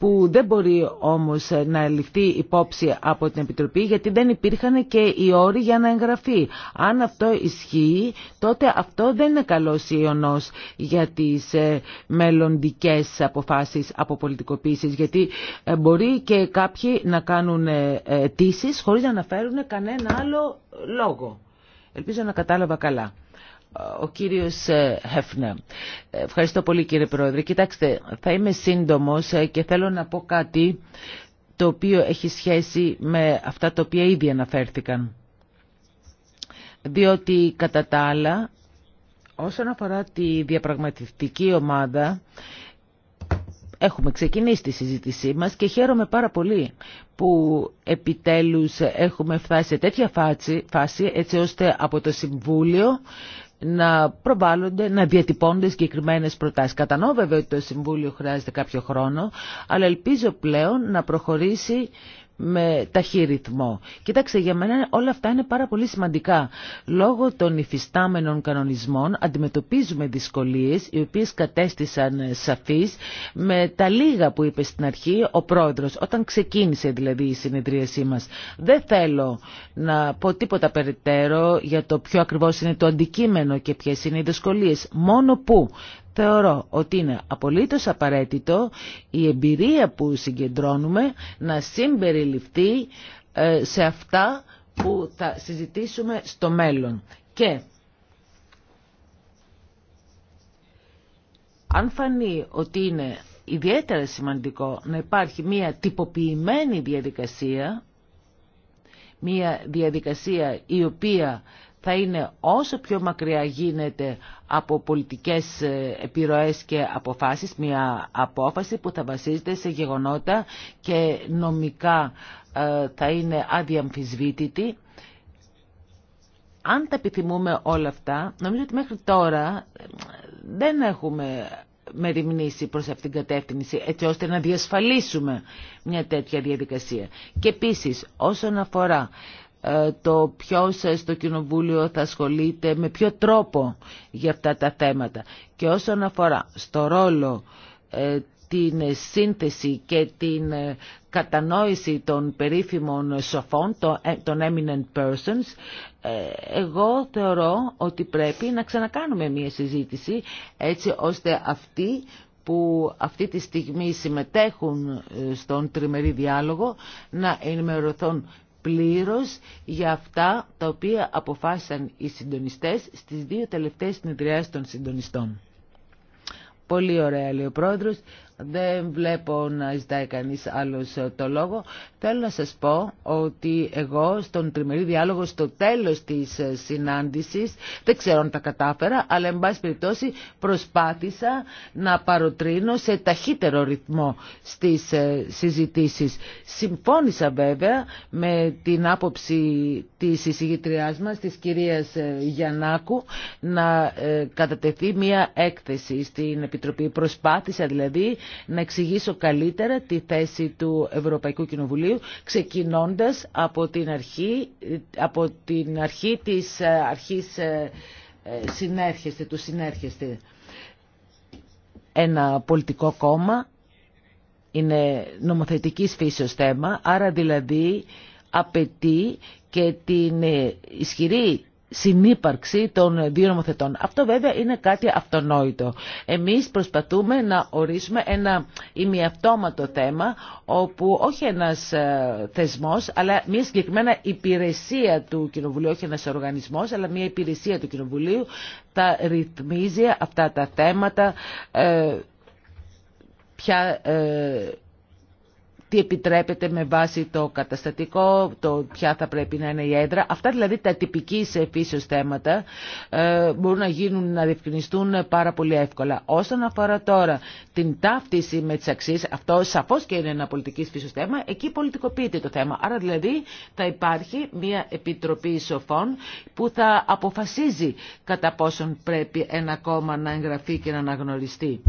που δεν μπορεί όμως να ληφθεί υπόψη από την Επιτροπή γιατί δεν υπήρχαν και οι όροι για να εγγραφεί. Αν αυτό ισχύει, τότε αυτό δεν είναι καλός ιονός για τις ε, μελλοντικές αποφάσεις από πολιτικοποίησης, γιατί ε, μπορεί και κάποιοι να κάνουν ε, αιτήσει χωρίς να αναφέρουν κανένα άλλο λόγο. Ελπίζω να κατάλαβα καλά. Ο κύριος ε, Χέφνα. Ευχαριστώ πολύ κύριε Πρόεδρε. Κοιτάξτε, θα είμαι σύντομος ε, και θέλω να πω κάτι το οποίο έχει σχέση με αυτά τα οποία ήδη αναφέρθηκαν. Διότι κατά τα άλλα, όσον αφορά τη διαπραγματευτική ομάδα, έχουμε ξεκινήσει τη συζήτησή μας και χαίρομαι πάρα πολύ που επιτέλους έχουμε φτάσει σε τέτοια φάση έτσι ώστε από το Συμβούλιο να προβάλλονται, να διατυπώνονται συγκεκριμένε προτάσει. Κατανοώ βέβαια ότι το Συμβούλιο χρειάζεται κάποιο χρόνο, αλλά ελπίζω πλέον να προχωρήσει με ταχύ ρυθμό. Κοιτάξτε, για μένα όλα αυτά είναι πάρα πολύ σημαντικά. Λόγω των υφιστάμενων κανονισμών αντιμετωπίζουμε δυσκολίες οι οποίες κατέστησαν σαφείς με τα λίγα που είπε στην αρχή ο πρόεδρος, όταν ξεκίνησε δηλαδή η συνεδρίασή μας. Δεν θέλω να πω τίποτα περιττέρω για το ποιο ακριβώς είναι το αντικείμενο και ποιες είναι οι δυσκολίες. Μόνο που θεωρώ ότι είναι απολύτως απαραίτητο η εμπειρία που συγκεντρώνουμε να συμπεριληφθεί ε, σε αυτά που θα συζητήσουμε στο μέλλον. Και αν φανεί ότι είναι ιδιαίτερα σημαντικό να υπάρχει μια τυποποιημένη διαδικασία, μια διαδικασία η οποία θα είναι όσο πιο μακριά γίνεται από πολιτικές ε, επιρροές και αποφάσεις, μια απόφαση που θα βασίζεται σε γεγονότα και νομικά ε, θα είναι αδιαμφισβήτητη. Αν τα επιθυμούμε όλα αυτά, νομίζω ότι μέχρι τώρα ε, δεν έχουμε μεριμνήσει προς αυτήν την κατεύθυνση έτσι ώστε να διασφαλίσουμε μια τέτοια διαδικασία. Και επίσης όσον αφορά ε, το ποιος ε, στο Κοινοβούλιο θα ασχολείται με ποιο τρόπο για αυτά τα θέματα. Και όσον αφορά στο ρόλο ε, την σύνθεση και την κατανόηση των περίφημων σοφών, των eminent persons, εγώ θεωρώ ότι πρέπει να ξανακάνουμε μία συζήτηση έτσι ώστε αυτοί που αυτή τη στιγμή συμμετέχουν στον τριμερή διάλογο να ενημερωθούν πλήρως για αυτά τα οποία αποφάσισαν οι συντονιστές στις δύο τελευταίες συνεδριάσεις των συντονιστών. Πολύ ωραία λέει ο πρόεδρος. Δεν βλέπω να ζητάει κανείς άλλος ε, το λόγο. Θέλω να σας πω ότι εγώ στον τριμερή διάλογο στο τέλος της ε, συνάντησης, δεν ξέρω αν τα κατάφερα, αλλά εν πάση περιπτώσει προσπάθησα να παροτρύνω σε ταχύτερο ρυθμό στις ε, συζητήσεις. Συμφώνησα βέβαια με την άποψη της εισηγητριάς μας, της κυρίας Γιαννάκου, να κατατεθεί μία έκθεση στην Επιτροπή. Προσπάθησα δηλαδή να εξηγήσω καλύτερα τη θέση του Ευρωπαϊκού Κοινοβουλίου ξεκινώντας από την αρχή, από την αρχή της ε, αρχής ε, ε, του συνέρχεστε. Ένα πολιτικό κόμμα είναι νομοθετικής φύσεως θέμα, άρα δηλαδή απαιτεί και την ισχυρή συνύπαρξη των δύο νομοθετών. Αυτό βέβαια είναι κάτι αυτονόητο. Εμείς προσπαθούμε να ορίσουμε ένα ημιαυτόματο θέμα όπου όχι ένας ε, θεσμός αλλά μια συγκεκριμένα υπηρεσία του Κοινοβουλίου, όχι ένας οργανισμός αλλά μια υπηρεσία του Κοινοβουλίου θα ρυθμίζει αυτά τα θέματα ε, ε, τι επιτρέπεται με βάση το καταστατικό, το ποια θα πρέπει να είναι η έδρα. Αυτά δηλαδή τα τυπική σε φύσεως θέματα ε, μπορούν να γίνουν, να διευκρινιστούν πάρα πολύ εύκολα. Όσον αφορά τώρα την ταύτιση με τις αξίες, αυτό σαφώς και είναι ένα πολιτικής φύσεως θέμα, εκεί πολιτικοποιείται το θέμα. Άρα δηλαδή θα υπάρχει μια επιτροπή σοφών που θα αποφασίζει κατά πόσον πρέπει ένα κόμμα να εγγραφεί και να αναγνωριστεί.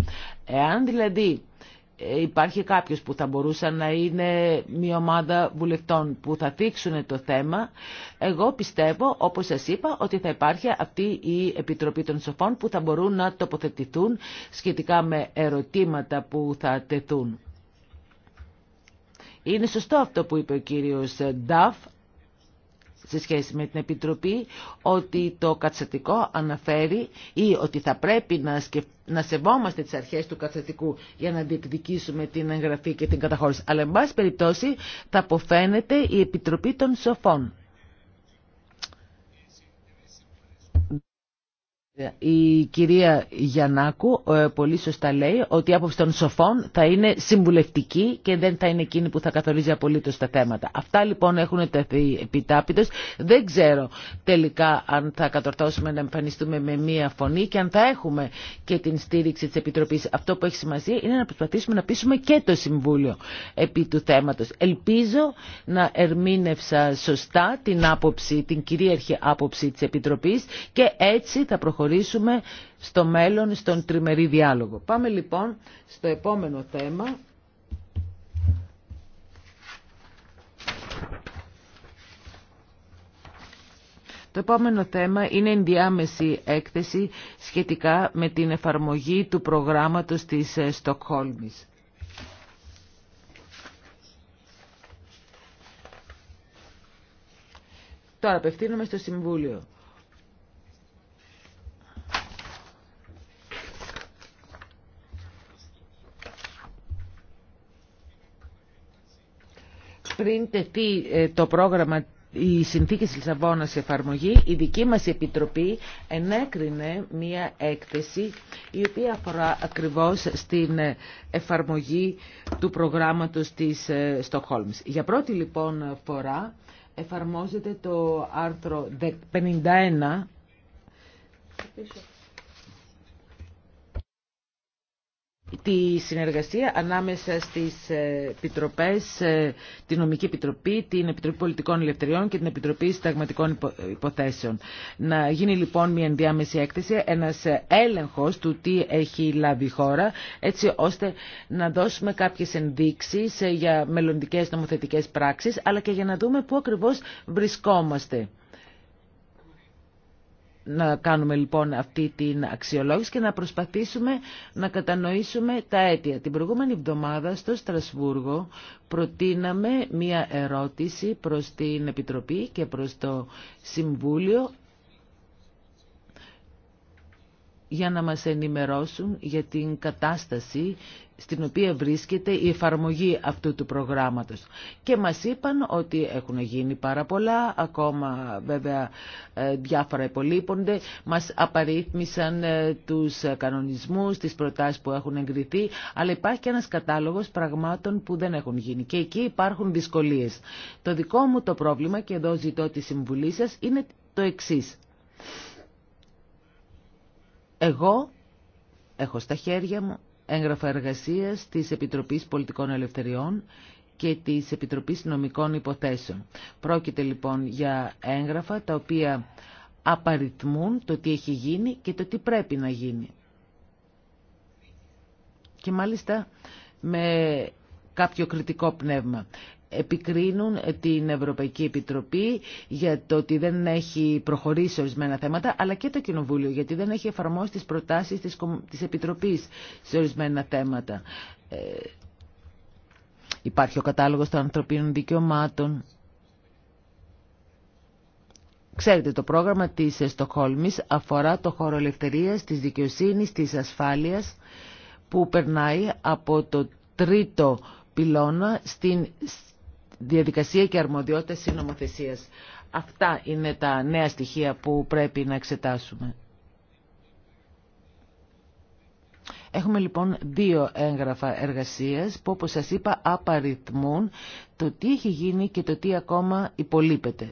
Εάν δηλαδή υπάρχει κάποιος που θα μπορούσαν να είναι μια ομάδα βουλευτών που θα θίξουν το θέμα. Εγώ πιστεύω, όπως σας είπα, ότι θα υπάρχει αυτή η Επιτροπή των Σοφών που θα μπορούν να τοποθετηθούν σχετικά με ερωτήματα που θα τεθούν. Είναι σωστό αυτό που είπε ο κύριος Νταφ, σε σχέση με την Επιτροπή ότι το κατσατικό αναφέρει ή ότι θα πρέπει να, να σεβόμαστε τις αρχές του κατσατικού για να διεκδικήσουμε την εγγραφή και την καταχώρηση. Αλλά, εν πάση περιπτώσει, θα αποφαίνεται η Επιτροπή των Σοφών. Η κυρία Γιαννάκου ε, πολύ σωστά λέει ότι η άποψη των σοφών θα είναι συμβουλευτική και δεν θα είναι εκείνη που θα καθορίζει απολύτως τα θέματα. Αυτά λοιπόν έχουν τεθεί επιτάπητος. Δεν ξέρω τελικά αν θα κατορθώσουμε να εμφανιστούμε με μία φωνή και αν θα έχουμε και την στήριξη της Επιτροπής. Αυτό που έχει σημασία είναι να προσπαθήσουμε να πείσουμε και το Συμβούλιο επί του θέματος. Ελπίζω να ερμήνευσα σωστά την άποψη, την κυρίαρχη άποψη της Επιτροπής και έτσι θα προχωρήσουμε στο μέλλον στον τριμερή διάλογο. Πάμε λοιπόν στο επόμενο θέμα. Το επόμενο θέμα είναι ενδιάμεση έκθεση σχετικά με την εφαρμογή του προγράμματος της ε, Στοκχόλμης. Τώρα απευθύνομαι στο Συμβούλιο. πριν τεθεί ε, το πρόγραμμα η συνθήκη σε εφαρμογή, η δική μας επιτροπή ενέκρινε μία έκθεση η οποία αφορά ακριβώς στην ε, εφαρμογή του προγράμματος της ε, Στοχόλμης. Για πρώτη λοιπόν φορά εφαρμόζεται το άρθρο 51 τη συνεργασία ανάμεσα στις ε, επιτροπές, ε, την Νομική Επιτροπή, την Επιτροπή Πολιτικών Ελευθεριών και την Επιτροπή Συνταγματικών Υποθέσεων. Να γίνει λοιπόν μια ενδιάμεση έκθεση, ένας έλεγχος του τι έχει λάβει η χώρα, έτσι ώστε να δώσουμε κάποιες ενδείξεις ε, για μελλοντικές νομοθετικές πράξεις, αλλά και για να δούμε πού ακριβώς βρισκόμαστε να κάνουμε λοιπόν αυτή την αξιολόγηση και να προσπαθήσουμε να κατανοήσουμε τα αίτια. Την προηγούμενη εβδομάδα στο Στρασβούργο προτείναμε μία ερώτηση προς την Επιτροπή και προς το Συμβούλιο για να μας ενημερώσουν για την κατάσταση στην οποία βρίσκεται η εφαρμογή αυτού του προγράμματος. Και μας είπαν ότι έχουν γίνει πάρα πολλά, ακόμα βέβαια ε, διάφορα υπολείπονται. Μας απαρίθμησαν ε, τους κανονισμούς, τις προτάσεις που έχουν εγκριθεί, αλλά υπάρχει και ένας κατάλογος πραγμάτων που δεν έχουν γίνει. Και εκεί υπάρχουν δυσκολίες. Το δικό μου το πρόβλημα, και εδώ ζητώ τη συμβουλή σας, είναι το εξής. Εγώ έχω στα χέρια μου έγγραφα εργασίας της Επιτροπής Πολιτικών Ελευθεριών και της Επιτροπής Νομικών Υποθέσεων. Πρόκειται λοιπόν για έγγραφα τα οποία απαριθμούν το τι έχει γίνει και το τι πρέπει να γίνει. Και μάλιστα με κάποιο κριτικό πνεύμα επικρίνουν την Ευρωπαϊκή Επιτροπή για το ότι δεν έχει προχωρήσει ορισμένα θέματα, αλλά και το Κοινοβούλιο, γιατί δεν έχει εφαρμόσει τις προτάσεις της Επιτροπής σε ορισμένα θέματα. Ε, υπάρχει ο κατάλογος των ανθρωπίνων δικαιωμάτων. Ξέρετε, το πρόγραμμα της Στοκχόλμης αφορά το χώρο ελευθερίας, της δικαιοσύνης, της ασφάλειας που περνάει από το τρίτο πυλώνα στην διαδικασία και αρμοδιότητα νομοθεσία. Αυτά είναι τα νέα στοιχεία που πρέπει να εξετάσουμε. Έχουμε λοιπόν δύο έγγραφα εργασίας που όπως σας είπα απαριθμούν το τι έχει γίνει και το τι ακόμα υπολείπεται.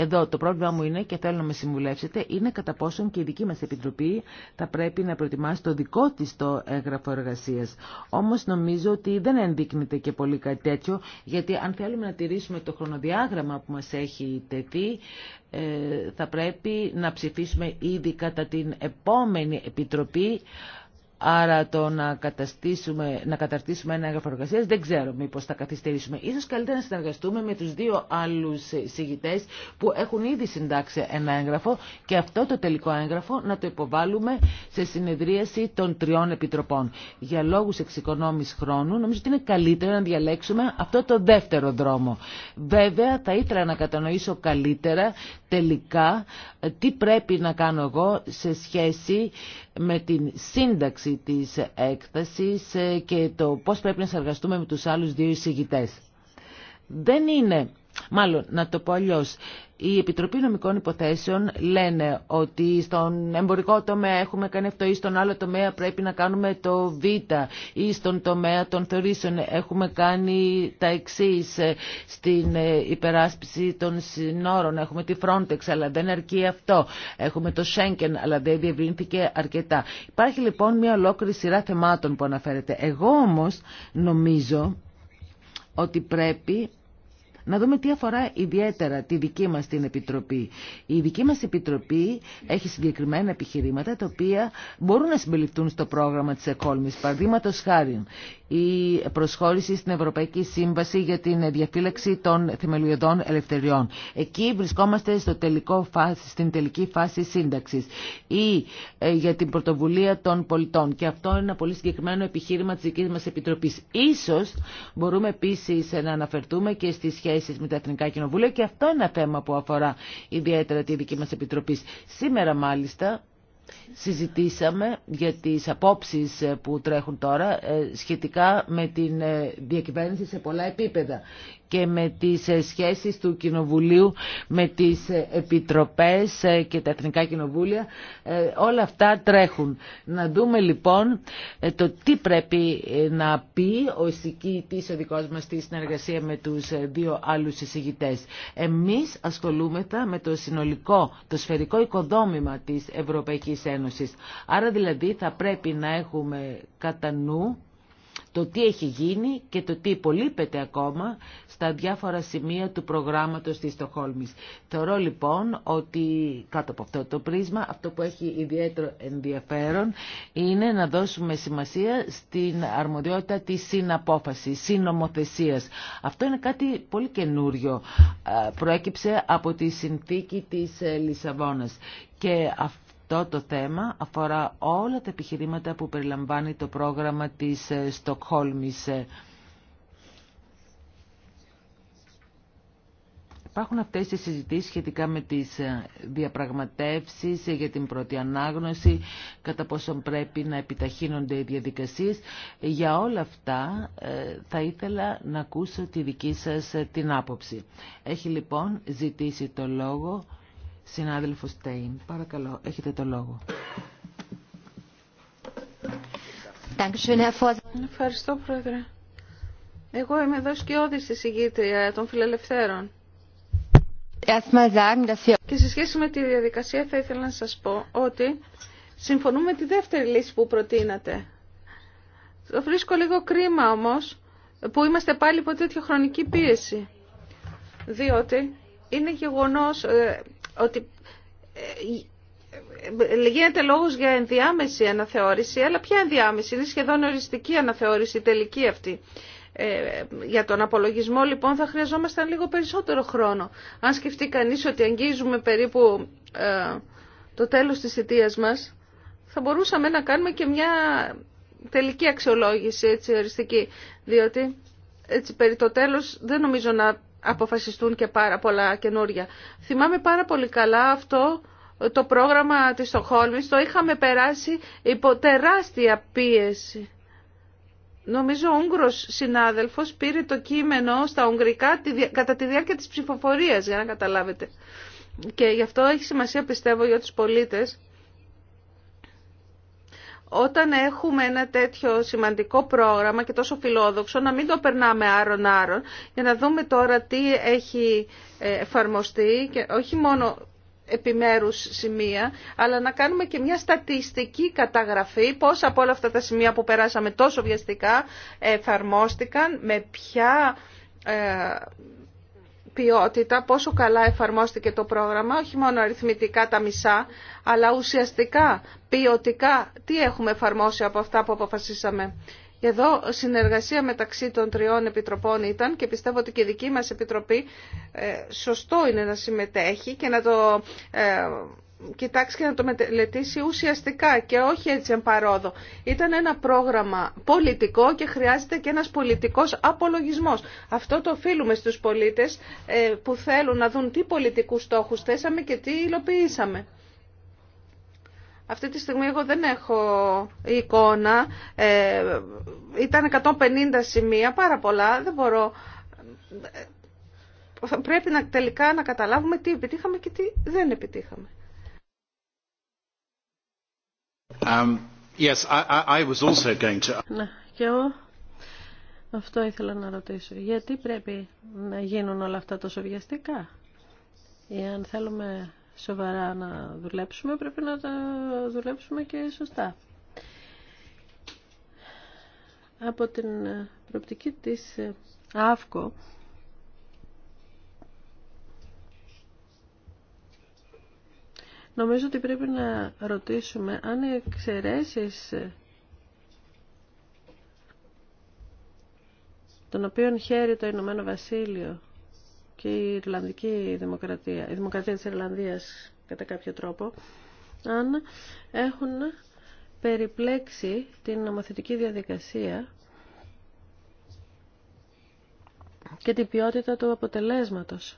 Εδώ το πρόβλημά μου είναι και θέλω να με συμβουλεύσετε είναι κατά πόσον και η δική μας Επιτροπή θα πρέπει να προετοιμάσει το δικό της το έγγραφο εργασίας. Όμως νομίζω ότι δεν ενδείκνεται και πολύ κάτι τέτοιο γιατί αν θέλουμε να τηρήσουμε το χρονοδιάγραμμα που μας έχει τεθεί ε, θα πρέπει να ψηφίσουμε ήδη κατά την επόμενη Επιτροπή Άρα το να, καταστήσουμε, να καταρτήσουμε ένα έγγραφο εργασία δεν ξέρω μήπως θα καθυστερήσουμε. Ίσως καλύτερα να συνεργαστούμε με τους δύο άλλους συγητές που έχουν ήδη συντάξει ένα έγγραφο και αυτό το τελικό έγγραφο να το υποβάλουμε σε συνεδρίαση των τριών επιτροπών. Για λόγους εξοικονόμησης χρόνου νομίζω ότι είναι καλύτερο να διαλέξουμε αυτό το δεύτερο δρόμο. Βέβαια θα ήθελα να κατανοήσω καλύτερα τελικά τι πρέπει να κάνω εγώ σε σχέση με την σύνταξη της έκτασης ε, και το πώς πρέπει να συνεργαστούμε με τους άλλους δύο εισηγητές. Δεν είναι Μάλλον, να το πω αλλιώ. Η Επιτροπή Νομικών Υποθέσεων λένε ότι στον εμπορικό τομέα έχουμε κάνει αυτό ή στον άλλο τομέα πρέπει να κάνουμε το Β ή στον τομέα των θεωρήσεων έχουμε κάνει τα εξή ε, στην ε, υπεράσπιση των συνόρων. Έχουμε τη Frontex αλλά δεν αρκεί αυτό. Έχουμε το Schengen αλλά δεν διευρύνθηκε αρκετά. Υπάρχει λοιπόν μια ολόκληρη σειρά θεμάτων που αναφέρεται. Εγώ όμως νομίζω ότι πρέπει να δούμε τι αφορά ιδιαίτερα τη δική μας την Επιτροπή. Η δική μας Επιτροπή έχει συγκεκριμένα επιχειρήματα τα οποία μπορούν να συμπεριληφθούν στο πρόγραμμα της Εκόλμης. Παραδείγματο χάρη, η προσχώρηση στην Ευρωπαϊκή Σύμβαση για την διαφύλαξη των θεμελιωδών ελευθεριών. Εκεί βρισκόμαστε στο τελικό φάση, στην τελική φάση σύνταξης ή ε, για την πρωτοβουλία των πολιτών. Και αυτό είναι ένα πολύ συγκεκριμένο επιχείρημα της δικής μας Επιτροπής. Ίσως μπορούμε επίσης να αναφερθούμε και στις σχέσεις με τα Εθνικά Κοινοβούλια και αυτό είναι ένα θέμα που αφορά ιδιαίτερα τη δική μας Επιτροπή. Σήμερα μάλιστα συζητήσαμε για τις απόψεις ε, που τρέχουν τώρα ε, σχετικά με την ε, διακυβέρνηση σε πολλά επίπεδα και με τις ε, σχέσεις του Κοινοβουλίου με τις ε, επιτροπές ε, και τα Εθνικά Κοινοβούλια. Όλα αυτά τρέχουν. Να δούμε λοιπόν το τι πρέπει να πει ο εισηγητής ο δικός μας στη συνεργασία με τους δύο άλλους εισηγητές. Εμείς ασχολούμεθα με το συνολικό, το σφαιρικό οικοδόμημα της Ευρωπαϊκής Ένωσης. Άρα δηλαδή θα πρέπει να έχουμε κατά νου το τι έχει γίνει και το τι υπολείπεται ακόμα στα διάφορα σημεία του προγράμματος της Στοχόλμης. Θεωρώ λοιπόν ότι κάτω από αυτό το πρίσμα αυτό που έχει ιδιαίτερο ενδιαφέρον είναι να δώσουμε σημασία στην αρμοδιότητα της συναπόφασης, συνομοθεσίας. Αυτό είναι κάτι πολύ καινούριο. Προέκυψε από τη συνθήκη της ε, Λισαβόνας και αυτό το θέμα αφορά όλα τα επιχειρήματα που περιλαμβάνει το πρόγραμμα της ε, Στοκχόλμης. Ε, υπάρχουν αυτές οι συζητήσεις σχετικά με τις ε, διαπραγματεύσεις για την πρώτη ανάγνωση, κατά πόσον πρέπει να επιταχύνονται οι διαδικασίες. Για όλα αυτά θα ήθελα να ακούσω τη δική σας την άποψη. Έχει λοιπόν ζητήσει το λόγο Συνάδελφο Στέιν, Παρακαλώ, έχετε το λόγο. Ευχαριστώ, Πρόεδρε. Εγώ είμαι εδώ σκιώδης στη συγκήτρια των φιλελευθέρων. Και σε σχέση με τη διαδικασία θα ήθελα να σας πω ότι συμφωνούμε με τη δεύτερη λύση που προτείνατε. Το βρίσκω λίγο κρίμα όμως που είμαστε πάλι υπό τέτοια χρονική πίεση. Διότι είναι γεγονός ε, ότι ε, ε, ε, γίνεται λόγος για ενδιάμεση αναθεώρηση, αλλά ποια ενδιάμεση, είναι σχεδόν οριστική αναθεώρηση, τελική αυτή. Ε, για τον απολογισμό λοιπόν θα χρειαζόμασταν λίγο περισσότερο χρόνο. Αν σκεφτεί κανείς ότι αγγίζουμε περίπου το τέλος της θητείας μας, θα μπορούσαμε να κάνουμε και μια τελική αξιολόγηση έτσι οριστική, διότι έτσι περί το τέλος δεν νομίζω να αποφασιστούν και πάρα πολλά καινούρια. Θυμάμαι πάρα πολύ καλά αυτό το πρόγραμμα της Στοχόλμης, το είχαμε περάσει υπό τεράστια πίεση. Νομίζω ο Ούγγρος συνάδελφος πήρε το κείμενο στα Ουγγρικά κατά τη διάρκεια της ψηφοφορίας, για να καταλάβετε. Και γι' αυτό έχει σημασία, πιστεύω, για τους πολίτες όταν έχουμε ένα τέτοιο σημαντικό πρόγραμμα και τόσο φιλόδοξο να μην το περνάμε άρον-άρον για να δούμε τώρα τι έχει ε, εφαρμοστεί και όχι μόνο επιμέρους σημεία, αλλά να κάνουμε και μια στατιστική καταγραφή πώς από όλα αυτά τα σημεία που περάσαμε τόσο βιαστικά εφαρμόστηκαν, με ποια ε, ποιότητα, πόσο καλά εφαρμόστηκε το πρόγραμμα, όχι μόνο αριθμητικά τα μισά, αλλά ουσιαστικά, ποιοτικά, τι έχουμε εφαρμόσει από αυτά που αποφασίσαμε. Εδώ συνεργασία μεταξύ των τριών επιτροπών ήταν και πιστεύω ότι και η δική μας επιτροπή ε, σωστό είναι να συμμετέχει και να το ε, κοιτάξει και να το μελετήσει ουσιαστικά και όχι έτσι εμπαρόδο. Ήταν ένα πρόγραμμα πολιτικό και χρειάζεται και ένας πολιτικός απολογισμός. Αυτό το οφείλουμε στους πολίτες ε, που θέλουν να δουν τι πολιτικούς στόχους θέσαμε και τι υλοποιήσαμε. Αυτή τη στιγμή εγώ δεν έχω εικόνα. Ε, ήταν 150 σημεία, πάρα πολλά. Δεν μπορώ. Ε, πρέπει να, τελικά να καταλάβουμε τι επιτύχαμε και τι δεν επιτύχαμε. Um, ναι, και εγώ αυτό ήθελα να ρωτήσω. Γιατί πρέπει να γίνουν όλα αυτά τόσο βιαστικά. Εάν θέλουμε σοβαρά να δουλέψουμε, πρέπει να τα δουλέψουμε και σωστά. Από την προοπτική της ΑΦΚΟ, Νομίζω ότι πρέπει να ρωτήσουμε αν οι εξαιρέσεις των οποίων χαίρει το Ηνωμένο Βασίλειο και η Ιρλανδική Δημοκρατία, η Δημοκρατία της Ιρλανδίας κατά κάποιο τρόπο, αν έχουν περιπλέξει την νομοθετική διαδικασία και την ποιότητα του αποτελέσματος.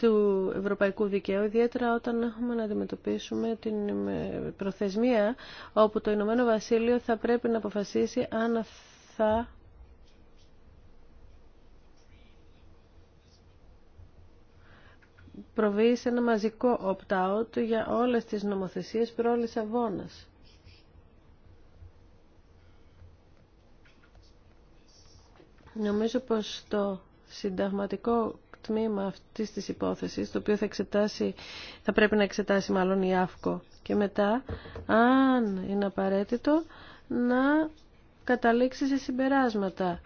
του ευρωπαϊκού δικαίου, ιδιαίτερα όταν έχουμε να αντιμετωπίσουμε την προθεσμία όπου το Ηνωμένο Βασίλειο θα πρέπει να αποφασίσει αν θα προβεί σε ένα μαζικό opt-out για όλες τις νομοθεσίες πρόλης αγώνας. Νομίζω πως το συνταγματικό τμήμα αυτή τη υπόθεση, το οποίο θα, εξετάσει, θα πρέπει να εξετάσει μάλλον η ΑΦΚΟ. Και μετά, αν είναι απαραίτητο, να καταλήξει σε συμπεράσματα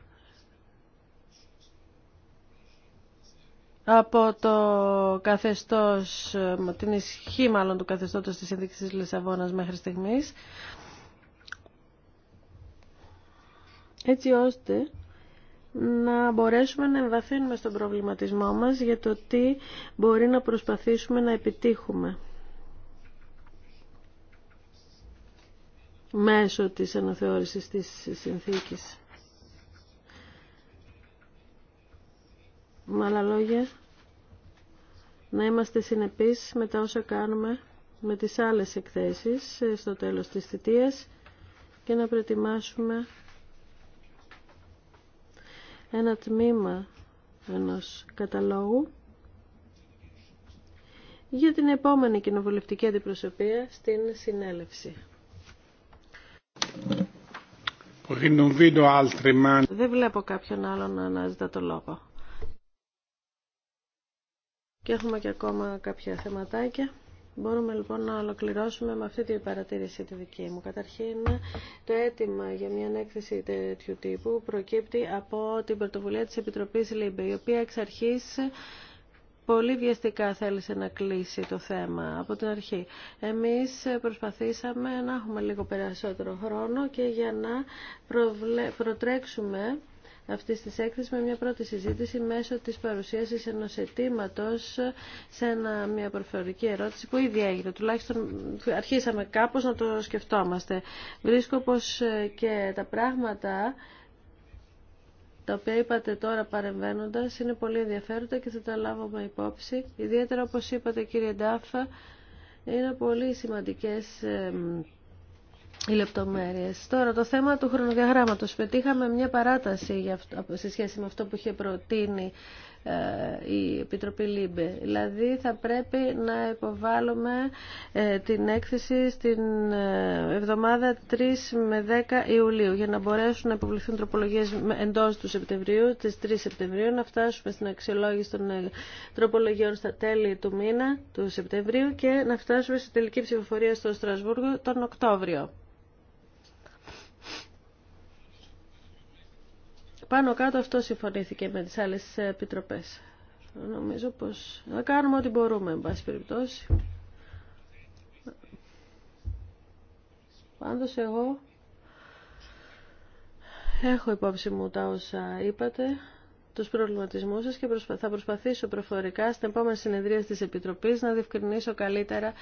από το καθεστώς, την ισχύ μάλλον του καθεστώτος της σύνδεξης της μέχρι στιγμής, έτσι ώστε να μπορέσουμε να εμβαθύνουμε στον προβληματισμό μας για το τι μπορεί να προσπαθήσουμε να επιτύχουμε μέσω της αναθεώρησης της συνθήκης. Με άλλα λόγια, να είμαστε συνεπείς με τα όσα κάνουμε με τις άλλες εκθέσεις ε, στο τέλος της θητείας και να προετοιμάσουμε ένα τμήμα ενός καταλόγου για την επόμενη κοινοβουλευτική αντιπροσωπεία στην συνέλευση. Δεν βλέπω κάποιον άλλον να αναζητά το λόγο. Και έχουμε και ακόμα κάποια θεματάκια. Μπορούμε λοιπόν να ολοκληρώσουμε με αυτή την παρατήρηση τη δική μου. Καταρχήν, το αίτημα για μια έκθεση τέτοιου τύπου προκύπτει από την πρωτοβουλία της Επιτροπής ΛΥΜΠΕ, η οποία εξ αρχής πολύ βιαστικά θέλησε να κλείσει το θέμα από την αρχή. Εμείς προσπαθήσαμε να έχουμε λίγο περισσότερο χρόνο και για να προβλε... προτρέξουμε αυτής της έκθεσης με μια πρώτη συζήτηση μέσω της παρουσίασης ενός αιτήματος σε μια προφορική ερώτηση που ήδη έγινε. Τουλάχιστον αρχίσαμε κάπως να το σκεφτόμαστε. Βρίσκω πως ε, και τα πράγματα τα οποία είπατε τώρα παρεμβαίνοντας είναι πολύ ενδιαφέροντα και θα τα λάβω με υπόψη. Ιδιαίτερα όπως είπατε κύριε Ντάφα, είναι πολύ σημαντικές οι λεπτομέρειες. Τώρα το θέμα του χρονοδιαγράμματος. Πετύχαμε μια παράταση για σε σχέση με αυτό που είχε προτείνει ε, η Επιτροπή ΛΥΜΠΕ. Δηλαδή θα πρέπει να υποβάλουμε ε, την έκθεση στην ε, εβδομάδα 3 με 10 Ιουλίου για να μπορέσουν να υποβληθούν τροπολογίες εντός του Σεπτεμβρίου, τις 3 Σεπτεμβρίου, να φτάσουμε στην αξιολόγηση των τροπολογιών στα τέλη του μήνα του Σεπτεμβρίου και να φτάσουμε στη τελική ψηφοφορία στο Στρασβούργο τον Οκτώβριο. Πάνω κάτω αυτό συμφωνήθηκε με τις άλλες επιτροπές. Νομίζω πως θα κάνουμε ό,τι μπορούμε, εν πάση περιπτώσει. Πάντως εγώ έχω υπόψη μου τα όσα είπατε, τους προβληματισμούς σας και θα προσπαθήσω προφορικά στην επόμενη συνεδρία της Επιτροπής να διευκρινίσω καλύτερα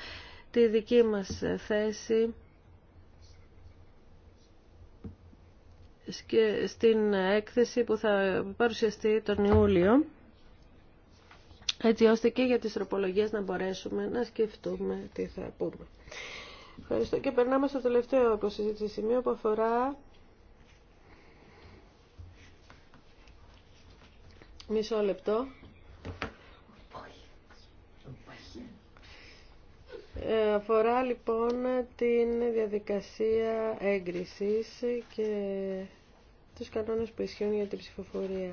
τη δική μας θέση στην έκθεση που θα παρουσιαστεί τον Ιούλιο έτσι ώστε και για τις τροπολογίες να μπορέσουμε να σκεφτούμε τι θα πούμε. Ευχαριστώ και περνάμε στο τελευταίο προσυζήτηση σημείο που αφορά μισό λεπτό. Ε, αφορά λοιπόν την διαδικασία έγκρισης και τους κανόνες που ισχύουν για την ψηφοφορία.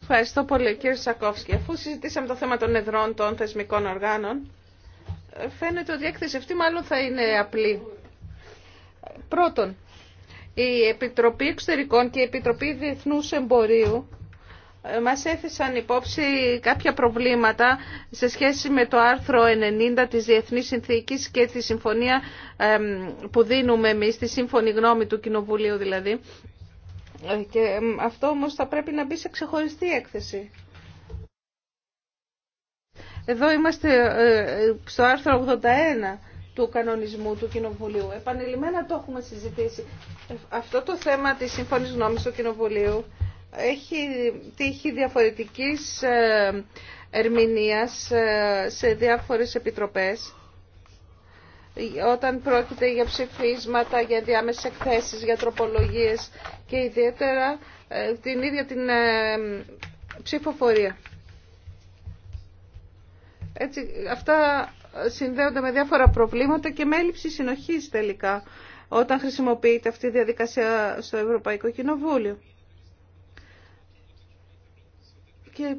Ευχαριστώ πολύ κύριε Σακόφσκι. Αφού συζητήσαμε το θέμα των εδρών των θεσμικών οργάνων, φαίνεται ότι η έκθεση αυτή μάλλον θα είναι απλή. Πρώτον, η Επιτροπή Εξωτερικών και η Επιτροπή Διεθνούς Εμπορίου μας έθεσαν υπόψη κάποια προβλήματα σε σχέση με το άρθρο 90 της Διεθνής Συνθήκης και τη συμφωνία που δίνουμε εμείς, τη σύμφωνη γνώμη του Κοινοβουλίου δηλαδή. Και αυτό όμως θα πρέπει να μπει σε ξεχωριστή έκθεση. Εδώ είμαστε ε, στο άρθρο 81 του κανονισμού του Κοινοβουλίου. Επανειλημμένα το έχουμε συζητήσει. Ε, αυτό το θέμα της σύμφωνης γνώμης του Κοινοβουλίου έχει τύχει διαφορετικής ε, ερμηνείας ε, σε διάφορες επιτροπές όταν πρόκειται για ψηφίσματα, για διάμεσες εκθέσεις, για τροπολογίες και ιδιαίτερα ε, την ίδια την ψηφοφορία. Έτσι, αυτά συνδέονται με διάφορα προβλήματα και με έλλειψη συνοχής τελικά όταν χρησιμοποιείται αυτή η διαδικασία στο Ευρωπαϊκό Κοινοβούλιο. Και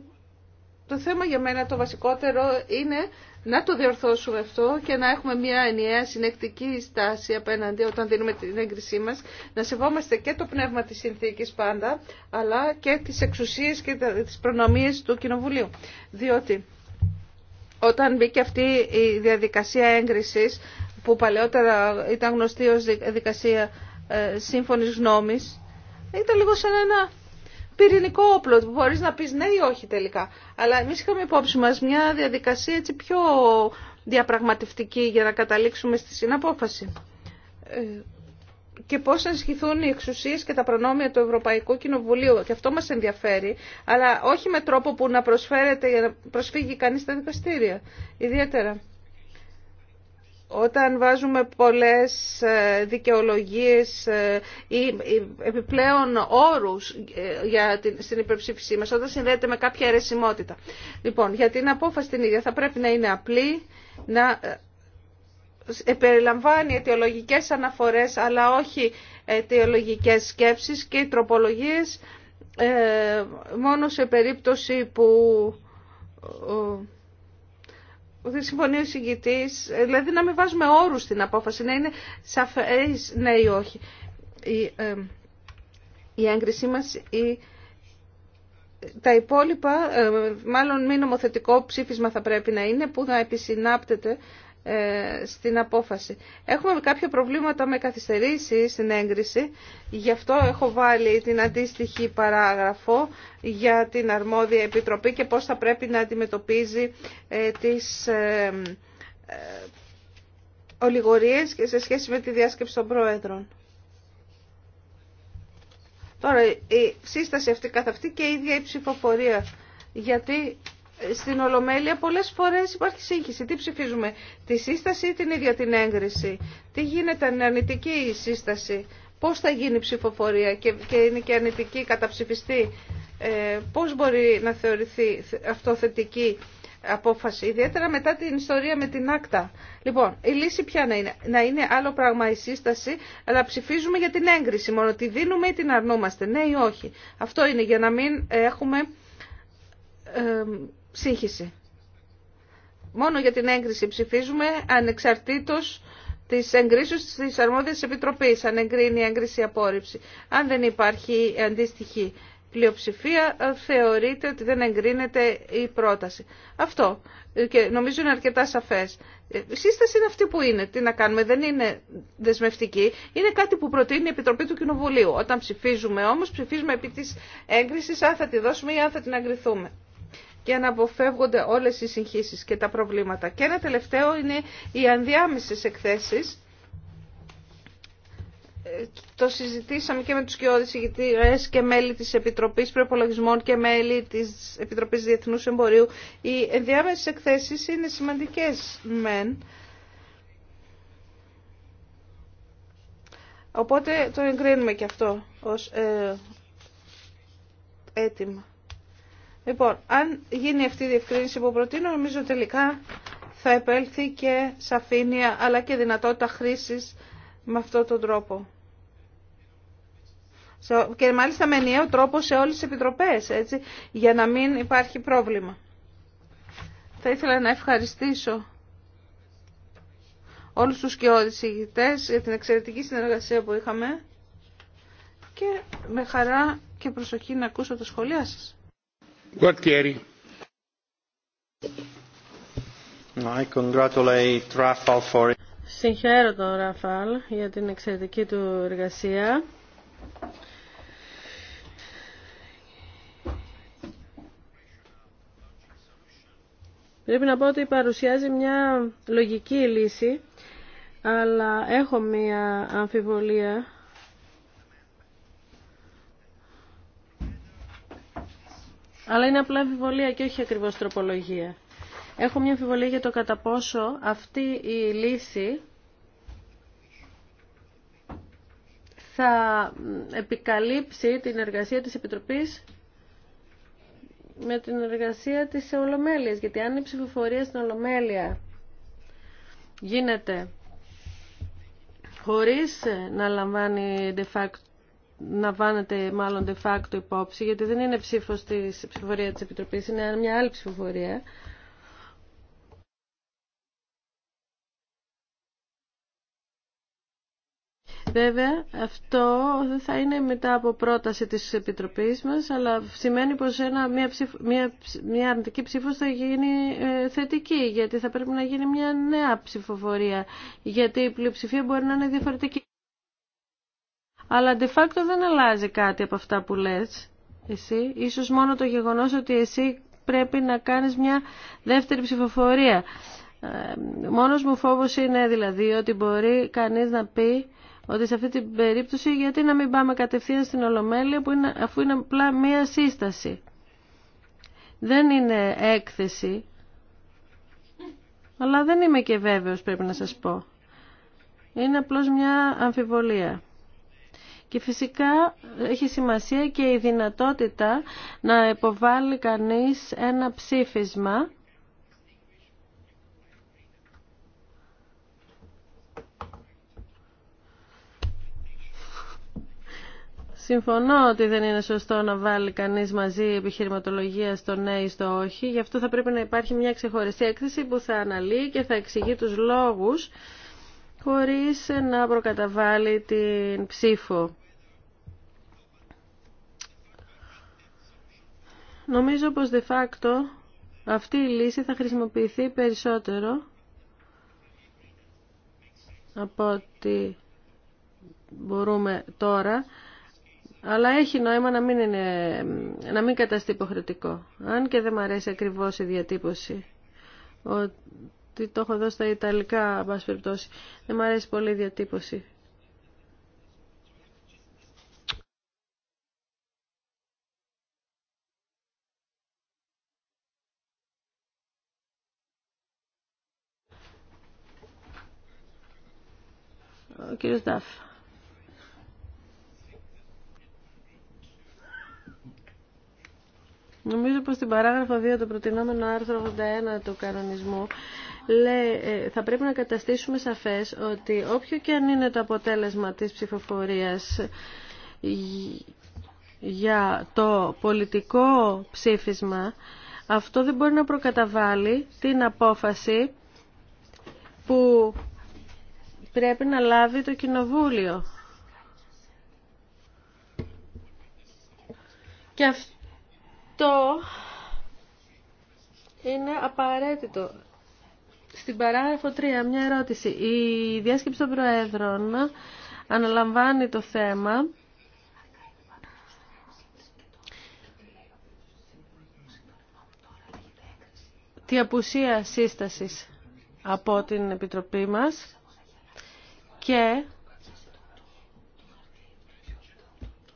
το θέμα για μένα το βασικότερο είναι να το διορθώσουμε αυτό και να έχουμε μια ενιαία συνεκτική στάση απέναντι όταν δίνουμε την έγκρισή μας, να σεβόμαστε και το πνεύμα της συνθήκης πάντα, αλλά και τις εξουσίες και τις προνομίες του Κοινοβουλίου. Διότι όταν μπήκε αυτή η διαδικασία έγκρισης, που παλαιότερα ήταν γνωστή ως διαδικασία ε, σύμφωνης γνώμης, ήταν λίγο σαν ένα πυρηνικό όπλο που μπορείς να πεις ναι ή όχι τελικά. Αλλά εμεί είχαμε υπόψη μα μια διαδικασία έτσι πιο διαπραγματευτική για να καταλήξουμε στη συναπόφαση. Ε, και πώς ενισχυθούν οι εξουσίες και τα προνόμια του Ευρωπαϊκού Κοινοβουλίου. Και αυτό μας ενδιαφέρει, αλλά όχι με τρόπο που να προσφέρεται για να προσφύγει κανείς στα δικαστήρια. Ιδιαίτερα. Όταν βάζουμε πολλές ε, δικαιολογίες ε, ή επιπλέον όρους ε, για την, στην υπερψήφισή μας, όταν συνδέεται με κάποια αιρεσιμότητα. Λοιπόν, για την απόφαση την ίδια θα πρέπει να είναι απλή, να περιλαμβάνει αιτιολογικές αναφορές, αλλά όχι αιτιολογικές σκέψεις και τροπολογίες, τροπολογίες μόνο σε περίπτωση που δεν συμφωνεί ο συγκητή, δηλαδή να μην βάζουμε όρου στην απόφαση, να είναι σαφές ναι ή όχι. Η, η έγκρισή μας, η, τα υπόλοιπα, μάλλον μη νομοθετικό ψήφισμα θα πρέπει να είναι, που να επισυνάπτεται ε, στην απόφαση. Έχουμε κάποια προβλήματα με καθυστερήσει στην έγκριση, γι' αυτό έχω βάλει την αντίστοιχη παράγραφο για την αρμόδια επιτροπή και πώς θα πρέπει να αντιμετωπίζει ε, τις ε, ολιγορίες και σε σχέση με τη διάσκεψη των πρόεδρων. Τώρα, η σύσταση αυτή καθ' αυτή και η ίδια η ψηφοφορία, γιατί στην Ολομέλεια πολλές φορές υπάρχει σύγχυση. Τι ψηφίζουμε, τη σύσταση ή την ίδια την έγκριση. Τι γίνεται αν είναι αρνητική η σύσταση. Πώς θα γίνει η ψηφοφορία και, και είναι και αρνητική καταψηφιστή. Ε, πώς μπορεί να θεωρηθεί αυτό θετική απόφαση, ιδιαίτερα μετά την ιστορία με την άκτα. Λοιπόν, η λύση ποια να είναι, να είναι άλλο πράγμα η σύσταση, αλλά ψηφίζουμε για την έγκριση, μόνο τη δίνουμε ή την αρνούμαστε, ναι ή όχι. Αυτό είναι για να μην ε, έχουμε... Ε, ψύχηση. Μόνο για την έγκριση ψηφίζουμε ανεξαρτήτως της εγκρίσεως της αρμόδιας επιτροπής, αν εγκρίνει η έγκριση απόρριψη. Αν δεν υπάρχει αντίστοιχη πλειοψηφία ε, θεωρείται ότι δεν εγκρίνεται η πρόταση. Αυτό ε, και νομίζω είναι αρκετά σαφές. Ε, η σύσταση είναι αυτή που είναι. Τι να κάνουμε, δεν είναι δεσμευτική. Είναι κάτι που προτείνει η Επιτροπή του Κοινοβουλίου. Όταν ψηφίζουμε όμως, ψηφίζουμε επί της έγκρισης αν θα τη δώσουμε ή αν θα την αγκριθούμε και να αποφεύγονται όλες οι συγχύσεις και τα προβλήματα. Και ένα τελευταίο είναι οι ανδιάμεσες εκθέσεις. Το συζητήσαμε και με τους κοιόδης ηγητήρες και μέλη της Επιτροπής Προπολογισμών και μέλη της Επιτροπής Διεθνούς Εμπορίου. Οι ενδιάμεσες εκθέσεις είναι σημαντικές, μεν. Οπότε το εγκρίνουμε και αυτό ως ε, έτοιμα. Λοιπόν, αν γίνει αυτή η διευκρίνηση που προτείνω, νομίζω τελικά θα επέλθει και σαφήνεια αλλά και δυνατότητα χρήσης με αυτόν τον τρόπο. Και μάλιστα με ενιαίο τρόπο σε όλες τις επιτροπές, έτσι, για να μην υπάρχει πρόβλημα. Θα ήθελα να ευχαριστήσω όλους τους και τις για την εξαιρετική συνεργασία που είχαμε και με χαρά και προσοχή να ακούσω τα σχόλιά σας. Gualtieri. Συγχαίρω τον Ραφάλ για την εξαιρετική του εργασία. Πρέπει να πω ότι παρουσιάζει μια λογική λύση, αλλά έχω μια αμφιβολία Αλλά είναι απλά αμφιβολία και όχι ακριβώς τροπολογία. Έχω μια αμφιβολία για το κατά πόσο αυτή η λύση θα επικαλύψει την εργασία της Επιτροπής με την εργασία της Ολομέλειας. Γιατί αν η ψηφοφορία στην Ολομέλεια γίνεται χωρίς να λαμβάνει de facto να βάνετε μάλλον de facto υπόψη, γιατί δεν είναι ψήφο της ψηφοφορία τη επιτροπή είναι μια άλλη ψηφοφορία. Βέβαια, αυτό δεν θα είναι μετά από πρόταση της Επιτροπής μας, αλλά σημαίνει πως ένα, μια, ψηφ, μια, αρνητική ψήφος θα γίνει ε, θετική, γιατί θα πρέπει να γίνει μια νέα ψηφοφορία, γιατί η πλειοψηφία μπορεί να είναι διαφορετική αλλά de facto δεν αλλάζει κάτι από αυτά που λες εσύ. Ίσως μόνο το γεγονός ότι εσύ πρέπει να κάνεις μια δεύτερη ψηφοφορία. Ε, μόνος μου φόβος είναι δηλαδή ότι μπορεί κανείς να πει ότι σε αυτή την περίπτωση γιατί να μην πάμε κατευθείαν στην Ολομέλεια που είναι, αφού είναι απλά μία σύσταση. Δεν είναι έκθεση, αλλά δεν είμαι και βέβαιος πρέπει να σας πω. Είναι απλώς μια αμφιβολία. Και φυσικά έχει σημασία και η δυνατότητα να υποβάλει κανείς ένα ψήφισμα Συμφωνώ ότι δεν είναι σωστό να βάλει κανείς μαζί επιχειρηματολογία στο ναι ή στο όχι. Γι' αυτό θα πρέπει να υπάρχει μια ξεχωριστή έκθεση που θα αναλύει και θα εξηγεί τους λόγους χωρίς να προκαταβάλει την ψήφο. Νομίζω πως de facto αυτή η λύση θα χρησιμοποιηθεί περισσότερο από ό,τι μπορούμε τώρα, αλλά έχει νόημα να μην, είναι, να μην καταστεί υποχρεωτικό, αν και δεν μου αρέσει ακριβώς η διατύπωση ότι το έχω δώσει στα Ιταλικά, αν περιπτώσει. Δεν μου αρέσει πολύ η διατύπωση. Ο κύριος Ντάφ. Νομίζω πως στην παράγραφο 2 το προτινόμενο άρθρο 81 του κανονισμού ε, θα πρέπει να καταστήσουμε σαφές ότι όποιο και αν είναι το αποτέλεσμα της ψηφοφορίας για το πολιτικό ψήφισμα, αυτό δεν μπορεί να προκαταβάλει την απόφαση που πρέπει να λάβει το Κοινοβούλιο. Και αυτό είναι απαραίτητο. Στην παράγραφο 3, μια ερώτηση. Η διάσκεψη των Προέδρων αναλαμβάνει το θέμα τη απουσία σύστασης από την Επιτροπή μας και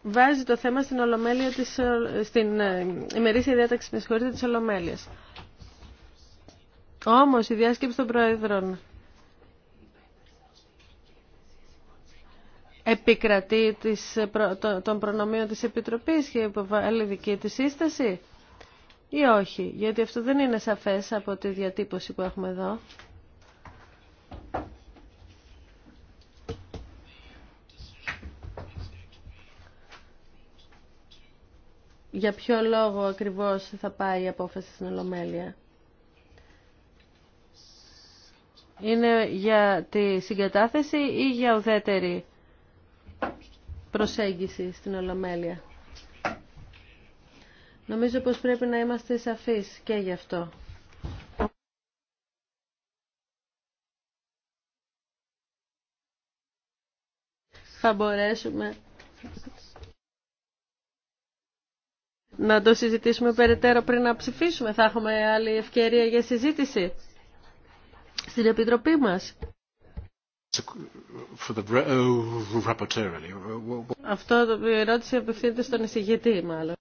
βάζει το θέμα στην, ολομέλεια της, στην ε, ημερήσια διάταξη με της Ολομέλειας. Όμως η διάσκεψη των Προέδρων επικρατεί της, των προνομίων της Επιτροπής και υποβάλλει δική της σύσταση ή όχι, γιατί αυτό δεν είναι σαφές από τη διατύπωση που έχουμε εδώ. Για ποιο λόγο ακριβώς θα πάει η απόφαση στην Ολομέλεια. είναι για τη συγκατάθεση ή για ουδέτερη προσέγγιση στην Ολομέλεια. Νομίζω πως πρέπει να είμαστε σαφείς και γι' αυτό. Θα μπορέσουμε να το συζητήσουμε περαιτέρω πριν να ψηφίσουμε. Θα έχουμε άλλη ευκαιρία για συζήτηση στην Επιτροπή μας. Oh, Αυτό το ερώτηση απευθύνεται στον εισηγητή μάλλον.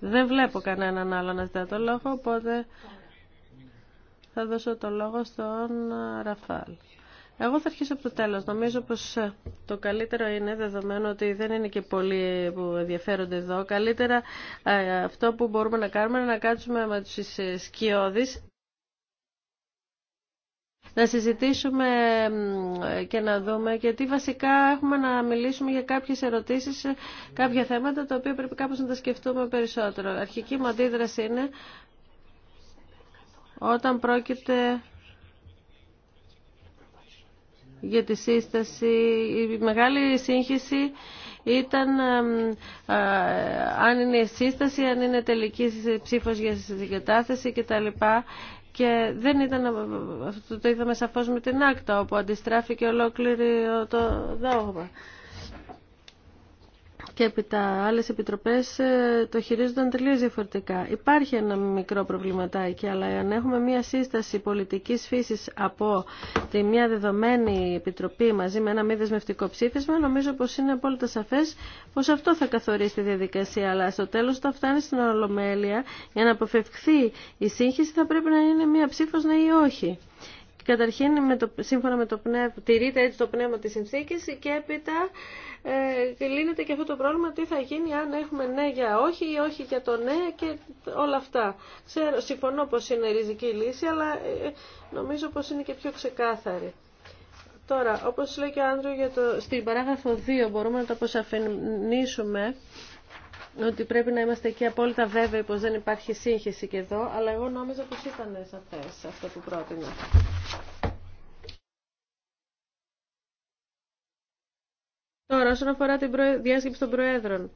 Δεν βλέπω κανέναν άλλο να ζητά το λόγο, οπότε θα δώσω το λόγο στον Ραφάλ. Εγώ θα αρχίσω από το τέλος. Νομίζω πως ε, το καλύτερο είναι, δεδομένου ότι δεν είναι και πολλοί που ενδιαφέρονται εδώ, καλύτερα ε, αυτό που μπορούμε να κάνουμε είναι να κάτσουμε με τους ε, σκιώδεις να συζητήσουμε και να δούμε γιατί βασικά έχουμε να μιλήσουμε για κάποιες ερωτήσεις, κάποια θέματα τα οποία πρέπει κάπως να τα σκεφτούμε περισσότερο. Αρχική μου αντίδραση είναι όταν πρόκειται για τη σύσταση. Η μεγάλη σύγχυση ήταν αν είναι σύσταση, αν είναι τελική ψήφος για συγκατάθεση κτλ. Και δεν ήταν, ε, αυτό το είδαμε σαφώς με την άκτα, όπου αντιστράφηκε ολόκληρο το δόγμα και επί τα άλλες επιτροπές ε, το χειρίζονταν τελείως διαφορετικά. Υπάρχει ένα μικρό προβληματάκι, αλλά αν έχουμε μια σύσταση πολιτικής φύσης από τη μια δεδομένη επιτροπή μαζί με ένα μη δεσμευτικό ψήφισμα, νομίζω πως είναι απόλυτα σαφές πως αυτό θα καθορίσει τη διαδικασία, αλλά στο τέλος θα φτάνει στην Ολομέλεια για να αποφευχθεί η σύγχυση θα πρέπει να είναι μια ψήφος ναι ή όχι. Καταρχήν, με το, σύμφωνα με το πνεύμα, τηρείται έτσι το πνεύμα της συνθήκης και έπειτα ε, λύνεται και αυτό το πρόβλημα τι θα γίνει αν έχουμε ναι για όχι ή όχι για το ναι και όλα αυτά. Ξέρω, συμφωνώ πως είναι ριζική λύση, αλλά ε, νομίζω πως είναι και πιο ξεκάθαρη. Τώρα, όπως λέει και ο Άντρου, για το, στην παράγραφο 2 μπορούμε να το αποσαφενήσουμε ότι πρέπει να είμαστε εκεί απόλυτα βέβαιοι πως δεν υπάρχει σύγχυση και εδώ, αλλά εγώ νόμιζα πως ήταν σαφές αυτό που πρότεινα. Τώρα, όσον αφορά την διάσκεψη των Προέδρων,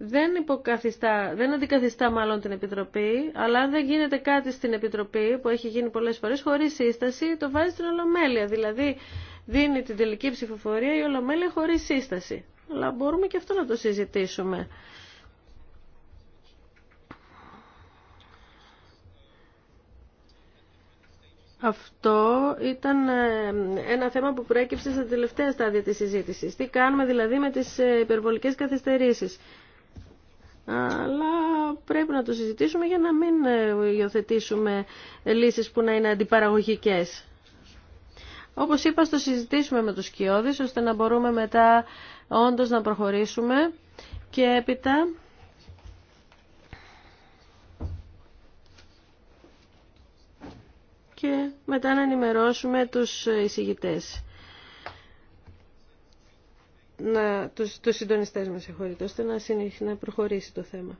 δεν, υποκαθιστά, δεν αντικαθιστά μάλλον την Επιτροπή, αλλά αν δεν γίνεται κάτι στην Επιτροπή, που έχει γίνει πολλές φορές, χωρίς σύσταση, το βάζει στην Ολομέλεια. Δηλαδή, δίνει την τελική ψηφοφορία η Ολομέλεια χωρίς σύσταση αλλά μπορούμε και αυτό να το συζητήσουμε. Αυτό ήταν ε, ένα θέμα που προέκυψε στα τελευταία στάδια της συζήτησης. Τι κάνουμε δηλαδή με τις ε, υπερβολικές καθυστερήσεις. Αλλά πρέπει να το συζητήσουμε για να μην ε, υιοθετήσουμε λύσεις που να είναι αντιπαραγωγικές. Όπως είπα, το συζητήσουμε με τους σκιώδεις, ώστε να μπορούμε μετά όντως να προχωρήσουμε και έπειτα και μετά να ενημερώσουμε τους εισηγητές. Να, τους, τους συντονιστές μας, συγχωρείτε, να, συνεχίσει να προχωρήσει το θέμα.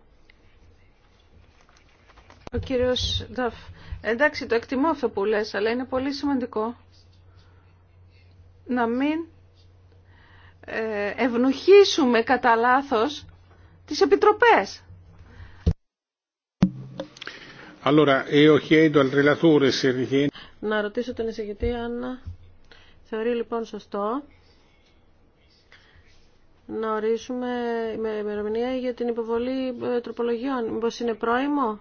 Ο κύριος Νταφ, εντάξει το εκτιμώ αυτό που λες, αλλά είναι πολύ σημαντικό να μην ε, ευνοχήσουμε κατά λάθο τις επιτροπές. Να ρωτήσω τον εισηγητή αν θεωρεί λοιπόν σωστό να ορίσουμε με ημερομηνία για την υποβολή ε, τροπολογιών. Μήπως είναι πρόημο?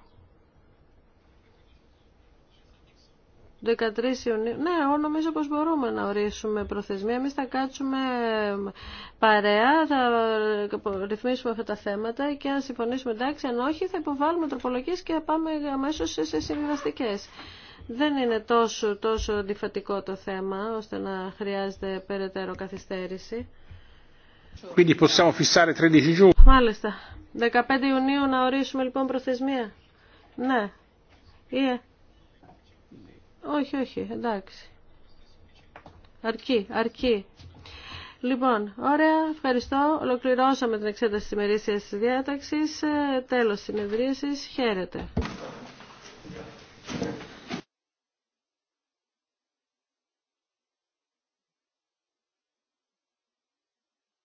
13 Ιουνίου. Ναι, εγώ νομίζω πως μπορούμε να ορίσουμε προθεσμία. Εμείς θα κάτσουμε παρέα, θα ρυθμίσουμε αυτά τα θέματα και αν συμφωνήσουμε εντάξει, αν όχι θα υποβάλουμε τροπολογίες και πάμε αμέσω σε συμβιβαστικές. Δεν είναι τόσο, τόσο αντιφατικό το θέμα, ώστε να χρειάζεται περαιτέρω καθυστέρηση. Μάλιστα. 15 Ιουνίου να ορίσουμε λοιπόν προθεσμία. Ναι. Yeah. Όχι, όχι, εντάξει. Αρκεί, αρκεί. Λοιπόν, ωραία, ευχαριστώ. Ολοκληρώσαμε την εξέταση τη ημερήσια της ε, Τέλος της συνεδρίασης. Χαίρετε.